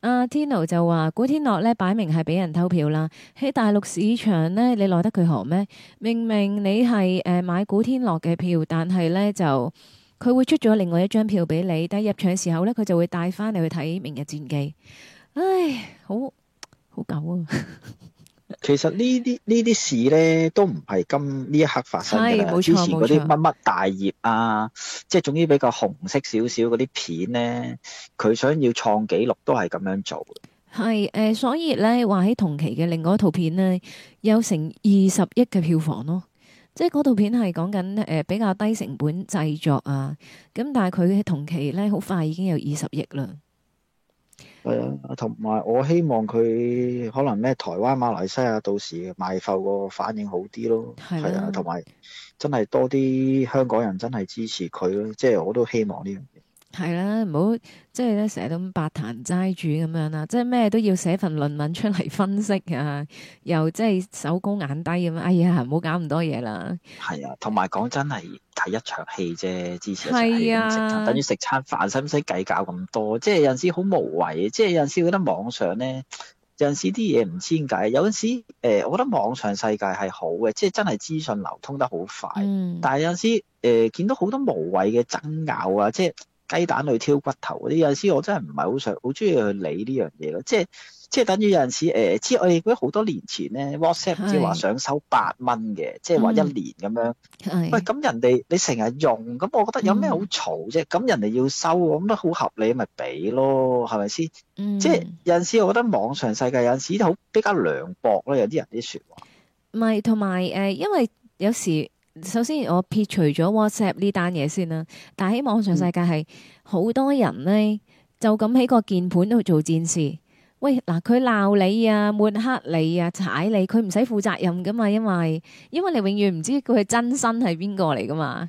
Speaker 1: 阿 Tino 就話古天樂呢，擺明係俾人偷票啦，喺大陸市場呢，你奈得佢何咩？明明你係誒、呃、買古天樂嘅票，但係呢就。佢會出咗另外一張票俾你，但係入場嘅時候呢，佢就會帶翻你去睇《明日戰記》。唉，好好狗啊！
Speaker 2: 其實呢啲呢啲事呢，都唔係今呢一刻發生嘅。之前嗰啲乜乜大業啊，錯即係總之比較紅色少少嗰啲片呢，佢想要創紀錄都係咁樣做。
Speaker 1: 係誒、呃，所以呢，話喺同期嘅另外一套片呢，有成二十億嘅票房咯。即係嗰套片係講緊誒比較低成本製作啊，咁但係佢同期咧好快已經有二十億啦。
Speaker 2: 係啊，同埋我希望佢可能咩台灣、馬來西亞到時賣埠個反應好啲咯。係啊，同埋、啊、真係多啲香港人真係支持佢咯。即係我都希望呢樣。
Speaker 1: 係啦，唔好即係咧，成日、就是、都咁白談齋住咁樣啦。即係咩都要寫份論文出嚟分析啊，又即係手高眼低咁。哎呀，唔好搞咁多嘢啦。
Speaker 2: 係啊，同埋講真係睇一場戲啫。之前係啊，等於食餐飯，使唔使計較咁多？即、就、係、是、有陣時好無謂嘅。即、就、係、是、有陣時覺得網上咧，有陣時啲嘢唔知點解。有陣時誒、呃，我覺得網上世界係好嘅，即、就、係、是、真係資訊流通得好快。嗯、但係有陣時誒、呃，見到好多無謂嘅爭拗啊，即係。雞蛋裏挑骨頭啲，有陣時我真係唔係好想，好中意去理呢樣嘢咯。即係即係等於有陣時，誒、呃，知我哋嗰啲好多年前咧，WhatsApp 即是知話想收八蚊嘅，即係話一年咁樣。是喂，咁人哋你成日用，咁我覺得有咩好嘈啫？咁、嗯、人哋要收，咁都好合理，咪俾咯，係咪先？嗯、即係有陣時，我覺得網上世界有陣時好比較涼薄咯。有啲人啲説話，
Speaker 1: 唔係同埋誒，因為有時。首先我撇除咗 WhatsApp 呢單嘢先啦，但係喺網上世界係好、嗯、多人呢，就咁喺個鍵盤度做戰士。喂，嗱佢鬧你啊，抹黑你啊，踩你，佢唔使負責任噶嘛，因為因為你永遠唔知佢真身係邊個嚟噶嘛，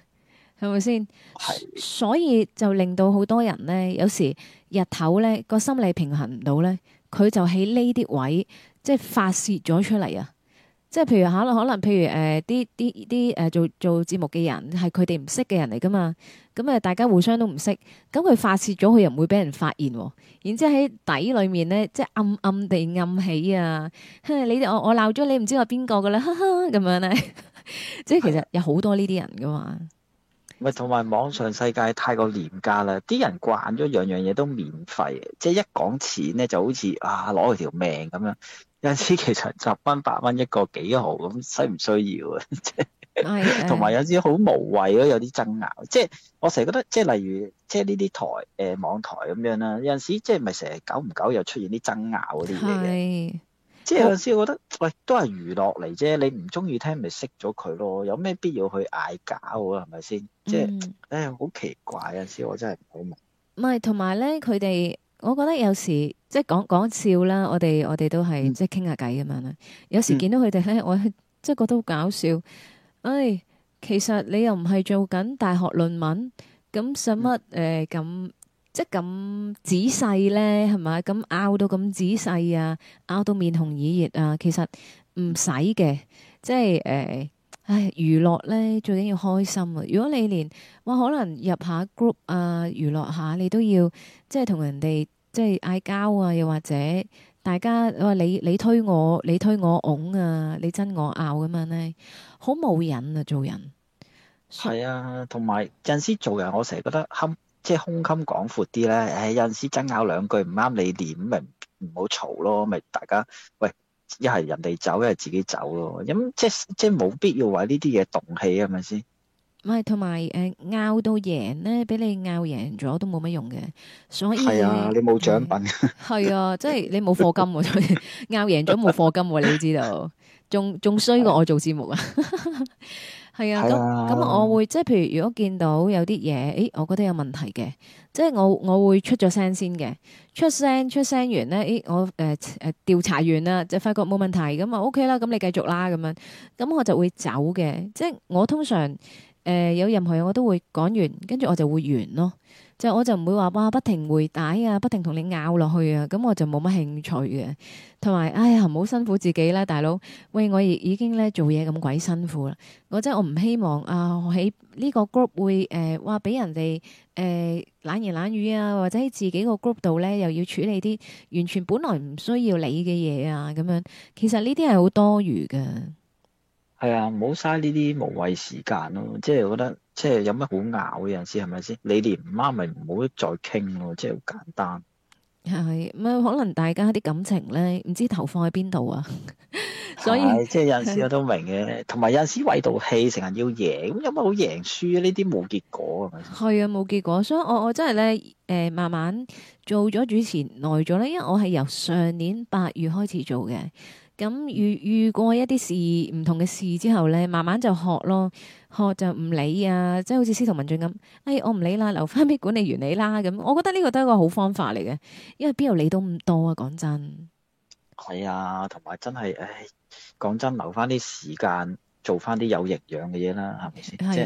Speaker 1: 係咪先？是所以就令到好多人呢，有時日頭呢個心理平衡唔到呢，佢就喺呢啲位即係、就是、發泄咗出嚟啊。即係譬如嚇，可能譬如誒啲啲啲誒做做節目嘅人係佢哋唔識嘅人嚟噶嘛，咁誒大家互相都唔識，咁佢發泄咗，佢又唔會俾人發現喎。然之後喺底裏面咧，即係暗暗地暗起啊！你我我鬧咗你，唔知我邊個噶啦，哈哈咁樣咧。 即係其實有好多呢啲人噶嘛。
Speaker 2: 唔係，同埋網上世界太過廉價啦，啲人慣咗樣樣嘢都免費，即係一講錢咧就好似啊攞佢條命咁樣。有陣時其實十蚊八蚊一個幾毫咁，需唔需要啊？ 即係同埋有陣時好無謂咯，有啲爭拗。即係我成日覺得，即係例如即係呢啲台誒、呃、網台咁樣啦，有陣時即係咪成日久唔久又出現啲爭拗嗰啲嘢嘅？是即係有陣時我覺得，我喂，都係娛樂嚟啫。你唔中意聽咪熄咗佢咯？有咩必要去嗌交啊？係咪先？即係誒，好、嗯哎、奇怪。有陣時我真係唔好明。
Speaker 1: 唔係，同埋咧，佢哋，我覺得有時。即係講講笑啦，我哋我哋都係即係傾下偈咁樣啦。嗯、有時見到佢哋咧，我即係覺得好搞笑。唉、哎，其實你又唔係做緊大學論文，咁使乜誒咁即係咁仔細咧？係咪？咁拗到咁仔細啊，拗到面紅耳熱啊！其實唔使嘅，即係誒、呃，唉，娛樂咧最緊要開心啊！如果你連我、呃、可能入下 group 啊，娛樂下，你都要即係同人哋。即係嗌交啊，又或者大家我話你你推我，你推我拱啊，你爭我拗咁樣咧，好冇癮啊，做人。
Speaker 2: 係啊，同埋有陣時做人，我成日覺得襟即係胸襟廣闊啲咧。唉，有陣時爭拗兩句唔啱你念，咪唔好嘈咯，咪大家喂一係人哋走，一係自己走咯。咁即即係冇必要為呢啲嘢動氣，係咪先？
Speaker 1: 唔係，同埋誒，拗到贏咧，俾你拗贏咗都冇乜用嘅。所以係啊，你冇獎品。係啊， 即係你冇課金、啊。拗贏咗冇課金、啊，你都知道。仲仲衰過我做節目啊。係 啊，咁咁我會即係，譬如如果見到有啲嘢，誒，我覺得有問題嘅，即係我我會出咗聲先嘅。出聲出聲完咧，誒，我誒誒調查完啦，就發覺冇問題，咁啊 O K 啦，咁你繼續啦，咁樣，咁我就會走嘅。即係我，我，我通常，常。誒、呃，有任何嘢我都會講完，跟住我就會完咯。即、就、係、是、我就唔會話哇，不停回帶啊，不停同你拗落去啊。咁、嗯、我就冇乜興趣嘅。同埋，哎呀，唔好辛苦自己啦，大佬。喂，我已經咧做嘢咁鬼辛苦啦。我真係我唔希望啊，喺呢個 group 會誒話俾人哋誒冷言冷語啊，或者喺自己個 group 度咧又要處理啲完全本來唔需要理嘅嘢啊，咁樣。其實呢啲係好多餘嘅。
Speaker 2: 係啊，唔好嘥呢啲無謂時間咯、啊，即係覺得即係有乜好拗嘅陣時，係咪先？你哋唔啱，咪唔好再傾咯、啊，即係好簡單。
Speaker 1: 係咁、嗯、可能大家啲感情咧，唔知投放喺邊度啊。 所以即係有陣時我
Speaker 2: 都明嘅，同埋是有陣時為啖氣，成日要贏，咁有乜好贏輸，係咪啊？呢啲冇結果啊，
Speaker 1: 係啊，冇結果。所以我我真係咧，誒慢慢做咗主持耐咗咧，因為我係由上年八月開始做嘅。咁遇遇過一啲事唔同嘅事之後咧，慢慢就學咯，學就唔理啊，即係好似司徒文進咁，哎，我唔理啦，留翻俾管理員理啦，咁我覺得呢個都係一個好方法嚟嘅，因為邊度理到咁多啊？講真，
Speaker 2: 係啊，同埋真係，唉，講真，留翻啲時間做翻啲有營養嘅嘢啦，係咪先？是即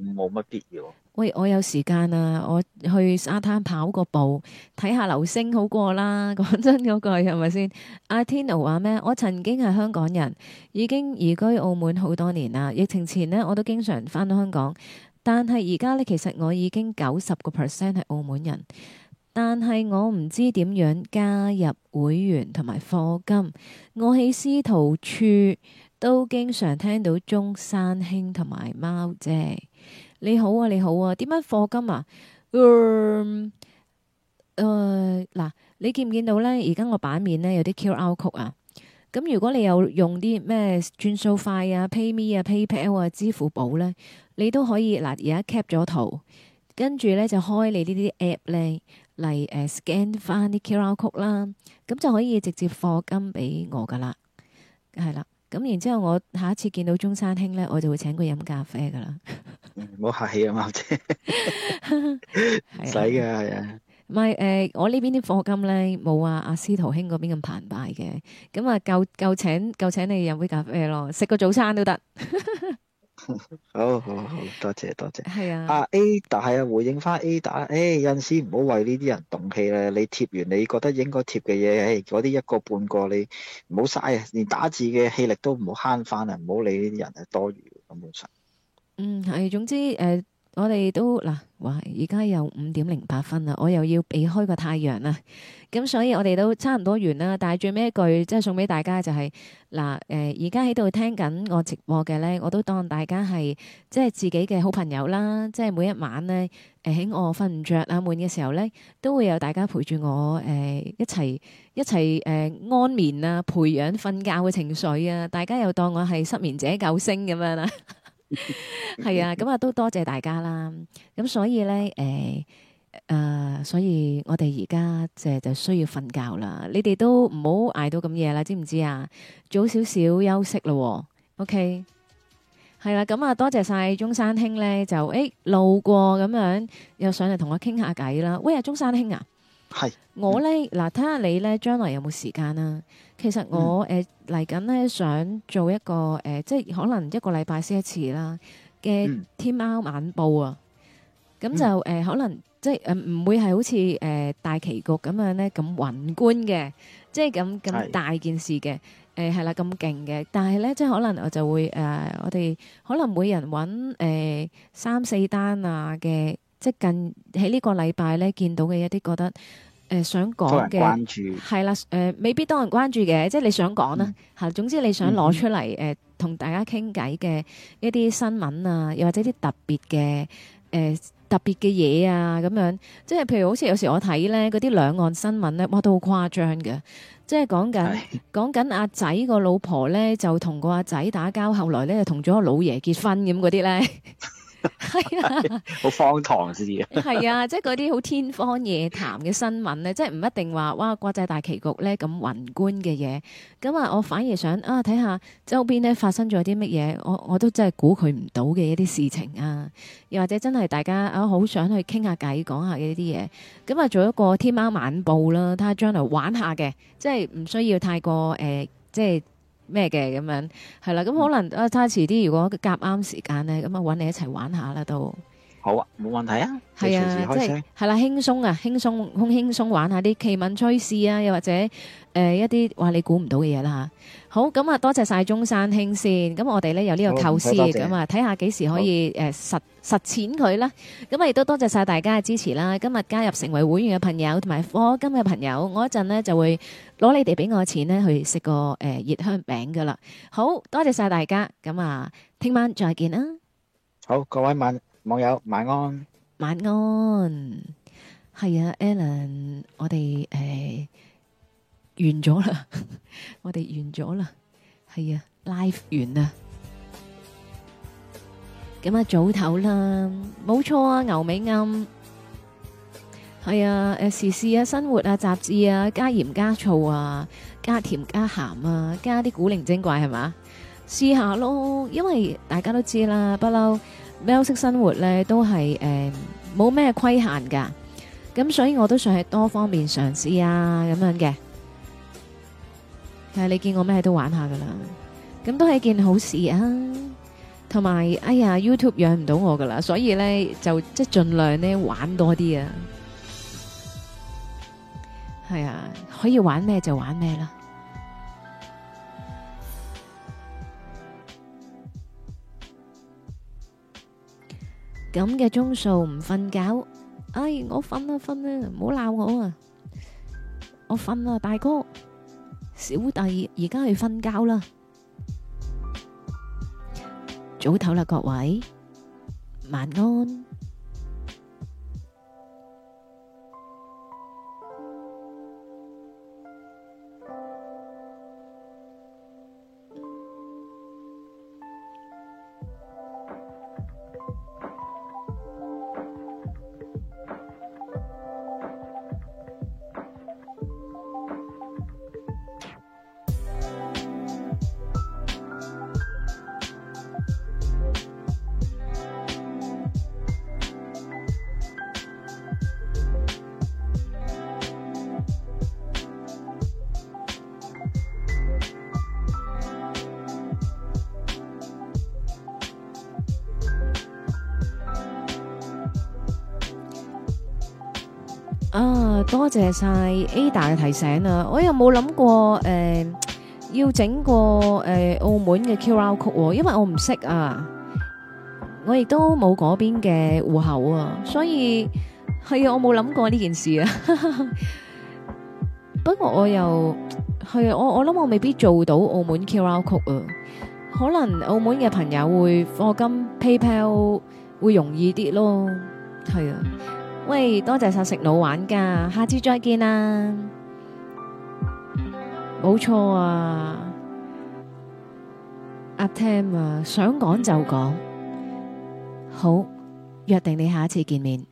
Speaker 2: 係冇乜必要。
Speaker 1: 喂，我有時間啊，我去沙灘跑個步，睇下流星好過啦。講真嗰句係咪先？阿天喵話咩？我曾經係香港人，已經移居澳門好多年啦。疫情前呢，我都經常翻到香港，但係而家呢，其實我已經九十個 percent 係澳門人。但係我唔知點樣加入會員同埋課金。我喺司徒處都經常聽到中山兄同埋貓姐。你好啊，你好啊，點樣課金啊？嗯，誒、呃，嗱，你見唔見到咧？而家我版面咧有啲 QR Code 啊。咁如果你有用啲咩轉數快啊、PayMe 啊、PayPal 啊、支付寶咧，你都可以嗱，而家 cap 咗圖，跟住咧就開你呢啲 app 咧嚟誒 scan 翻啲 QR Code 啦，咁就可以直接課金俾我噶啦，係啦。咁然之後，我下一次見到中山兄咧，我就會請佢飲咖啡噶啦。
Speaker 2: 唔 好、嗯、客氣啊，貓姐，使嘅係啊。
Speaker 1: 唔係誒，我呢邊啲課金咧冇啊啊，司徒兄嗰邊咁澎湃嘅。咁啊，夠夠請夠請你飲杯咖啡咯，食個早餐都得。
Speaker 2: 好好好，好，多謝多謝，係啊。阿 Ada 啊，回應翻 Ada，誒、哎，有時唔好為呢啲人動氣啦。你貼完你覺得應該貼嘅嘢，誒、哎，嗰啲一個半個你唔好嘥啊，連打字嘅氣力都唔好慳翻啊，唔好理呢啲人係多餘根本上。
Speaker 1: 嗯，係，總之誒。呃我哋都嗱，而家有五點零八分啦，我又要避開個太陽啦，咁所以我哋都差唔多完啦。但係最尾一句，即係送俾大家就係，是，嗱，誒而家喺度聽緊我直播嘅咧，我都當大家係即係自己嘅好朋友啦。即係每一晚咧，誒、呃、喺我瞓唔着啊，悶嘅時候咧，都會有大家陪住我，誒、呃、一齊一齊誒、呃、安眠啊，培養瞓覺嘅情緒啊。大家又當我係失眠者救星咁樣啦，啊。 係 啊，咁啊都多謝大家啦。咁所以呢，誒，誒，所以我哋而家就就需要瞓覺啦。你哋都唔好挨到咁夜啦，知唔知啊？早少少休息咯。OK，係啦。咁啊，多謝晒中山兄呢。就誒、欸、路過咁樣又上嚟同我傾下偈啦。喂，啊，中山兄啊，係我呢，嗱、 啊，睇下你呢，將來有冇時間啦、啊。其實我誒嚟緊咧，想做一個誒、呃，即係可能一個禮拜先一次啦嘅天喵晚報啊。咁、嗯、就誒、呃，可能即係誒，唔會係好似誒大棋局咁樣咧，咁宏觀嘅，即係咁咁大件事嘅。誒是，係、呃、啦，咁勁嘅。但係咧，即係可能我就會誒、呃，我哋可能每人搵誒、呃、三四單啊嘅，即係近喺呢個禮拜咧見到嘅一啲覺得。誒、呃，想講嘅係啦，誒、呃，未必多人關注嘅，即係你想講啦。吓、嗯。總之你想攞出嚟誒，同、嗯呃、大家傾偈嘅一啲新聞啊，又或者啲特別嘅誒，特別嘅嘢啊，咁樣，即係譬如好似有時我睇咧嗰啲兩岸新聞咧，哇都好誇張嘅，即係講緊講緊阿仔個老婆咧就同個阿仔打交，後來咧就同咗個老爺結婚咁嗰啲咧。
Speaker 2: 係 啊，好荒唐事啊！係 啊，
Speaker 1: 即係嗰啲好天方夜譚嘅新聞咧， 即係唔一定話哇國際大棋局咧咁宏觀嘅嘢。咁啊，我反而想啊睇下周邊咧發生咗啲乜嘢，我我都真係估佢唔到嘅一啲事情啊。又或者真係大家啊好想去傾下偈，講下嘅呢啲嘢。咁啊，做一個天喵晚報啦，睇下將來玩下嘅，即係唔需要太過誒、呃，即係。咩嘅咁樣，係啦，咁可能啊，太遲啲，如果夾啱時間咧，咁啊揾你一齊玩一下啦都。
Speaker 2: 好啊，冇問題啊。係啊、嗯，即
Speaker 1: 啦，輕鬆啊，輕鬆，輕鬆玩一下啲奇聞趣事啊，又或者誒、呃、一啲哇你估唔到嘅嘢啦嚇。好，咁啊，多謝晒中山兄先，咁我哋咧有呢個構思，咁啊，睇下幾時可以誒實實踐佢啦。咁啊，亦都多謝晒大家嘅支持啦。今日加入成為會員嘅朋友同埋課金嘅朋友，我一陣咧就會攞你哋俾我嘅錢咧去食個誒熱香餅噶啦。好多謝晒大家，咁啊，聽晚再見啊！
Speaker 2: 好，各位晚網友晚安，
Speaker 1: 晚安。係啊，Alan，我哋誒。完咗啦，我哋完咗啦，係啊，live 完啦。咁啊，早唞啦，冇錯啊，牛尾暗係啊。誒，時事啊，生活啊，雜誌啊，加鹽加醋啊，加甜加鹹啊，加啲古靈精怪係嘛，試下咯。因為大家都知啦，不嬲喵式生活咧都係誒冇咩規限噶。咁所以我都想係多方面嘗試啊，咁樣嘅。係你見我咩都玩下噶啦，咁都係一件好事啊。同埋，哎呀，YouTube 養唔到我噶啦，所以咧就即係盡量咧玩多啲啊。係啊，可以玩咩就玩咩啦。咁嘅鐘數唔瞓覺，哎，我瞓啦瞓啦，唔好鬧我啊！我瞓啦，大哥。小弟而家去瞓覺啦，早唞啦各位，晚安。多謝晒 Ada 嘅提醒啊！我又冇諗過誒，要整個誒澳門嘅 QR Code，因為我唔識啊，我亦都冇嗰邊嘅戶口啊，所以係啊，我冇諗過呢件事啊。不過我又係啊我我諗我未必做到澳門 QR Code 啊，可能澳門嘅朋友會貨金 PayPal 會容易啲咯，係啊。喂，多謝晒食腦玩家，下次再見啦！冇錯啊，阿 Tim 啊，想講就講，好，約定你下一次見面。